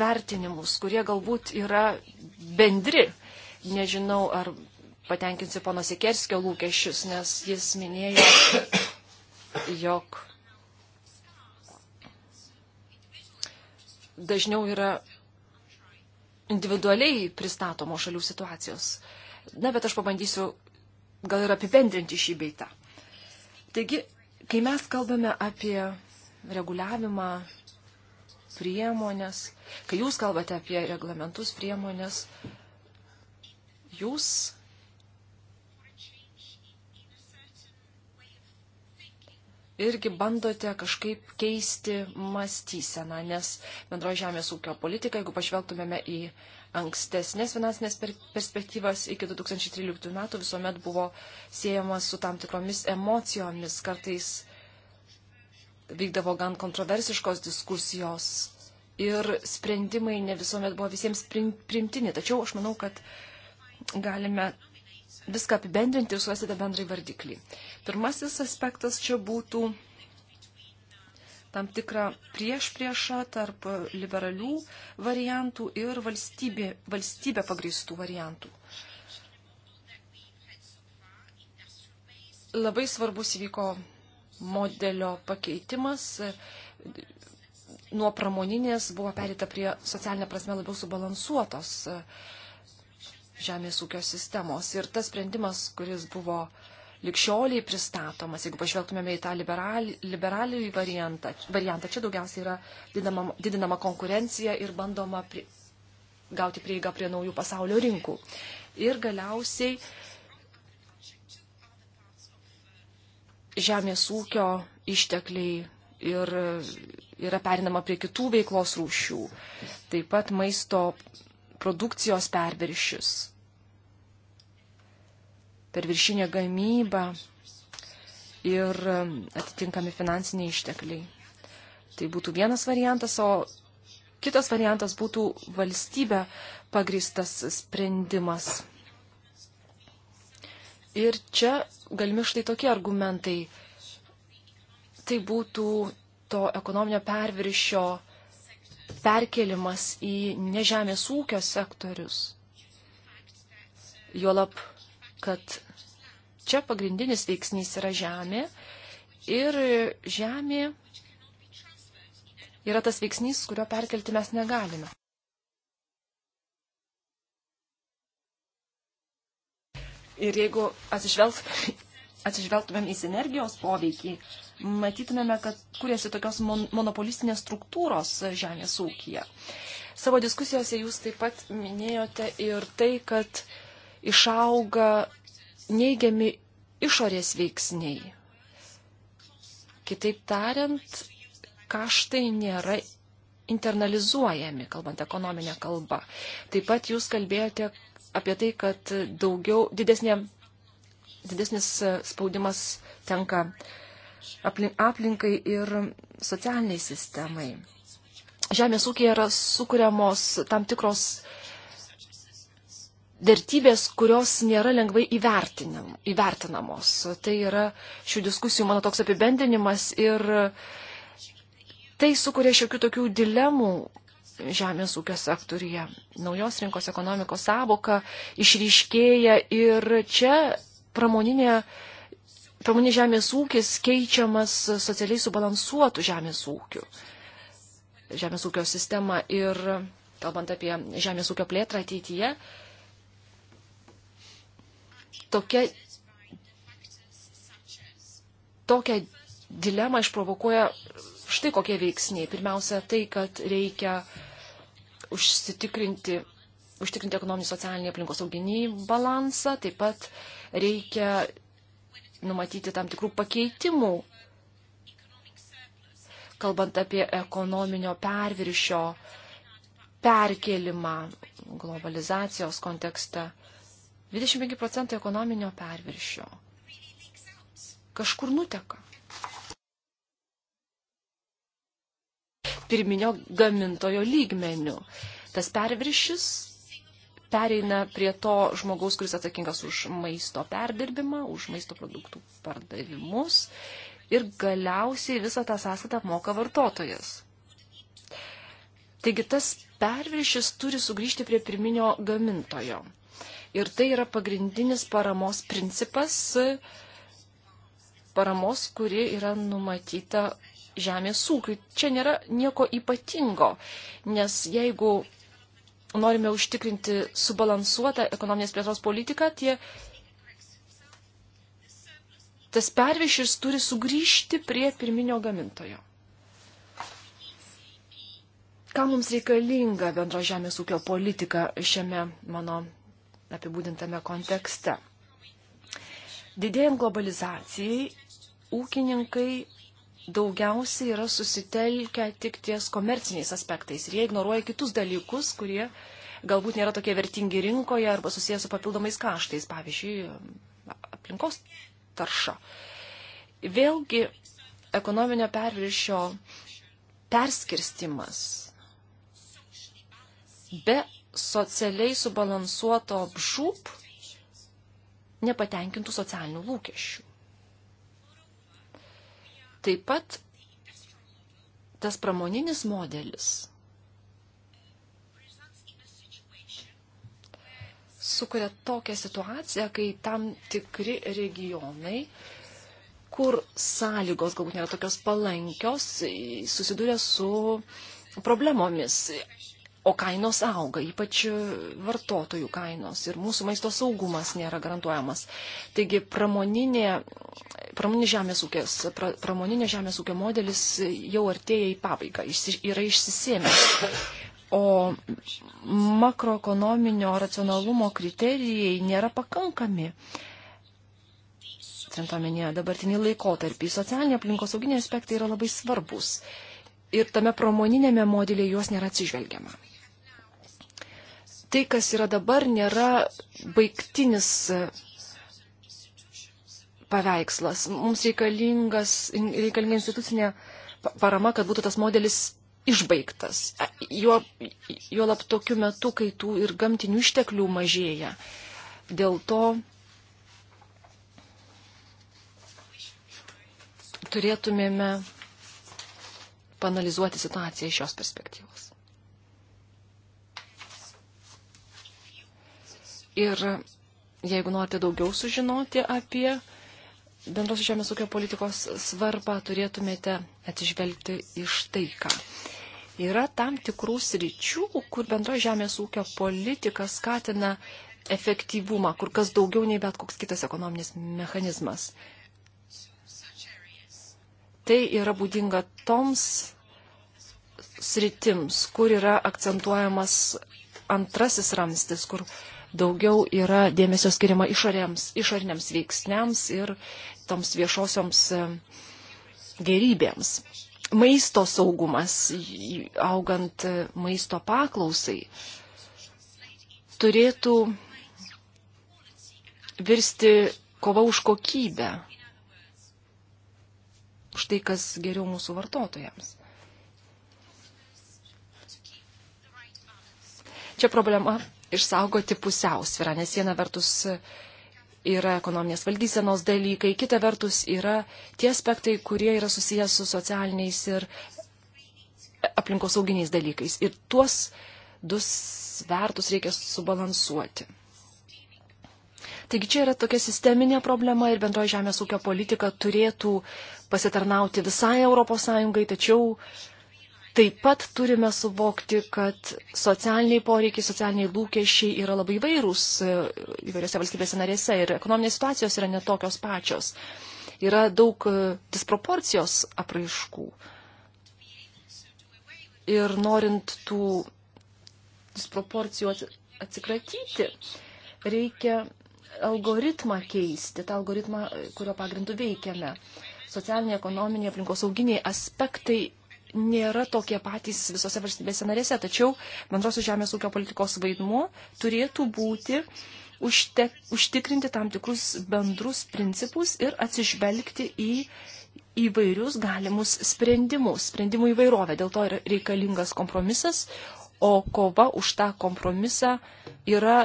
vertinimus, kurie galbūt yra bendri. Nežinau, ar patenkinsiu pono Sikerskio lūkesčius, nes jis minėjo, jog dažniau yra individualiai pristatomos šalių situacijos. Na, bet aš pabandysiu gal ir apibendrinti šį beitą. Taigi, kai mes kalbame apie reguliavimą, priemonės, kai jūs kalbate apie reglamentus, priemonės, jūs irgi bandote kažkaip keisti mąstyseną, nes bendro žemės ūkio politika, jeigu pažvelgtumėme į ankstesnės finansinės perspektyvas iki 2013 metų, visuomet buvo siejamas su tam tikromis emocijomis, kartais vykdavo gan kontroversiškos diskusijos ir sprendimai ne visuomet buvo visiems primtini. Tačiau aš manau, kad galime viską apibendrinti ir surasite bendrai vardiklį. Pirmasis aspektas čia būtų tam tikrą priešpriešą tarp liberalių variantų ir valstybė, valstybė pagristų variantų. Labai svarbus įvyko modelio pakeitimas. Nuo pramoninės buvo perita prie socialinė prasme labiau subalansuotos uh, žemės ūkio sistemos. Ir tas sprendimas, kuris buvo likščioliai pristatomas, jeigu pažvelgtumėme į tą liberaliųjų variantą, variantą, čia daugiausiai yra didinama, didinama konkurencija ir bandoma pri, gauti prieigą prie naujų pasaulio rinkų. Ir galiausiai žemės ūkio ištekliai ir yra perinama prie kitų veiklos rūšių. Taip pat maisto produkcijos perviršius, perviršinė gamyba ir um, atitinkami finansiniai ištekliai. Tai būtų vienas variantas, o kitas variantas būtų valstybė pagristas sprendimas. Ir čia galimi štai tokie argumentai. Tai būtų to ekonominio perviršio uh, perkelimas į nežemės ūkio sektorius. Juolab, kad čia pagrindinis veiksnys yra žemė ir žemė yra tas veiksnys, kurio perkelti mes negalime. Ir jeigu (laughs) atsižvelgtumėm į sinergijos poveikį, matytumėme, kad kuriasi tokios mon monopolistinės struktūros žemės ūkija. Savo diskusijose jūs taip pat minėjote ir tai, kad išauga neigiami išorės veiksniai. Kitaip tariant, kaštai nėra internalizuojami, kalbant ekonominę kalbą. Taip pat jūs kalbėjote apie tai, kad daugiau, didesnė, didesnis spaudimas tenka uh, aplinkai ir socialiniai sistemai. Žemės ūkija yra sukūriamos tam tikros vertybės, kurios nėra lengvai įvertinam, įvertinamos. Tai yra šių diskusijų mano toks apibendinimas ir tai sukuria šiokių tokių dilemų žemės ūkio sektorija. Naujos rinkos ekonomikos savoka išryškėja ir čia pramoninė pramonės žemės ūkis keičiamas socialiai subalansuotų žemės ūkių, žemės ūkio sistema ir kalbant apie žemės ūkio plėtrą ateityje, tokia, tokia dilema išprovokuoja štai kokie veiksniai. Pirmiausia, tai, kad reikia užsitikrinti, užtikrinti ekonominį socialinį aplinkos auginį balansą, taip pat reikia numatyti tam tikrų pakeitimų, kalbant apie ekonominio perviršio perkelimą globalizacijos kontekste. 25 procentai ekonominio perviršio kažkur nuteka. Pirminio gamintojo lygmenių. Tas perviršis pereina prie to žmogaus, kuris atsakingas už maisto perdirbimą, už maisto produktų pardavimus ir galiausiai visą tą sąskaitą apmoka vartotojas. Taigi tas perviršis turi sugrįžti prie pirminio gamintojo. Ir tai yra pagrindinis paramos principas, paramos, kuri yra numatyta žemės ūkiui. Čia nėra nieko ypatingo, nes jeigu norime užtikrinti subalansuotą ekonominės plėtros politiką, tie, tas pervišis turi sugrįžti prie pirminio gamintojo. Ką mums reikalinga bendro žemės ūkio politika šiame mano apibūdintame kontekste? Didėjant globalizacijai, ūkininkai daugiausiai yra susitelkę tik ties komerciniais aspektais ir jie ignoruoja kitus dalykus, kurie galbūt nėra tokie vertingi rinkoje arba susijęs su papildomais kaštais, pavyzdžiui, aplinkos tarša. Vėlgi, ekonominio perviršio perskirstimas be socialiai subalansuoto apžūp nepatenkintų socialinių lūkesčių. Taip pat tas pramoninis modelis sukuria tokią situaciją, kai tam tikri regionai, kur sąlygos galbūt nėra tokios palankios, susiduria su problemomis. O kainos auga, ypač e, vartotojų kainos ir mūsų maisto saugumas nėra garantuojamas. Taigi pramoninė, pramoninė žemės ūkės, pra, pramoninė žemės ūkio modelis jau artėja į pabaigą, išsi, yra išsisėmęs. O makroekonominio racionalumo kriterijai nėra pakankami. Turintomenėje dabartinį laikotarpį socialinė aplinkosauginė aspektai yra labai svarbus ir tame pramoniniame modelėje juos nėra atsižvelgiama tai, kas yra dabar, nėra baigtinis e, paveikslas. Mums reikalinga institucinė parama, kad būtų tas modelis išbaigtas. E, jo, jo lab tokiu metu, kai tų ir gamtinių išteklių mažėja. Dėl to turėtumėme panalizuoti situaciją iš šios perspektyvos. Ir jeigu norite daugiau sužinoti apie bendros žemės ūkio politikos svarbą, turėtumėte atsižvelgti iš tai, ką. Yra tam tikrų sričių, kur bendros žemės ūkio politika skatina efektyvumą, kur kas daugiau nei bet koks kitas ekonominis mechanizmas. Tai yra būdinga toms sritims, kur yra akcentuojamas antrasis ramstis, kur daugiau yra dėmesio skiriama išorėms, išoriniams veiksniams ir toms viešosioms e, gerybėms. Maisto saugumas, augant e, maisto paklausai, turėtų virsti kova už kokybę. Štai kas geriau mūsų vartotojams. Čia problema išsaugoti pusiausvirą, nes viena vertus yra ekonominės valdysenos dalykai, kita vertus yra tie aspektai, kurie yra susijęs su socialiniais ir aplinkosauginiais dalykais. Ir tuos du svertus reikia subalansuoti. Taigi čia yra tokia sisteminė problema ir bendroji žemės ūkio politika turėtų pasitarnauti visai ES, tačiau Taip pat turime suvokti, kad socialiniai poreikiai, socialiniai lūkesčiai yra labai vairūs e, įvairiose valstybėse narėse ir ekonominės situacijos yra netokios pačios. Yra daug e, disproporcijos apraiškų. Ir norint tų disproporcijų atsikratyti, reikia algoritmą keisti, tą algoritmą, kurio pagrindu veikiame. Socialiniai, ekonominiai, aplinkosauginiai aspektai nėra tokie patys visose valstybėse narėse, tačiau bendrosios žemės ūkio politikos vaidmuo turėtų būti užte, užtikrinti tam tikrus bendrus principus ir atsižvelgti į įvairius galimus sprendimus, sprendimų įvairovę. Dėl to yra reikalingas kompromisas, o kova už tą kompromisą yra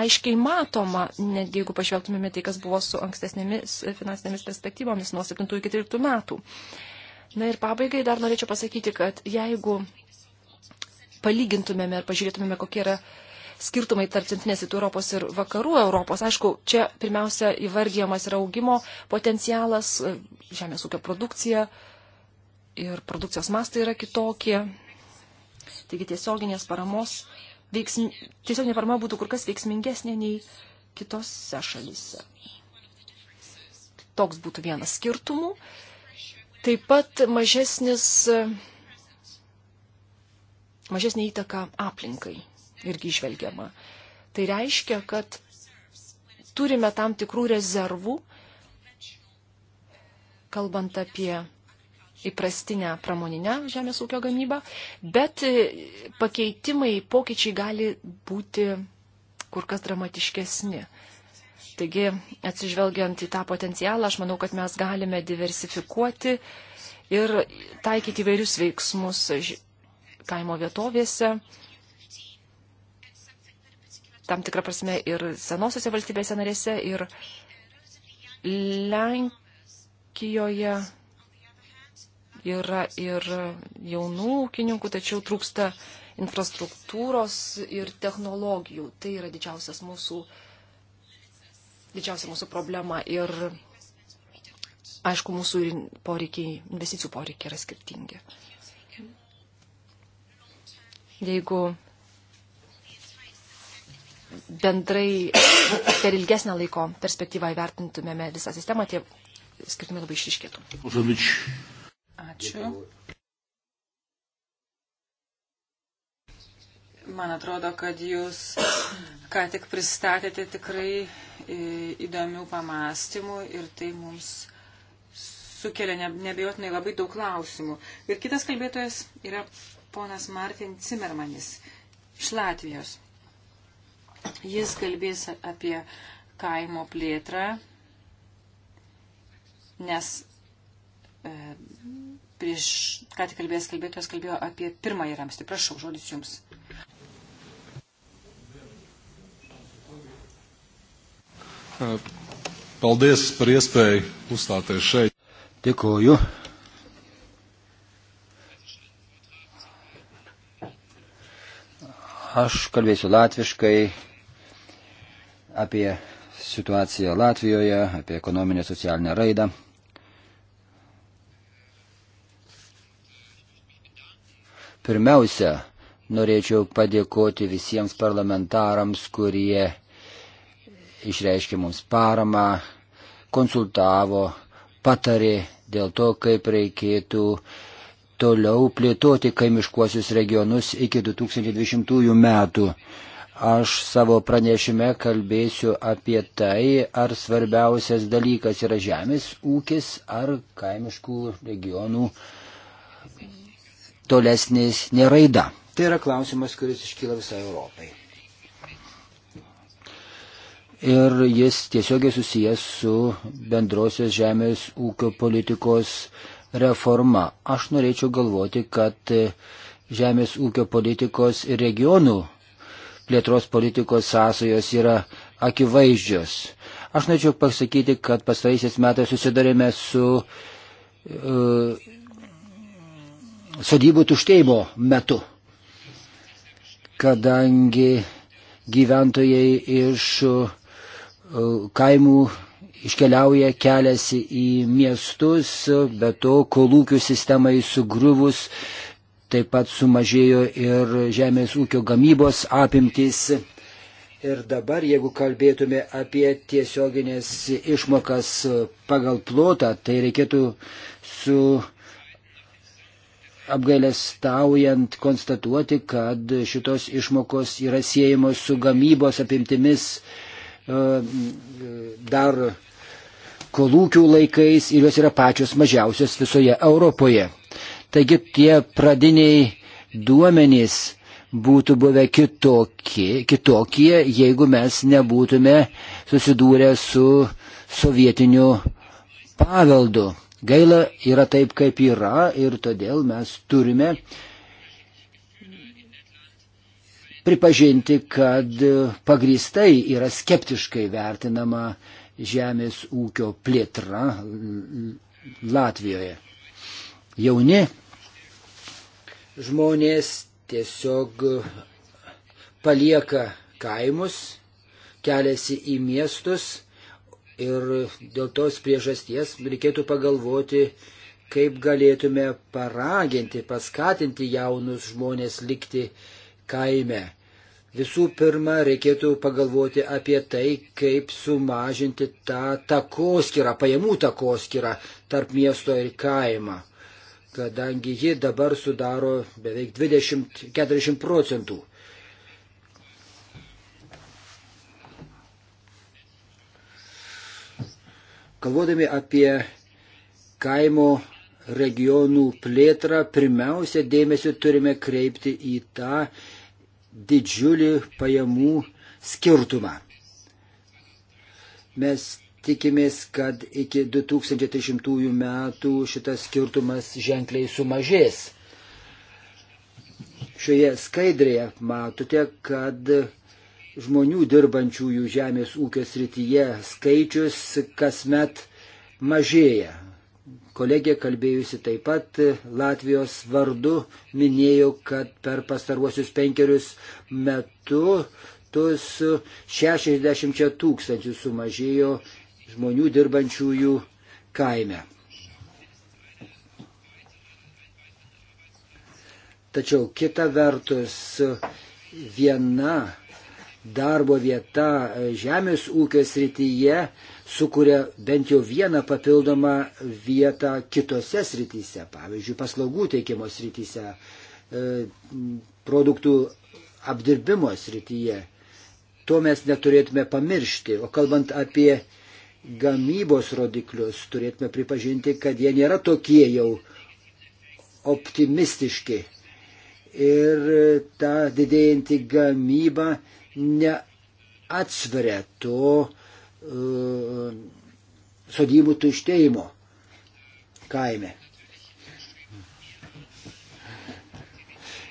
aiškiai matoma, net jeigu pažvelgtumėme tai, kas buvo su ankstesnėmis finansinėmis perspektyvomis nuo 7 iki 13 metų. Na ir pabaigai dar norėčiau pasakyti, kad jeigu palygintumėme ir pažiūrėtumėme, kokie yra skirtumai tarp centrinės rytų Europos ir vakarų Europos. Aišku, čia pirmiausia įvardyjamas yra augimo potencialas, žemės ūkio produkcija ir produkcijos mastai yra kitokie. Taigi tiesioginės paramos, veiksm, tiesioginė parama būtų kur kas veiksmingesnė nei kitose šalyse. Toks būtų vienas skirtumų. Taip pat mažesnis, mažesnė įtaka aplinkai irgi išvelgiama. Tai reiškia, kad turime tam tikrų rezervų, kalbant apie įprastinę pramoninę žemės ūkio gamybą, bet pakeitimai, pokyčiai gali būti kur kas dramatiškesni. Taigi, atsižvelgiant į tą potencialą, aš manau, kad mes galime diversifikuoti ir taikyti įvairius veiksmus kaimo vietovėse. Tam tikrą prasme ir senosiose valstybėse narėse, ir Lenkijoje yra ir jaunų ūkininkų, tačiau trūksta infrastruktūros ir technologijų. Tai yra didžiausias mūsų uh, didžiausia mūsų problema ir aišku, mūsų poreikiai, investicijų poreikiai yra skirtingi. Jeigu bendrai per ilgesnę laiko perspektyvą įvertintumėme visą sistemą, tie skirtumai labai išriškėtų. Ačiū. Man atrodo, kad jūs ką tik pristatėte tikrai e, įdomių pamastymų ir tai mums sukelia nebejotinai labai daug klausimų. Ir kitas kalbėtojas yra ponas Martin Cimermanis iš Latvijos. Jis kalbės apie kaimo plėtrą, nes e, prieš, ką tik kalbėjęs kalbėtojas kalbėjo apie pirmąjį ramstį. Prašau, žodis jums. Eh, paldies par iespēju uzstāties šeit. Dėkuoju. Aš kalbėsiu latviškai apie situaciją Latvijoje, apie ekonominę socialinę raidą. Pirmiausia, norėčiau padėkoti visiems parlamentarams, kurie išreiškė mums paramą, konsultavo, patarė dėl to, kaip reikėtų toliau plėtoti kaimiškuosius regionus iki 2020 metų. Aš savo pranešime kalbėsiu apie tai, ar svarbiausias dalykas yra žemės ūkis ar kaimiškų regionų tolesnės neraida. Tai yra klausimas, kuris iškyla visai Europai ir jis tiesiogiai susijęs su bendrosios žemės ūkio politikos reforma. Aš norėčiau galvoti, kad e, žemės ūkio politikos ir regionų plėtros politikos sąsajos yra akivaizdžios. Aš norėčiau pasakyti, kad pastaraisiais metais susidarėme su uh, sodybų tuštėjimo metu, kadangi gyventojai iš uh, kaimų iškeliauja, keliasi į miestus, bet to kolūkių sistemai sugriuvus taip pat sumažėjo ir žemės ūkio gamybos apimtys. Ir dabar, jeigu kalbėtume apie tiesioginės išmokas pagal plotą, tai reikėtų su apgailestaujant konstatuoti, kad šitos išmokos yra siejamos su gamybos apimtimis E, dar kolūkių laikais ir jos yra pačios mažiausios visoje Europoje. Taigi tie pradiniai duomenys būtų buvę kitokie, kitokie jeigu mes nebūtume susidūrę su sovietiniu paveldu. Gaila yra taip, kaip yra ir todėl mes turime uh, pripažinti, kad pagristai yra skeptiškai vertinama žemės ūkio plėtra Latvijoje. Jauni žmonės tiesiog palieka kaimus, keliasi į miestus ir dėl tos priežasties reikėtų pagalvoti, kaip galėtume paraginti, paskatinti jaunus žmonės likti kaime. Visų pirma, reikėtų pagalvoti apie tai, kaip sumažinti tą takoskirą, pajamų takoskirą tarp miesto ir kaimą, kadangi ji dabar sudaro beveik 20-40 procentų. Kalvodami apie kaimo regionų plėtrą, pirmiausia dėmesį turime kreipti į tą didžiulį pajamų skirtumą. Mes tikimės, kad iki 2030 metų šitas skirtumas ženkliai sumažės. Šioje skaidrėje matote, kad žmonių dirbančiųjų žemės ūkio srityje skaičius kasmet mažėja. Kolegė kalbėjusi taip pat Latvijos vardu minėjo, kad per pastaruosius penkerius metus 60 tūkstančių sumažėjo žmonių dirbančiųjų kaime. Tačiau kita vertus viena darbo vieta žemės ūkio srityje sukuria bent jau vieną papildomą vietą kitose srityse, pavyzdžiui, paslaugų teikimo srityse, e, produktų apdirbimo srityje. To mes neturėtume pamiršti. O kalbant apie gamybos rodiklius, turėtume pripažinti, kad jie nėra tokie jau optimistiški. Ir ta didėjanti gamyba neatsveria to, E, sodybų tuštėjimo kaime.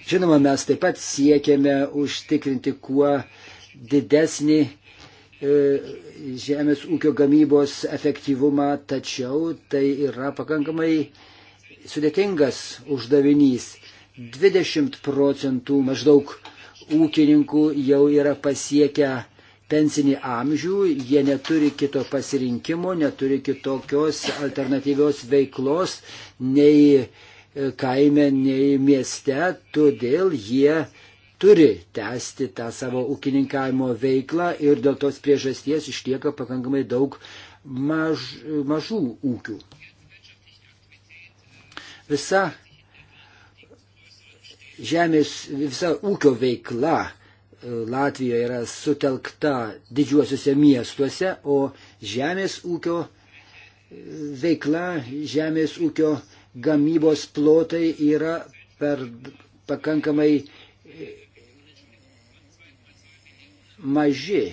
Žinoma, mes taip pat siekiame užtikrinti kuo didesnį e, žemės ūkio gamybos efektyvumą, tačiau tai yra pakankamai sudėtingas uždavinys. 20 procentų maždaug ūkininkų jau yra pasiekę pensinį amžių, jie neturi kito pasirinkimo, neturi kitokios alternatyvios veiklos nei e, kaime, nei mieste, todėl jie turi tęsti tą savo ūkininkavimo veiklą ir dėl tos priežasties išlieka pakankamai daug maž, mažų ūkių. Visa žemės, visa ūkio veikla Latvijoje yra sutelkta didžiuosiuose miestuose, o žemės ūkio e, veikla, žemės ūkio gamybos plotai yra per pakankamai e, maži.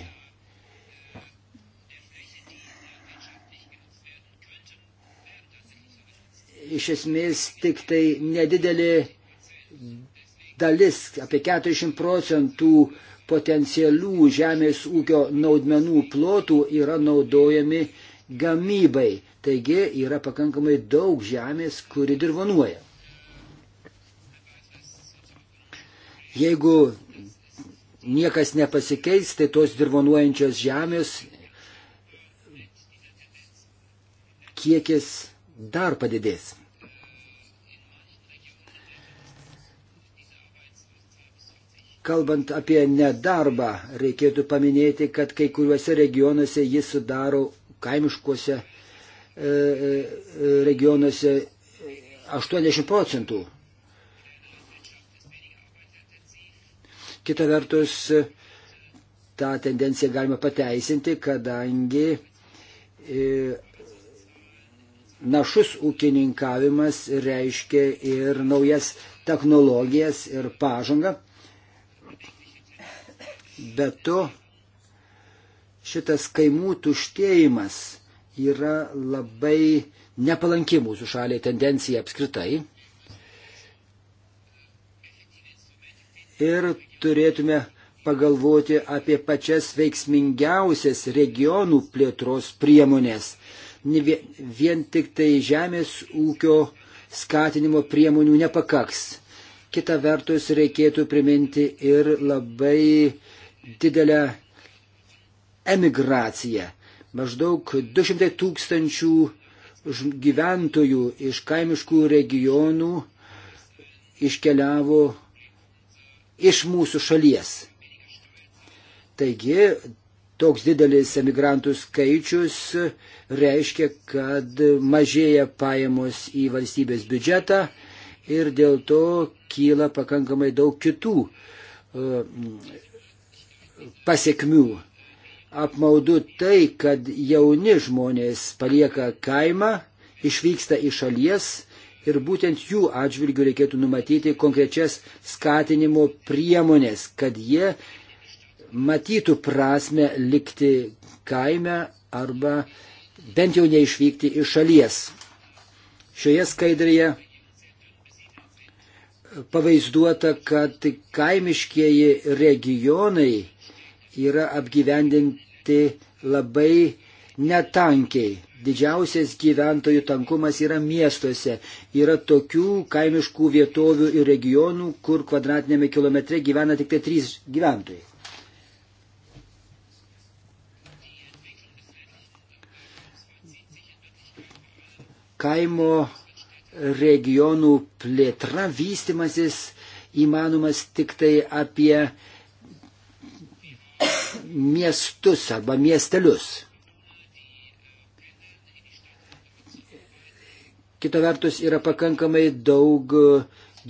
Iš esmės tik tai nedidelė dalis, apie 40 procentų potencialių žemės ūkio naudmenų plotų yra naudojami gamybai. Taigi yra pakankamai daug žemės, kuri dirvonuoja. Jeigu niekas nepasikeis, tai tos dirvonuojančios žemės kiekis dar padidės. Kalbant apie nedarbą, reikėtų paminėti, kad kai kuriuose regionuose jis sudaro kaimiškuose e, e, regionuose 80 procentų. Kita vertus, tą tendenciją galima pateisinti, kadangi e, našus ūkininkavimas reiškia ir naujas technologijas ir pažangą. Be to, šitas kaimų tuštėjimas yra labai nepalanki mūsų šaliai tendencija apskritai. Ir turėtume pagalvoti apie pačias veiksmingiausias regionų plėtros priemonės. Vien tik tai žemės ūkio skatinimo priemonių nepakaks. Kita vertus reikėtų priminti ir labai didelę emigraciją. Maždaug 200 tūkstančių gyventojų iš kaimiškų regionų iškeliavo iš mūsų šalies. Taigi, toks didelis emigrantų skaičius reiškia, kad mažėja pajamos į valstybės biudžetą ir dėl to kyla pakankamai daug kitų e, pasiekmių. Apmaudu tai, kad jauni žmonės palieka kaimą, išvyksta iš šalies ir būtent jų atžvilgių reikėtų numatyti konkrečias skatinimo priemonės, kad jie matytų prasme likti kaime arba bent jau neišvykti iš šalies. Šioje skaidrėje pavaizduota, kad kaimiškieji regionai yra apgyvendinti labai netankiai. Didžiausias gyventojų tankumas yra miestuose. Yra tokių kaimiškų vietovių ir regionų, kur kvadratinėme kilometre gyvena tik tai trys gyventojai. Kaimo regionų plėtra vystimasis įmanomas tik tai apie miestus arba miestelius. Kita vertus yra pakankamai daug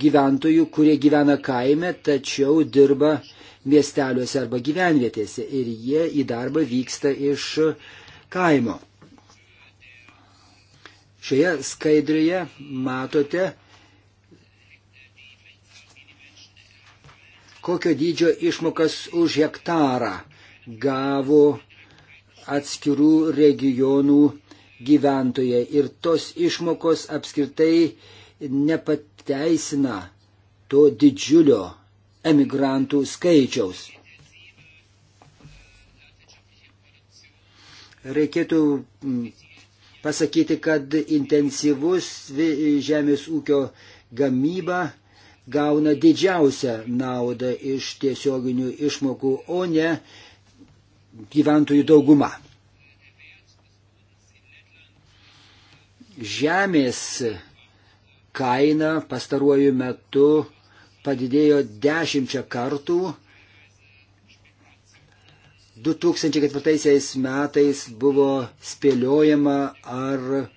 gyventojų, kurie gyvena kaime, tačiau dirba miesteliuose arba gyvenvietėse ir jie į darbą vyksta iš kaimo. Šioje skaidrėje matote, kokio dydžio išmokas už hektarą gavo atskirų regionų gyventojai ir tos išmokos apskritai nepateisina to didžiulio emigrantų skaičiaus. Reikėtų mm, pasakyti, kad intensyvus žemės ūkio gamyba gauna didžiausią naudą iš tiesioginių išmokų, o ne gyventojų dauguma. Žemės kaina pastaruoju metu padidėjo dešimčia kartų. 2004 metais buvo spėliojama, ar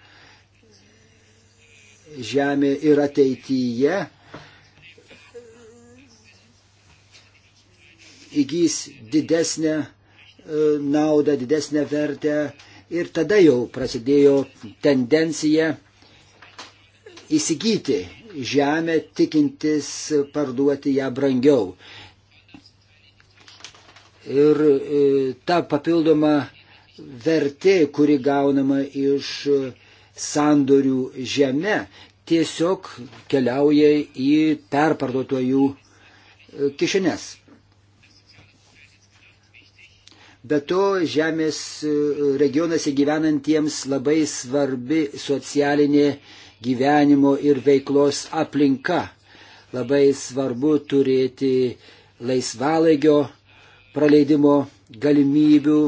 žemė ir ateityje įgys didesnę E, naudą, didesnę vertę. Ir tada jau prasidėjo tendencija įsigyti žemę, tikintis parduoti ją brangiau. Ir e, ta papildoma vertė, kuri gaunama iš sandorių žemė, tiesiog keliauja į perparduotojų e, kišenes. Bet to žemės e, regionuose gyvenantiems labai svarbi socialinė gyvenimo ir veiklos aplinka. Labai svarbu turėti laisvalaikio praleidimo galimybių.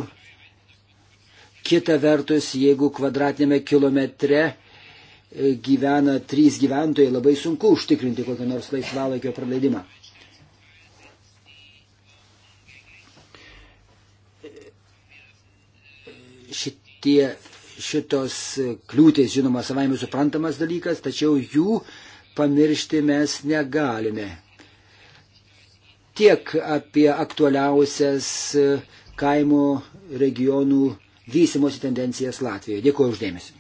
Kita vertus, jeigu kvadratinėme kilometre e, gyvena trys gyventojai, labai sunku užtikrinti kokią nors laisvalaikio praleidimą. šitie, šitos kliūtis, žinoma, savaime suprantamas dalykas, tačiau jų pamiršti mes negalime. Tiek apie aktualiausias e, kaimo regionų vystimosi tendencijas Latvijoje. Dėkuoju uždėmesi.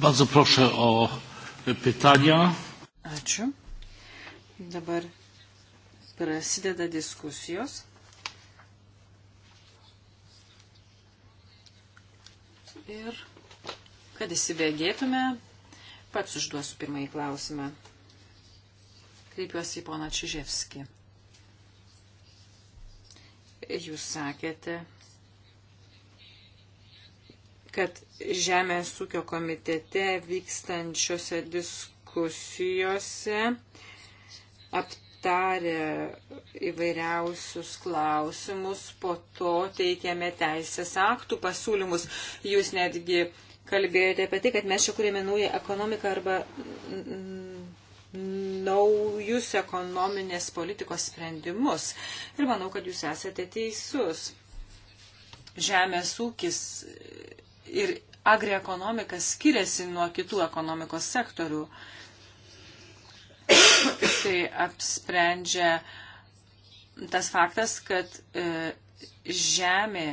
Bardzo proszę o pytania. Ačiū. Dabar prasideda diskusijos. ir kad įsibėgėtume, pats užduosiu pirmąjį klausimą. Kreipiuosi į poną Čiževskį. Jūs sakėte, kad Žemės ūkio komitete vykstančiose diskusijose apt aptarę įvairiausius klausimus, po to teikėme teisės aktų pasiūlymus. Jūs netgi kalbėjote apie tai, kad mes čia kūrėme naują ekonomiką arba naujus ekonominės politikos sprendimus. Ir manau, kad jūs esate teisus. Žemės ūkis ir agriekonomika skiriasi nuo kitų ekonomikos sektorių. Uh, tik tai apsprendžia tas faktas, kad e, žemė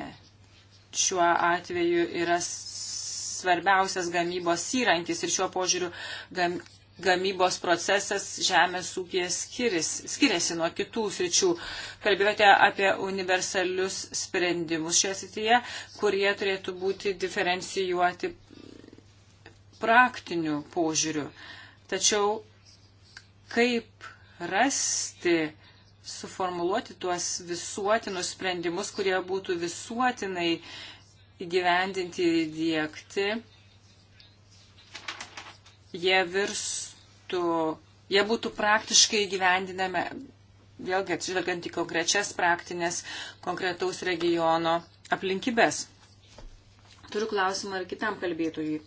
šiuo atveju yra svarbiausias gamybos įrankis ir šiuo požiūriu gam, gamybos procesas žemės ūkėje skiriasi, skiriasi nuo kitų sričių. Kalbėjote apie universalius sprendimus šioje srityje, kurie turėtų būti diferencijuoti praktiniu požiūriu. Tačiau kaip rasti, suformuluoti tuos visuotinus sprendimus, kurie būtų visuotinai įgyvendinti ir įdėkti, jie virstų, jie būtų praktiškai įgyvendinami, vėlgi atsižvelgiant į konkrečias praktinės konkretaus regiono aplinkybės. Turiu klausimą ir kitam kalbėtojui.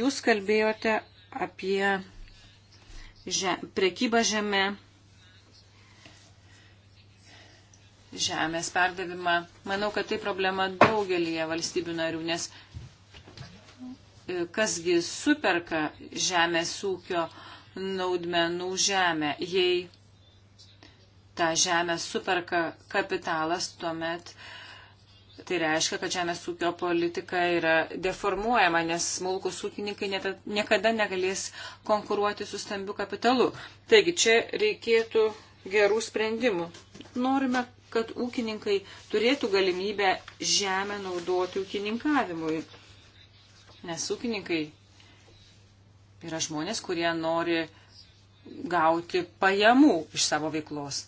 Jūs kalbėjote apie že, prekyba žemė, žemės perdavimą. Manau, kad tai problema daugelįje valstybių narių, nes e, kasgi superka žemės ūkio naudmenų žemę. Jei tą žemę superka kapitalas, tuomet uh, Tai reiškia, kad žemės ūkio politika yra deformuojama, nes smulkus ūkininkai net, niekada negalės konkuruoti su stambiu kapitalu. Taigi čia reikėtų gerų sprendimų. Norime, kad ūkininkai turėtų galimybę žemę naudoti ūkininkavimui. Nes ūkininkai yra žmonės, kurie nori gauti pajamų iš savo veiklos.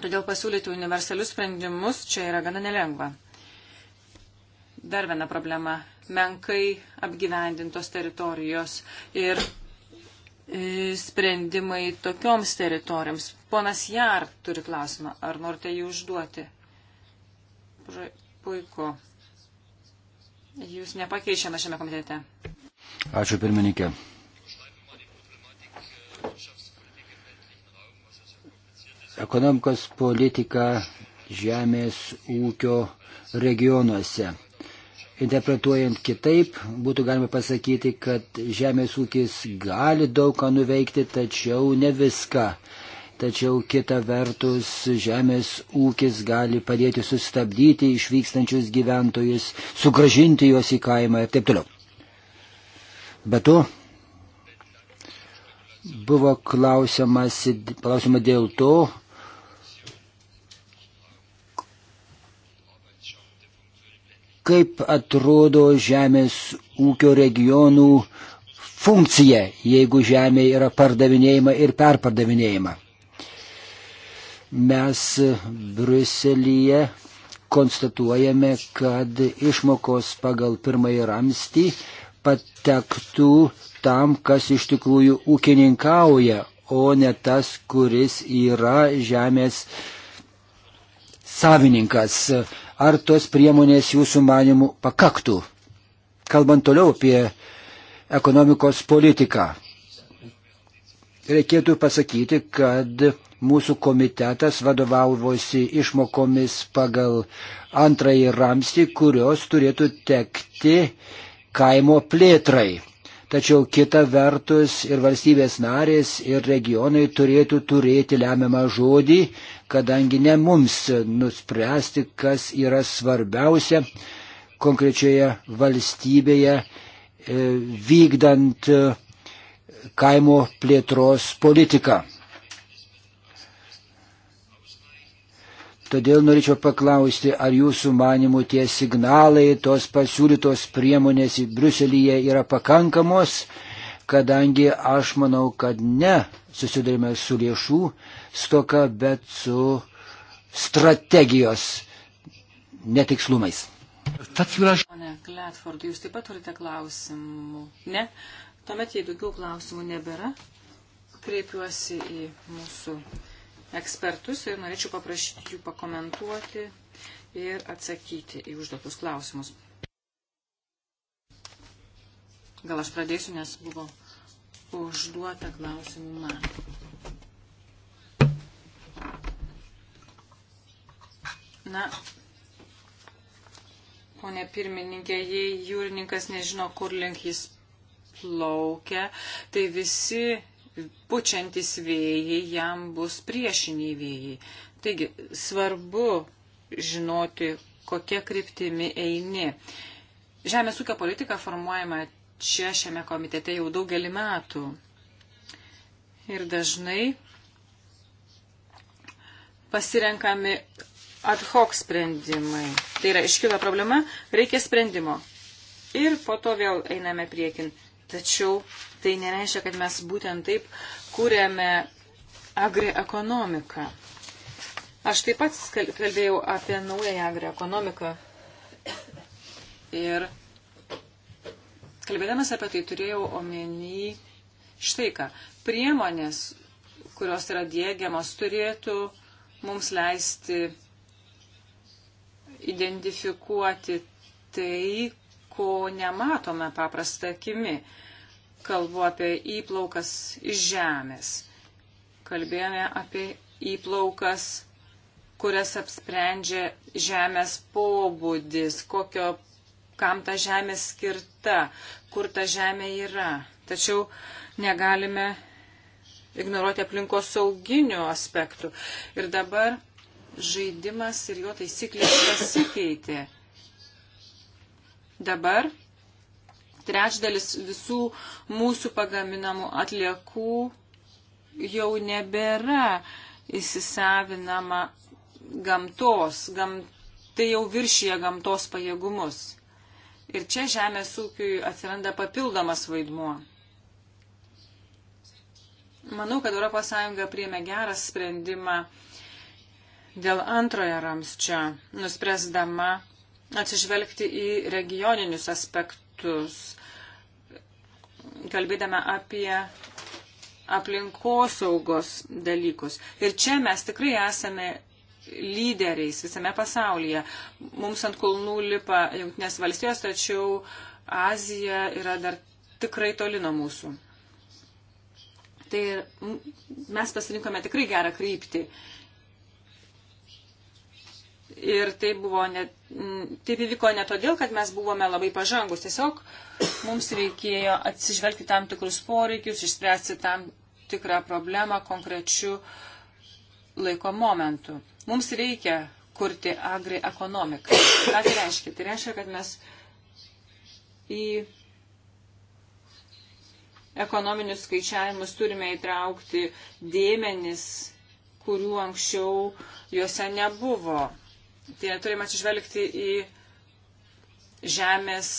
Todėl pasiūlyti universalius sprendimus čia yra gana nelengva. Dar viena problema - menkai apgyvendintos teritorijos ir e, sprendimai tokioms teritorijoms. Ponas Jar turi klausimą, ar norite jį užduoti? Puiku. Jūs nepakeičiama šiame komitete. Ačiū pirmininkė. ekonomikos politiką žemės ūkio regionuose. Interpretuojant kitaip, būtų galima pasakyti, kad žemės ūkis gali daug ką nuveikti, tačiau ne viską. Tačiau kita vertus, žemės ūkis gali padėti sustabdyti išvykstančius gyventojus, sugražinti juos į kaimą ir taip toliau. Be to, buvo klausimas, klausima dėl to, kaip atrodo žemės ūkio regionų funkcija, jeigu žemė yra pardavinėjama ir perpardavinėjama. Mes Bruselėje konstatuojame, kad išmokos pagal pirmąjį ramstį patektų tam, kas iš tikrųjų ūkininkauja, o ne tas, kuris yra žemės savininkas. Ar tos priemonės jūsų manimų pakaktų? Kalbant toliau apie ekonomikos politiką, reikėtų pasakyti, kad mūsų komitetas vadovavosi išmokomis pagal antrąjį ramstį, kurios turėtų tekti kaimo plėtrai. Tačiau kita vertus ir valstybės narės, ir regionai turėtų turėti lemiamą žodį, kadangi ne mums nuspręsti, kas yra svarbiausia konkrečioje valstybėje e, vykdant e, kaimo plėtros politiką. Todėl norėčiau paklausti, ar jūsų manimų tie signalai, tos pasiūlytos priemonės į Bruselėje yra pakankamos, kadangi aš manau, kad ne susidurime su lėšų stoka, bet su strategijos netikslumais. Pone Kletford, jūs taip pat turite klausimų? Ne? Tuomet, jei daugiau klausimų nebėra, kreipiuosi į mūsų ekspertus ir norėčiau paprašyti jų pakomentuoti ir atsakyti į užduotus klausimus. Gal aš pradėsiu, nes buvo užduotą klausimą man. Na, ponė pirmininkė, jei jūrininkas nežino, kur link jis plaukia, tai visi pučiantis vėjai jam bus priešiniai vėjai. Taigi, svarbu žinoti, kokia kryptimi eini. Žemės ūkio politika formuojama čia šiame komitete jau daugelį metų. Ir dažnai pasirenkami ad hoc sprendimai. Tai yra iškila problema, reikia sprendimo. Ir po to vėl einame priekin. Tačiau tai nereiškia, kad mes būtent taip kūrėme agriekonomiką. Aš taip pat kalbėjau apie naująją agriekonomiką. Ir Kalbėdamas apie tai turėjau omeny štai ką. Priemonės, kurios yra dėgiamos, turėtų mums leisti identifikuoti tai, ko nematome paprastą akimi. Kalbu apie įplaukas iš žemės. Kalbėjome apie įplaukas, kurias apsprendžia žemės pobūdis, kokio kam ta žemė skirta, kur ta žemė yra. Tačiau negalime ignoruoti aplinkos sauginių aspektų. Ir dabar žaidimas ir jo taisyklės pasikeitė. Dabar trečdalis visų mūsų pagaminamų atliekų jau nebėra įsisavinama gamtos, gam, tai jau viršyje gamtos pajėgumus. Ir čia žemės ūkiui atsiranda papildomas vaidmuo. Manau, kad ES priėmė gerą sprendimą dėl antrojo ramsčio, nuspręsdama atsižvelgti į regioninius aspektus, kalbėdama apie aplinkosaugos dalykus. Ir čia mes tikrai esame lyderiais visame pasaulyje. Mums ant kulnų lipa Junktinės valstijos, tačiau Azija yra dar tikrai toli nuo mūsų. Tai mes pasirinkome tikrai gerą kryptį. Ir tai buvo net, taip įvyko ne todėl, kad mes buvome labai pažangus, tiesiog mums reikėjo atsižvelgti tam tikrus poreikius, išspręsti tam tikrą problemą konkrečiu laiko momentu. Mums reikia kurti agri ekonomiką. Ką tai reiškia? Tai reiškia, kad mes į ekonominius skaičiavimus turime įtraukti dėmenis, kurių anksčiau juose nebuvo. Tai turime atsižvelgti į žemės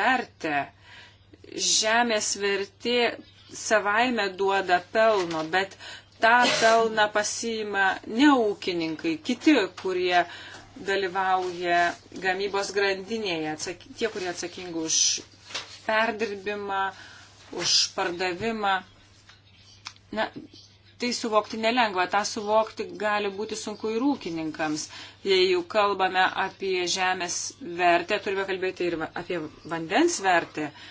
vertę. Žemės vertė savaime duoda pelno, bet tą pelną pasiima ne ūkininkai, kiti, kurie dalyvauja gamybos grandinėje, tie, kurie atsakingi už perdirbimą, už pardavimą. Na, tai suvokti nelengva, tą suvokti gali būti sunku ir ūkininkams. Jei jau kalbame apie žemės vertę, turime kalbėti ir apie vandens vertę. Uh,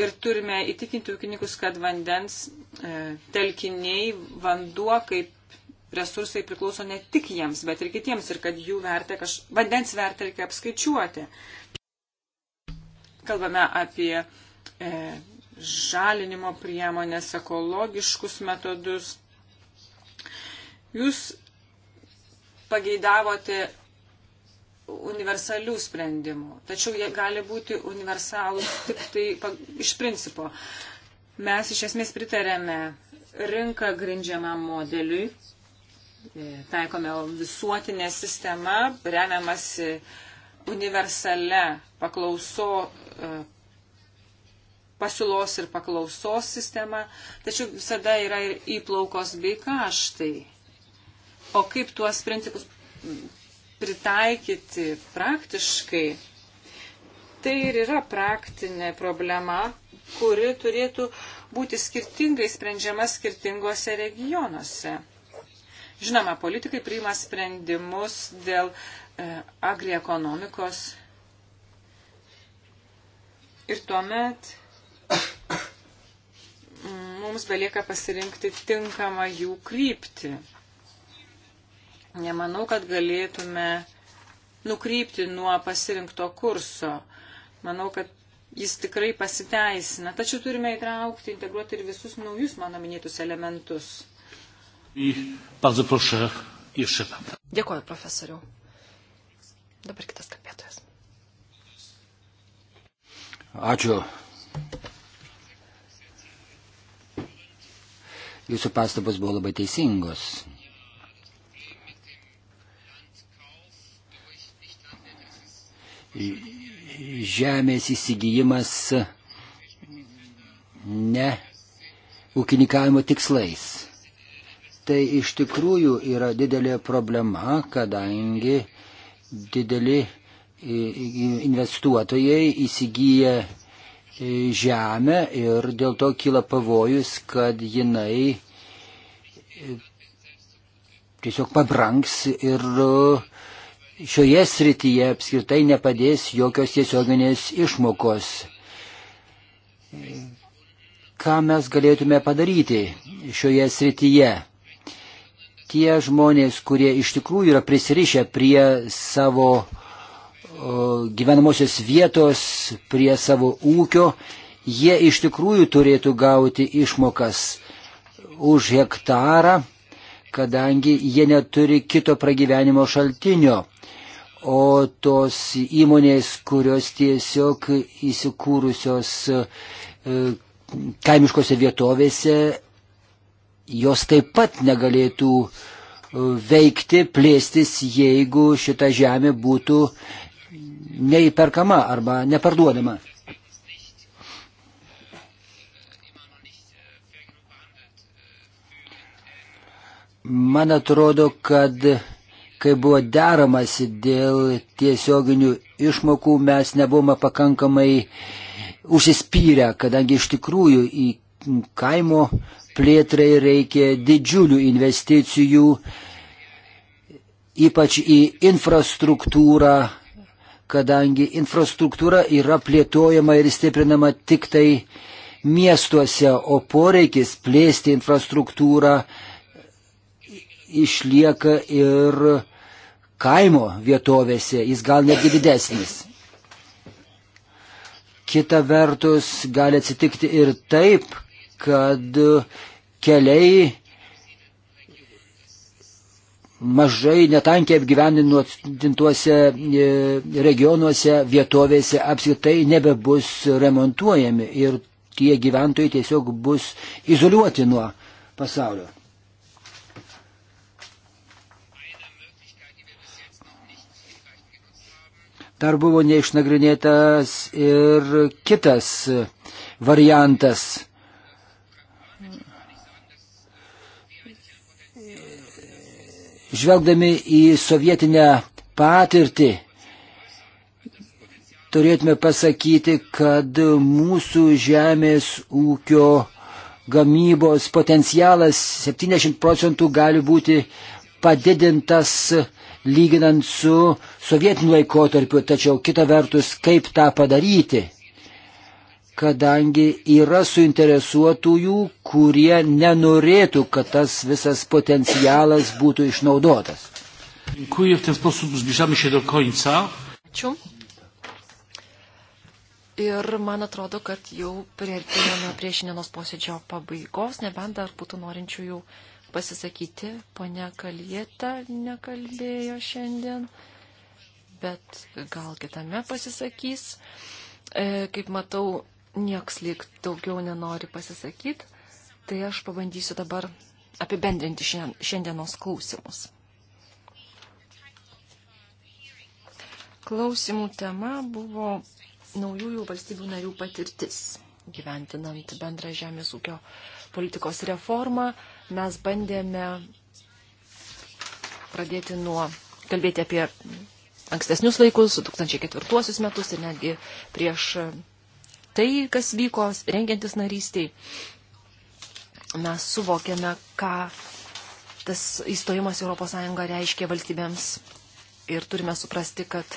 ir turime įtikinti ūkininkus, kad vandens e, telkiniai, vanduo kaip resursai priklauso ne tik jiems, bet ir kitiems ir kad jų vertę, kaž... vandens vertę reikia apskaičiuoti. Kalbame apie e, žalinimo priemonės, ekologiškus metodus. Jūs pageidavote universalių sprendimų. Tačiau jie gali būti universalūs tik tai iš principo. Mes iš esmės pritarėme rinką grindžiamam modeliui, e, taikome visuotinę sistemą, remiamasi universale paklauso e, pasiūlos ir paklausos sistema, tačiau visada yra ir įplaukos bei kaštai. O kaip tuos principus pritaikyti praktiškai, tai ir yra praktinė problema, kuri turėtų būti skirtingai sprendžiama skirtingose regionuose. Žinoma, politikai priima sprendimus dėl e, agriekonomikos ir tuomet (coughs) mums belieka pasirinkti tinkamą jų kryptį. Nemanau, kad galėtume nukrypti nuo pasirinkto kurso. Manau, kad jis tikrai pasiteisina. Tačiau turime įtraukti, integruoti ir visus naujus mano minėtus elementus. Dėkuoju, profesoriau. Dabar kitas kalbėtojas. Ačiū. Jūsų pastabas buvo labai teisingos. žemės įsigijimas ne ūkininkavimo tikslais. Tai iš tikrųjų yra didelė problema, kadangi dideli investuotojai įsigyja e, žemę ir dėl to kyla pavojus, kad jinai e, tiesiog pabranks ir uh, šioje srityje apskritai nepadės jokios tiesioginės išmokos. Ką mes galėtume padaryti šioje srityje? Tie žmonės, kurie iš tikrųjų yra prisirišę prie savo gyvenamosios vietos, prie savo ūkio, jie iš tikrųjų turėtų gauti išmokas už hektarą, kadangi jie neturi kito pragyvenimo šaltinio o tos įmonės, kurios tiesiog įsikūrusios e, kaimiškose vietovėse, jos taip pat negalėtų e, veikti, plėstis, jeigu šita žemė būtų neįperkama arba neparduodama. Man atrodo, kad kai buvo deramasi dėl tiesioginių išmokų, mes nebuvome pakankamai užsispyrę, kadangi iš tikrųjų į kaimo plėtrai reikia didžiulių investicijų, ypač į infrastruktūrą, kadangi infrastruktūra yra plėtojama ir stiprinama tik tai miestuose, o poreikis plėsti infrastruktūrą išlieka ir kaimo vietovėse jis gal netgi didesnis. Kita vertus gali atsitikti ir taip, kad keliai mažai netankiai apgyvendintuose e, regionuose, vietovėse apskritai nebebus remontuojami ir tie gyventojai tiesiog bus izoliuoti nuo pasaulio. Dar buvo neišnagrinėtas ir kitas variantas. Žvelgdami į sovietinę patirtį, turėtume pasakyti, kad mūsų žemės ūkio gamybos potencialas 70 procentų gali būti padidintas lyginant su sovietiniu laikotarpiu, tačiau kita vertus, kaip tą padaryti, kadangi yra suinteresuotųjų, kurie nenorėtų, kad tas visas potencialas būtų išnaudotas. Ačiū. Ir man atrodo, kad jau prieartėjome prie šiandienos posėdžio pabaigos, nebent dar būtų norinčių jų. Jau pasisakyti. Pone Kalieta nekalbėjo šiandien, bet gal kitame pasisakys. E, kaip matau, nieks lyg daugiau nenori pasisakyti, tai aš pabandysiu dabar apibendrinti šiandienos klausimus. Klausimų tema buvo naujųjų valstybių narių patirtis, gyventinant bendrą žemės ūkio politikos reformą, mes bandėme pradėti nuo, kalbėti apie ankstesnius laikus, 2004 metus ir netgi prieš tai, kas vyko rengiantis narystiai. Mes suvokėme, ką tas įstojimas Europos Sąjunga reiškia valstybėms ir turime suprasti, kad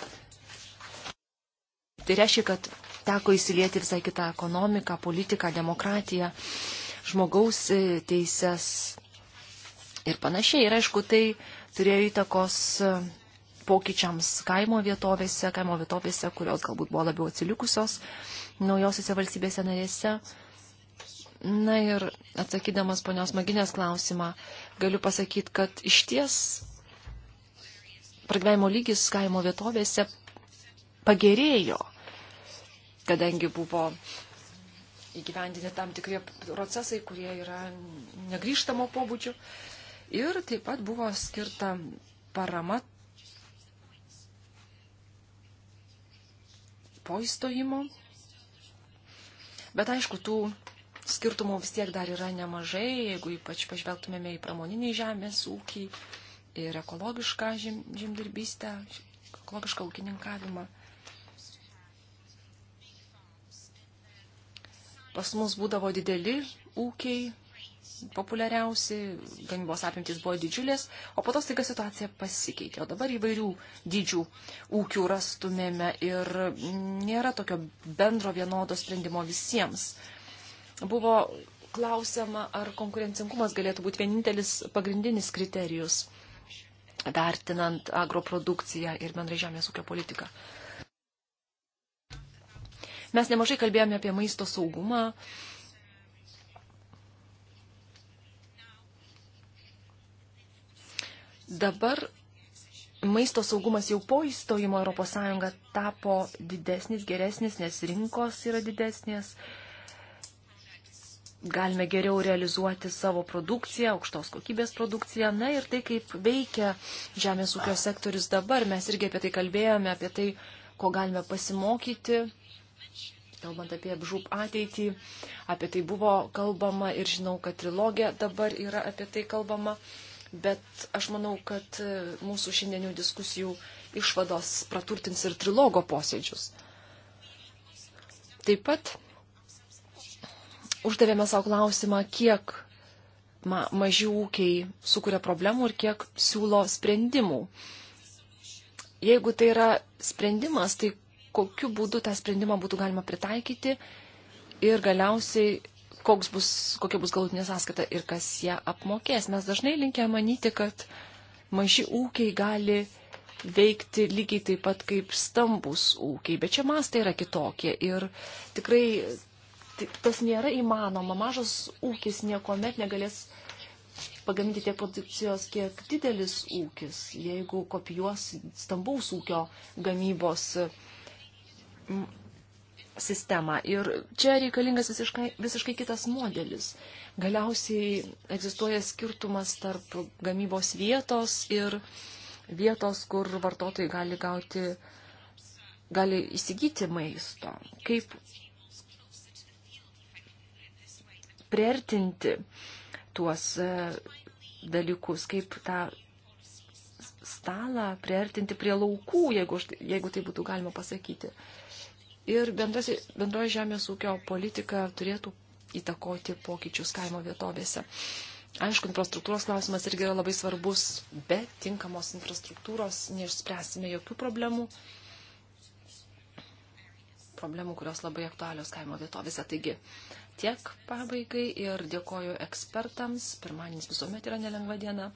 tai reiškia, kad teko įsilieti visai kitą ekonomiką, politiką, demokratiją žmogaus e, teises ir panašiai. Ir aišku, tai turėjo įtakos e, pokyčiams kaimo vietovėse, kaimo vietovėse, kurios galbūt buvo labiau atsilikusios naujosiuose valstybėse narėse. Na ir atsakydamas ponios Maginės klausimą, galiu pasakyti, kad iš ties pragyvenimo lygis kaimo vietovėse pagerėjo, kadangi buvo įgyvendinti tam tikrie procesai, kurie yra negryžtamo pobūdžio. Ir taip pat buvo skirta parama po įstojimo. Bet aišku, tų skirtumų vis tiek dar yra nemažai, jeigu ypač pažvelgtumėme į pramoninį žemės ūkį ir ekologišką žemdirbystę, ekologišką ūkininkavimą. Pas mus būdavo dideli ūkiai, populiariausi, gamybos apimtys buvo didžiulės, o po to staiga situacija pasikeitė. O dabar įvairių dydžių ūkių rastumėme ir nėra tokio bendro vienodo sprendimo visiems. Buvo klausiama, ar konkurencingumas galėtų būti vienintelis pagrindinis kriterijus vertinant agroprodukciją ir bendrai žemės ūkio politiką. Mes nemažai kalbėjome apie maisto saugumą. Dabar maisto saugumas jau po įstojimo ES tapo didesnis, geresnis, nes rinkos yra didesnės. Galime geriau realizuoti savo produkciją, aukštos kokybės produkciją. Na ir tai, kaip veikia žemės ūkio sektorius dabar, mes irgi apie tai kalbėjome, apie tai, ko galime pasimokyti kalbant apie apžūp ateitį, apie tai buvo kalbama ir žinau, kad trilogija dabar yra apie tai kalbama, bet aš manau, kad e, mūsų šiandienių diskusijų išvados praturtins ir trilogo posėdžius. Taip pat uždavėme savo klausimą, kiek ma maži ūkiai sukuria problemų ir kiek siūlo sprendimų. Jeigu tai yra sprendimas, tai kokiu būdu tą sprendimą būtų galima pritaikyti ir galiausiai koks bus, kokia bus galutinė sąskaita ir kas ją apmokės. Mes dažnai linkę manyti, kad maži ūkiai gali veikti lygiai taip pat kaip stambus ūkiai, bet čia mastai yra kitokie ir tikrai tas nėra įmanoma. Mažas ūkis niekuomet negalės pagaminti tiek produkcijos, kiek didelis ūkis, jeigu kopijuos stambaus ūkio gamybos sistemą. Ir čia reikalingas visiškai, visiškai kitas modelis. Galiausiai egzistuoja skirtumas tarp gamybos vietos ir vietos, kur vartotojai gali gauti, gali įsigyti maisto. Kaip priartinti tuos e, dalykus, kaip tą stalą priartinti prie laukų, jeigu, jeigu tai būtų galima pasakyti. Uh, Ir bendroji žemės ūkio politika turėtų įtakoti pokyčius kaimo vietovėse. Aišku, infrastruktūros klausimas irgi yra labai svarbus, be tinkamos infrastruktūros neišspręsime jokių problemų, problemų, kurios labai aktualios kaimo vietovėse. Taigi, tiek pabaigai ir dėkoju ekspertams. Pirmadienis visuomet yra nelengva diena,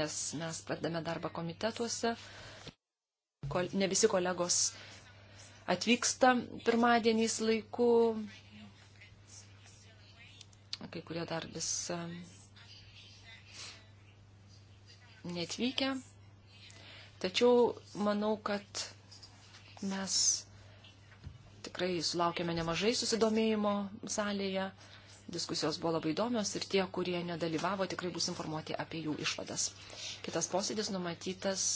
nes mes pradame darbą komitetuose. Ne visi kolegos atvyksta pirmadieniais laiku. Kai kurie dar vis e, netvykę. Tačiau manau, kad mes tikrai sulaukėme nemažai susidomėjimo salėje. Diskusijos buvo labai įdomios ir tie, kurie nedalyvavo, tikrai bus informuoti apie jų išvadas. Kitas posėdis numatytas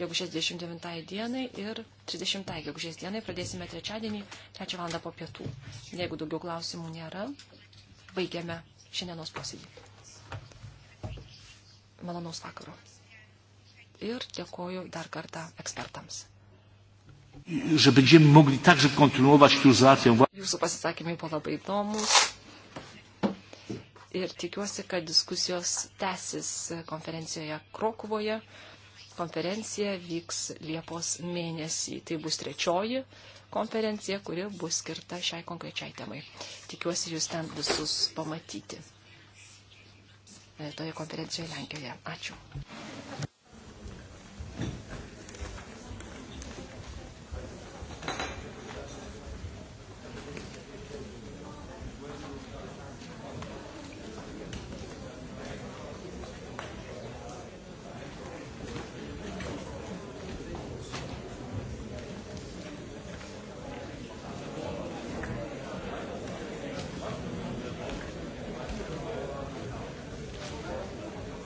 gegužės 29 dienai ir 30 gegužės dienai. Pradėsime trečiadienį, 3 val. po pietų. Jeigu daugiau klausimų nėra, baigiame šiandienos posėdį. Malonaus vakaro. Ir dėkoju dar kartą ekspertams. Jūsų pasisakymai buvo labai įdomus. Ir tikiuosi, kad diskusijos tęsis konferencijoje Krokuvoje konferencija vyks Liepos mėnesį. Tai bus trečioji konferencija, kuri bus skirta šiai konkrečiai temai. Tikiuosi jūs ten visus pamatyti e, toje konferencijoje Lenkijoje. Ačiū.